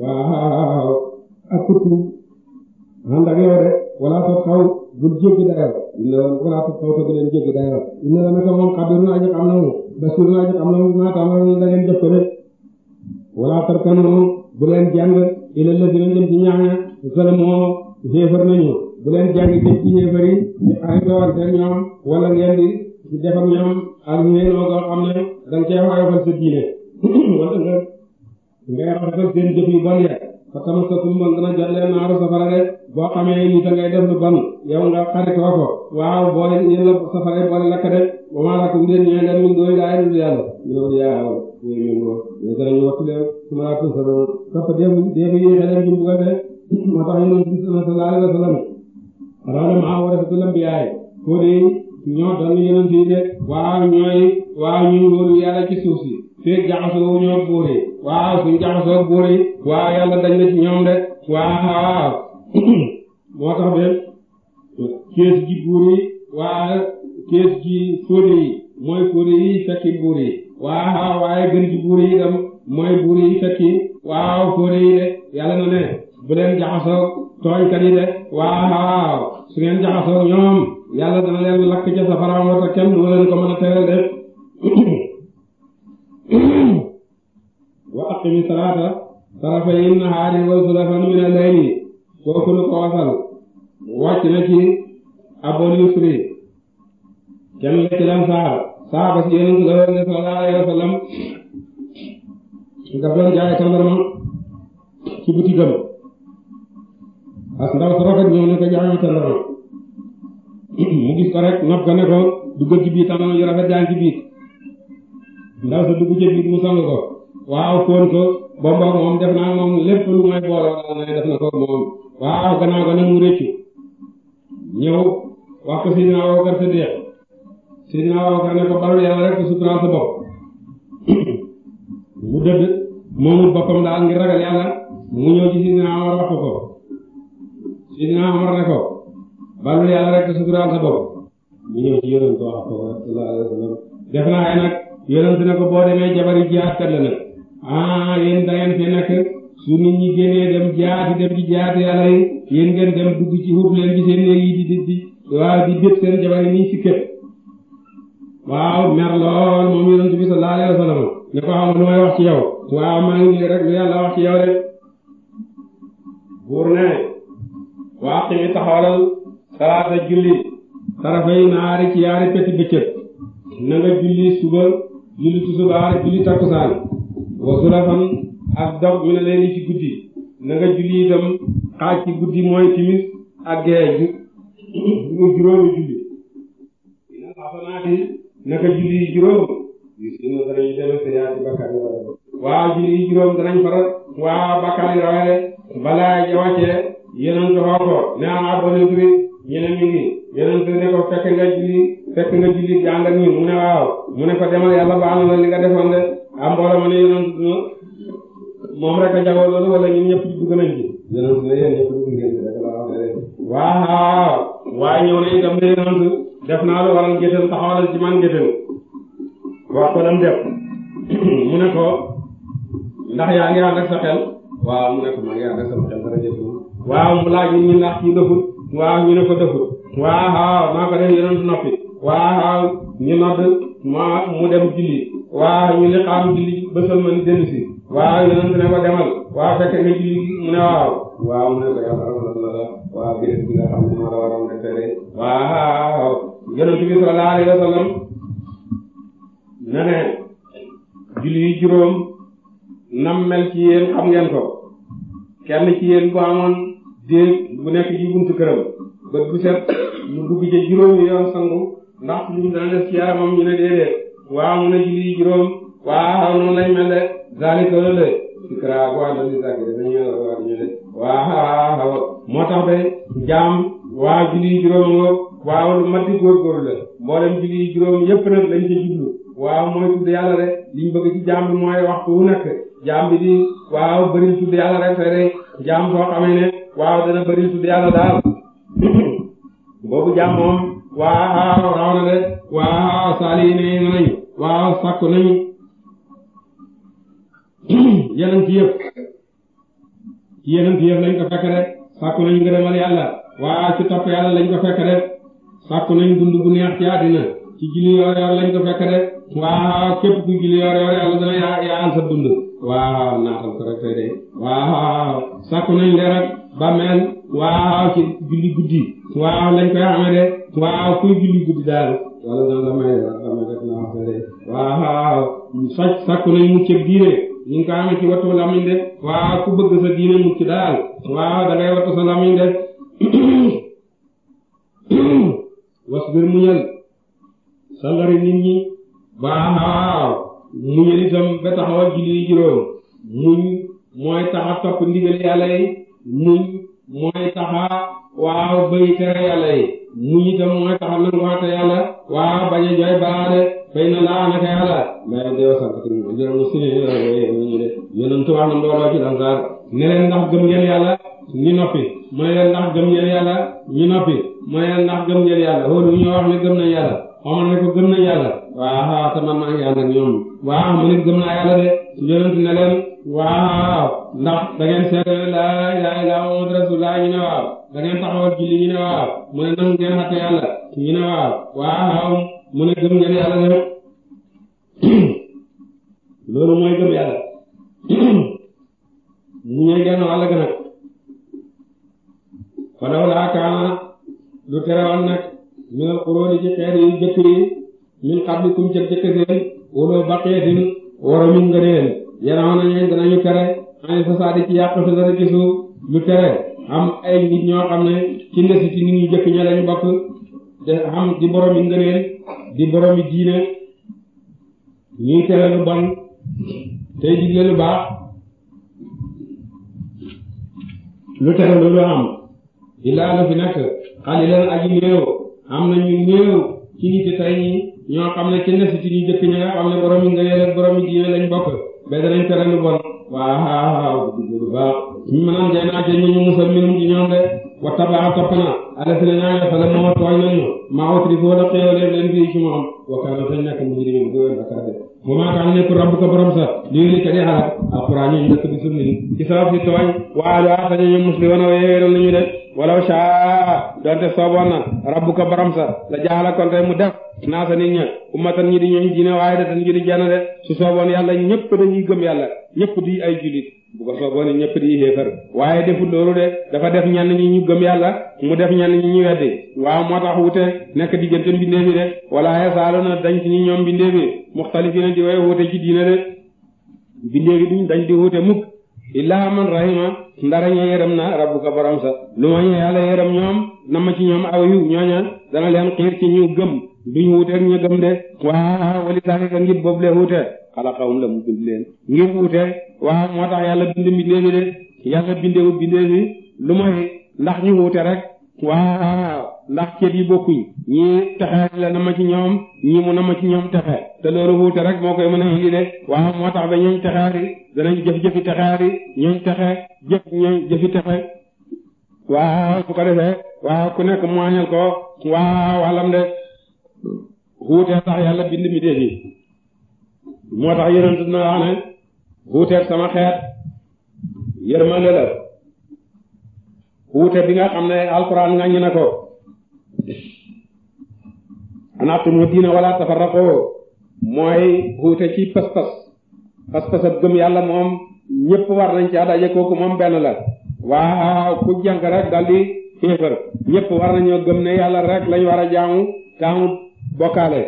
waaw ak surtout ànd ak yow rek wala tot xaw bul jéggi dayoo inna la wala tot xaw te bu leen jéggi dayoo inna la naka moom xabirun na mu xam na mu maa taamaroon la ngeen jëf ko nga cee xoyofal sa diine nga ngay rafetal seen jëf yu fa tamasakum ba nga jot leen naaru safara de boo xamee ni da ngay def lu ban yow nga xaritoo ko waaw boo leen yéen a safara boo leen lakk de ba maa lakk bu leen ñaan ñu doy daay lu yàlla ñu doon yaaw ñu ñu ko ñu dara ñu waxtu leen su ma laatu sama dafa dem maa war a tulam bi yaay ko de ñoo doon yonent yi de waaw ñooy waaw ñu wóolu yàlla ci suuf si fekk jaxasoo ñoo buuree waaw suñ jaxasoo buur yi waaw yàlla dañ ñoom de waaw moo tax de kees gi buur yi waaw kees gi fóode yi mooy fóode fekki buur waaw waaye gën ci buur yi itam fekki waaw fóode de yàlla na ne bu leen jaxasoo tooñkat de waaw su ngeen jaxasoo ñoom yàlla dana lakk ca safaraam wata kenn du leen ko mën a de aqimi salaata tarafay nahaari wa zulafan min al-layli kooku lu ko wasal wàcc na ci abol yusri kenn la ci lan saar saaba si yéen la woon ne sallallahu alayhi wa sallam nga doon jaay tàndarma ci sa rafet ñëw ne ko jaay mu gis ko rek nopp ko ne ko duggal ci biir tàndarma yu rafet yaa ngi ndaw sa dugg ci mu sang ko waaw Konko Bamba moom def naa moom lépp lu may booloo daal ne def na ko moom waaw gannaaw ga nag mu rëccu ñëw wax ko Sidina Abubakar Siddiq Sidina Abubakar ne ko balul yàlla rek suturaal sa bopp mu dëdd moomul boppam daal ngir ragal yàlla mu ñëw ci Sidina Omar wax ko Sidina Omar ne ko balul yàlla rek suturaal sa bopp mu ñëw ci yonent wax ko sallallahu alayhi wa sallam def naa ay nag yonent ne ko boo demee jabar yi jiyaat kat la nag ah yéen da ngeen fi nekk su nit ñi génnee dem jaati dem ci jaati yàlla yi yéen ngeen dem dugg ci wut leen ci seen néeg di di di waaw di bépp seen jabar yi nii si waaw mer lool moom yonent bi sallallahu alayhi wa julli tarafay naari ci yaari peti bëccëg na julli suba julli tusubaar julli takkusaan wasu rafan ak dog mi ne ci guddi na nga julli itam xaaj ci guddi mooy timis ak gee mu juróomi julli ina xasanaati naka julli juróom yu si na danañu deme sa yi rawe waaw julli juróom danañ rawee balaa ja wàccee yeneen doxoo ko ne am abone turi ñeneen mi ngi yeneen turi ne ko fekk nga julli fekk nga julli mu ne waaw mu ne ko demal yàlla baal na la li nga defoon ah mbooloo ma ne yonent moom rek a jagoo wala ñun ñëpp dugg nañ ci. yonent ne yéen ñëpp dugg ngeen ci rek laa wax ne waaw waaye ñëw na itam ne yonent def naa lu waral géttan taxawalal wax ko dam def mu ne ko ndax yaa ngi sa xel waaw mu ne ko maa ngi ànd ak sama xel dara jëf waaw mu laaj ñu ndax ci dëfut waaw ñu mu dem julli waa ñu ne ba sëlma ni dellu si waaw yonent demal waaw fekk nga julli mu ne waaw waaw mu ne ko yàlla amoon na la waaw béréb bi nga xam ne moo la waroon defee waaw yonent bi sallallahu alayhi wa sallam na ne julli yi juróom nam mel ci yéen xam ngeen ko kenn ci yéen bu amoon déeg bu nekk ci buntu këram bët bu set mu dugg ca juróomi yoon sangu ndax lu mu daan def ci yaramam ñu ne déedéet waaw mu ne julli juróom waaw noonu lay mel de zalika loolu de sikra di zakir dañu wax ñu de waaw moo tax de jaam waaw julli juróom nga waaw lu mat di góorgóorlu la mboolem julli juróom yëpp nag lañ ca jublu waaw mooy tudd yàlla rek liñ bëgg ci jaam bi mooy waxtu wu nekk jaam bi di waaw bëri tudd yàlla rek te de jaam soo xamee ne waaw dana bëri tudd yàlla daal boobu jaam moom waa raw na de waaw saali nañu nañu waaw sakku nañu yeneen ci yëpp ci yeneen ci yëpp nañu ngërëmal yàlla waaw ci topp yàlla lañ ko fekk de nañu dund bu neex ci àddina ci julli yoor yoor lañ ko fekk de yoor yoor yaa yaa sa dund waaw naatal ko rek tey de waaw sakku nañu leer ak bàmmeel waaw ci julli guddi waaw lañ koy amee de waaw kuy julli guddi daal wala non damay damay def naa wax de waaw sàcc sàkku nañ mucc diine ñu ngi ko ci wattu lamiñ de waaw ku bëgg sa diine mucc daal waaw da ngay wattu sa lamiñ de wasbir muñal sangari nit ñi waaw muñal itam ba taxawal julli juróom muñ mooy tax topp ndigal yàlla muñ mooy taxa waaw bëy tere yàlla yi muñ itam mooy taxa nangu àtte yàlla waaw bañ a jooy baale fay na laa naka yàlla lay dee sankati mu sini yonentu wax na mbooloo ci lansaar ne leen ndax gëm ngeen yàlla ñi noppi mu ndax gëm ngeen yàlla ñi noppi mu ndax gëm ngeen yàlla hóolu ñoo wax ne gëm nañ yàlla xamal ne ko gëm nañ yàlla waaw xaw te man ngi ànd ak waaw mu nit gëm naa yàlla de yonent ne leen waaw ndax da ngeen seede laa ilaaha illallaah muhammadu rasuulullaah ñu ne waaw da ngeen taxawal julli ñu ne waaw mu ne nangu ngeen xatte yàlla ñu ne waaw waaw mu ne gëm ngeen de loolu mooy gëm yàlla mu ñëw genn wàll gën a yi jëkk yi min qablikum jëkk jëkk seen uloo baqiyatin woromi ngëneel a na ñeen danañu tere ani fasaadi ci yàq fi dara ci suuf ñu tere am ay nit ñoo xam ne ci ndesi ci nit ñu jëkk ña lañu bokk de am di boromi ngëneel di boromi diine ñuy tere lu bon tey digle lu baax lu tere lu lu am illaa lu fi nekk xalilan aji néew am na ñu néew ci nit tey ñi ñoo xam ne ci nesi ci ñu jëkk ñi nga xam ne borom yi nga yéen ak borom yi jiwe lañ bokk ba danañ tere lu bon waaw bu baax ñu mënaan jay naa ñu ñu musal minum ci ñoom de wa tabaa topp na alasi na ñaa yosale mooma tooñ nañu maa utri foo la xéewaleef leen fii ci moom wakkaana tañ nekk mujrimin gowen bakkaade moo maa kaan nekku rabb ko borom sa lii li ñu ñu musli woon a weeweeroon nañu de walaw shaa donte sooboon na rabb la jaxala kon mu def naasa nit ña ummatan ñi di ñooñu diine waaye da dañu di jenn de su sooboon yàlla ñëpp dañuy gëm yàlla ñëpp di ay jullit bu ko sooboon ñëpp di xéefar waaye deful loolu de dafa def ñenn ñi ñu gëm yàlla mu def ñenn ñi ñu weddi waaw moo tax wute nekk diggante mbindeef yi de wala yasaalu na dañ ci ñoom mbindeef yi muxtalifina di way wute ci diine de mbindeef yi duñ dañ di wute mukk illaa man rahima ndara ña yërëm na rabbuka borom sa lu ma ñu yàlla yërëm ñoom na ma ci ñoom aw yu ñooña dana leen xiir duñ wuuteeg ña gëm de waaw wali sax ka ngir boobu lee wuute xala la mu bind leen ngir wuute waaw moo tax yàlla bind mbindeefi de yàlla bindewu bindeefi lu mooy ndax ñu wuute rek waaw ndax cët yi bokkuñ ñii texe la na ma ci ñoom ñu mu na ma ci ñoom texe te loolu wuute rek moo koy mën a indi de waaw moo tax ba ñooñ texaari danañ jëf-jëfi texaari ñooñ texe jëf ñooñ jëfi texe waaw su ko defee ku nekk mu wàññal ko waaw wàllam de xuutee tax yàlla bind mi dee fii moo tax yonent na wax ne sama xeet yërmande la xuute bi nga xam ne alquran nga ñu ne ko diina wala tafarraqoo mooy xuute ci pas-pas pas-pas gëm yàlla moom ñëpp war nañ ci daje kooku moom benn la waaw ku jànk rek daldi xéefar ñëpp war nañoo gëm ne yàlla rek lañ war a jaamu taamu bokkaale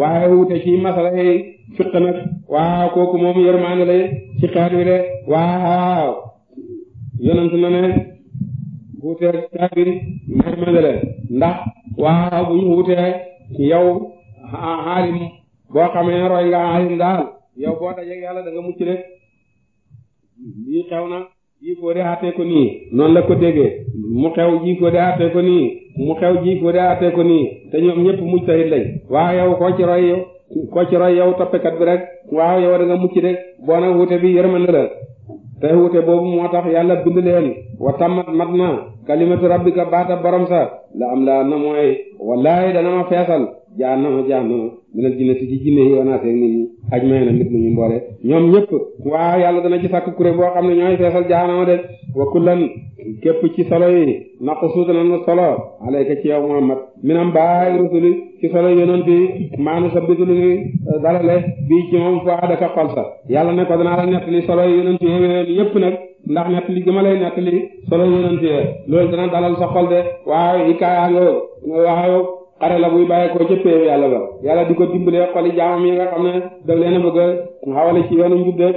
waaye wute ci masala yi fiq nag waaw kooku moom yërmaane la ci xeet wi de waaw yonent na ne wutee xeet wi yërmaane la ndax waaw bu ñu wutee yow xaalim boo xamee ne roy nga xaalim daal yow boo dajee yàlla da nga mucc de lii xew na jiifoo de àttee ko nii noonu la ko déggee mu xew jiifoo de àttee ko nii mu xew jiifoo de àttee ko nii te ñoom ñëpp mujtahid lañ waaw yow koo ci roy yow koo ci roy yow toppekat bi rek waaw yow a nga mucc de boo nag wuute bi yërmande la te wuute boobu moo tax yàlla bind leen wa tammat mat na kalimatu rabbika baata borom sax la am laa na mooy wallaahi dana ma feesal jaan na ma minal jinnati ci jinne yi wanaa feeg nit ñi aj may na nit ñu mboole ñoom ñëpp waaw yàlla dana ci sàkk kuré boo xam ne ñooy feesal jahanama de wa kullan képp ci solo yi naqsu danañu solo alayka ci yow Muhammad minam baay rusuli ci solo yonent bi maanu sa bitu lu ngi euh, dalale bii ci moom foo adaka xol sa yàlla ne ko danaa la nettali solo yonent yi yëpp nag ndax nettali gi ma lay nettali solo yonent yi loolu dana dalal sa de waaw i kaa yaa xare la buy bàyyeekoo ca péew yàlla ba yàlla di ko dimbalee jaamam yi nga ne daf a bëgg a xawale ci yoonu njub de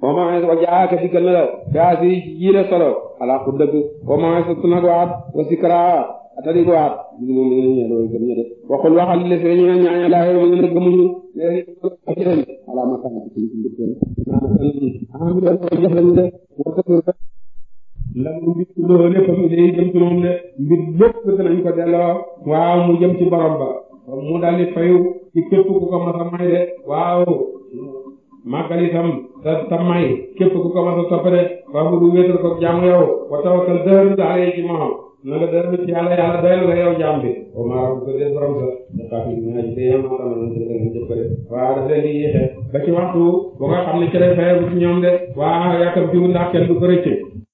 boo ma weesoo jaaka dikkal na la daa si jiile solo ala ku dëgg boo ma weesoo su nag waat wa sikraa atari waat moom la ñu ñëw gëm ñu de waxul waxal li fi ñu ñaan laa yow mu ne gëmuñu léegi ala ma xam ci mbir mi ah mi doon jëf de la mu mbir loo léppam day jëm ci moom de mbir lépp dinañ ko delloo waaw mu jëm ci borom ba mu daldi fayu ci képp ku ko mas a may de waaw màggal itam ta ta may képp ku ko mas a topp de waaw du wéetal ko jàmm yow wa tawakkal dëru daale ci moom na nga dëru ci yàlla yàlla doyal nga yow jàmm bi o maa ko def borom sa dafaafi naaji day am atamana dëgg jëf ko de waaw daf leen di yéexe ba ci waxtu bu nga xam ne ci lay fayu ñoom de waaw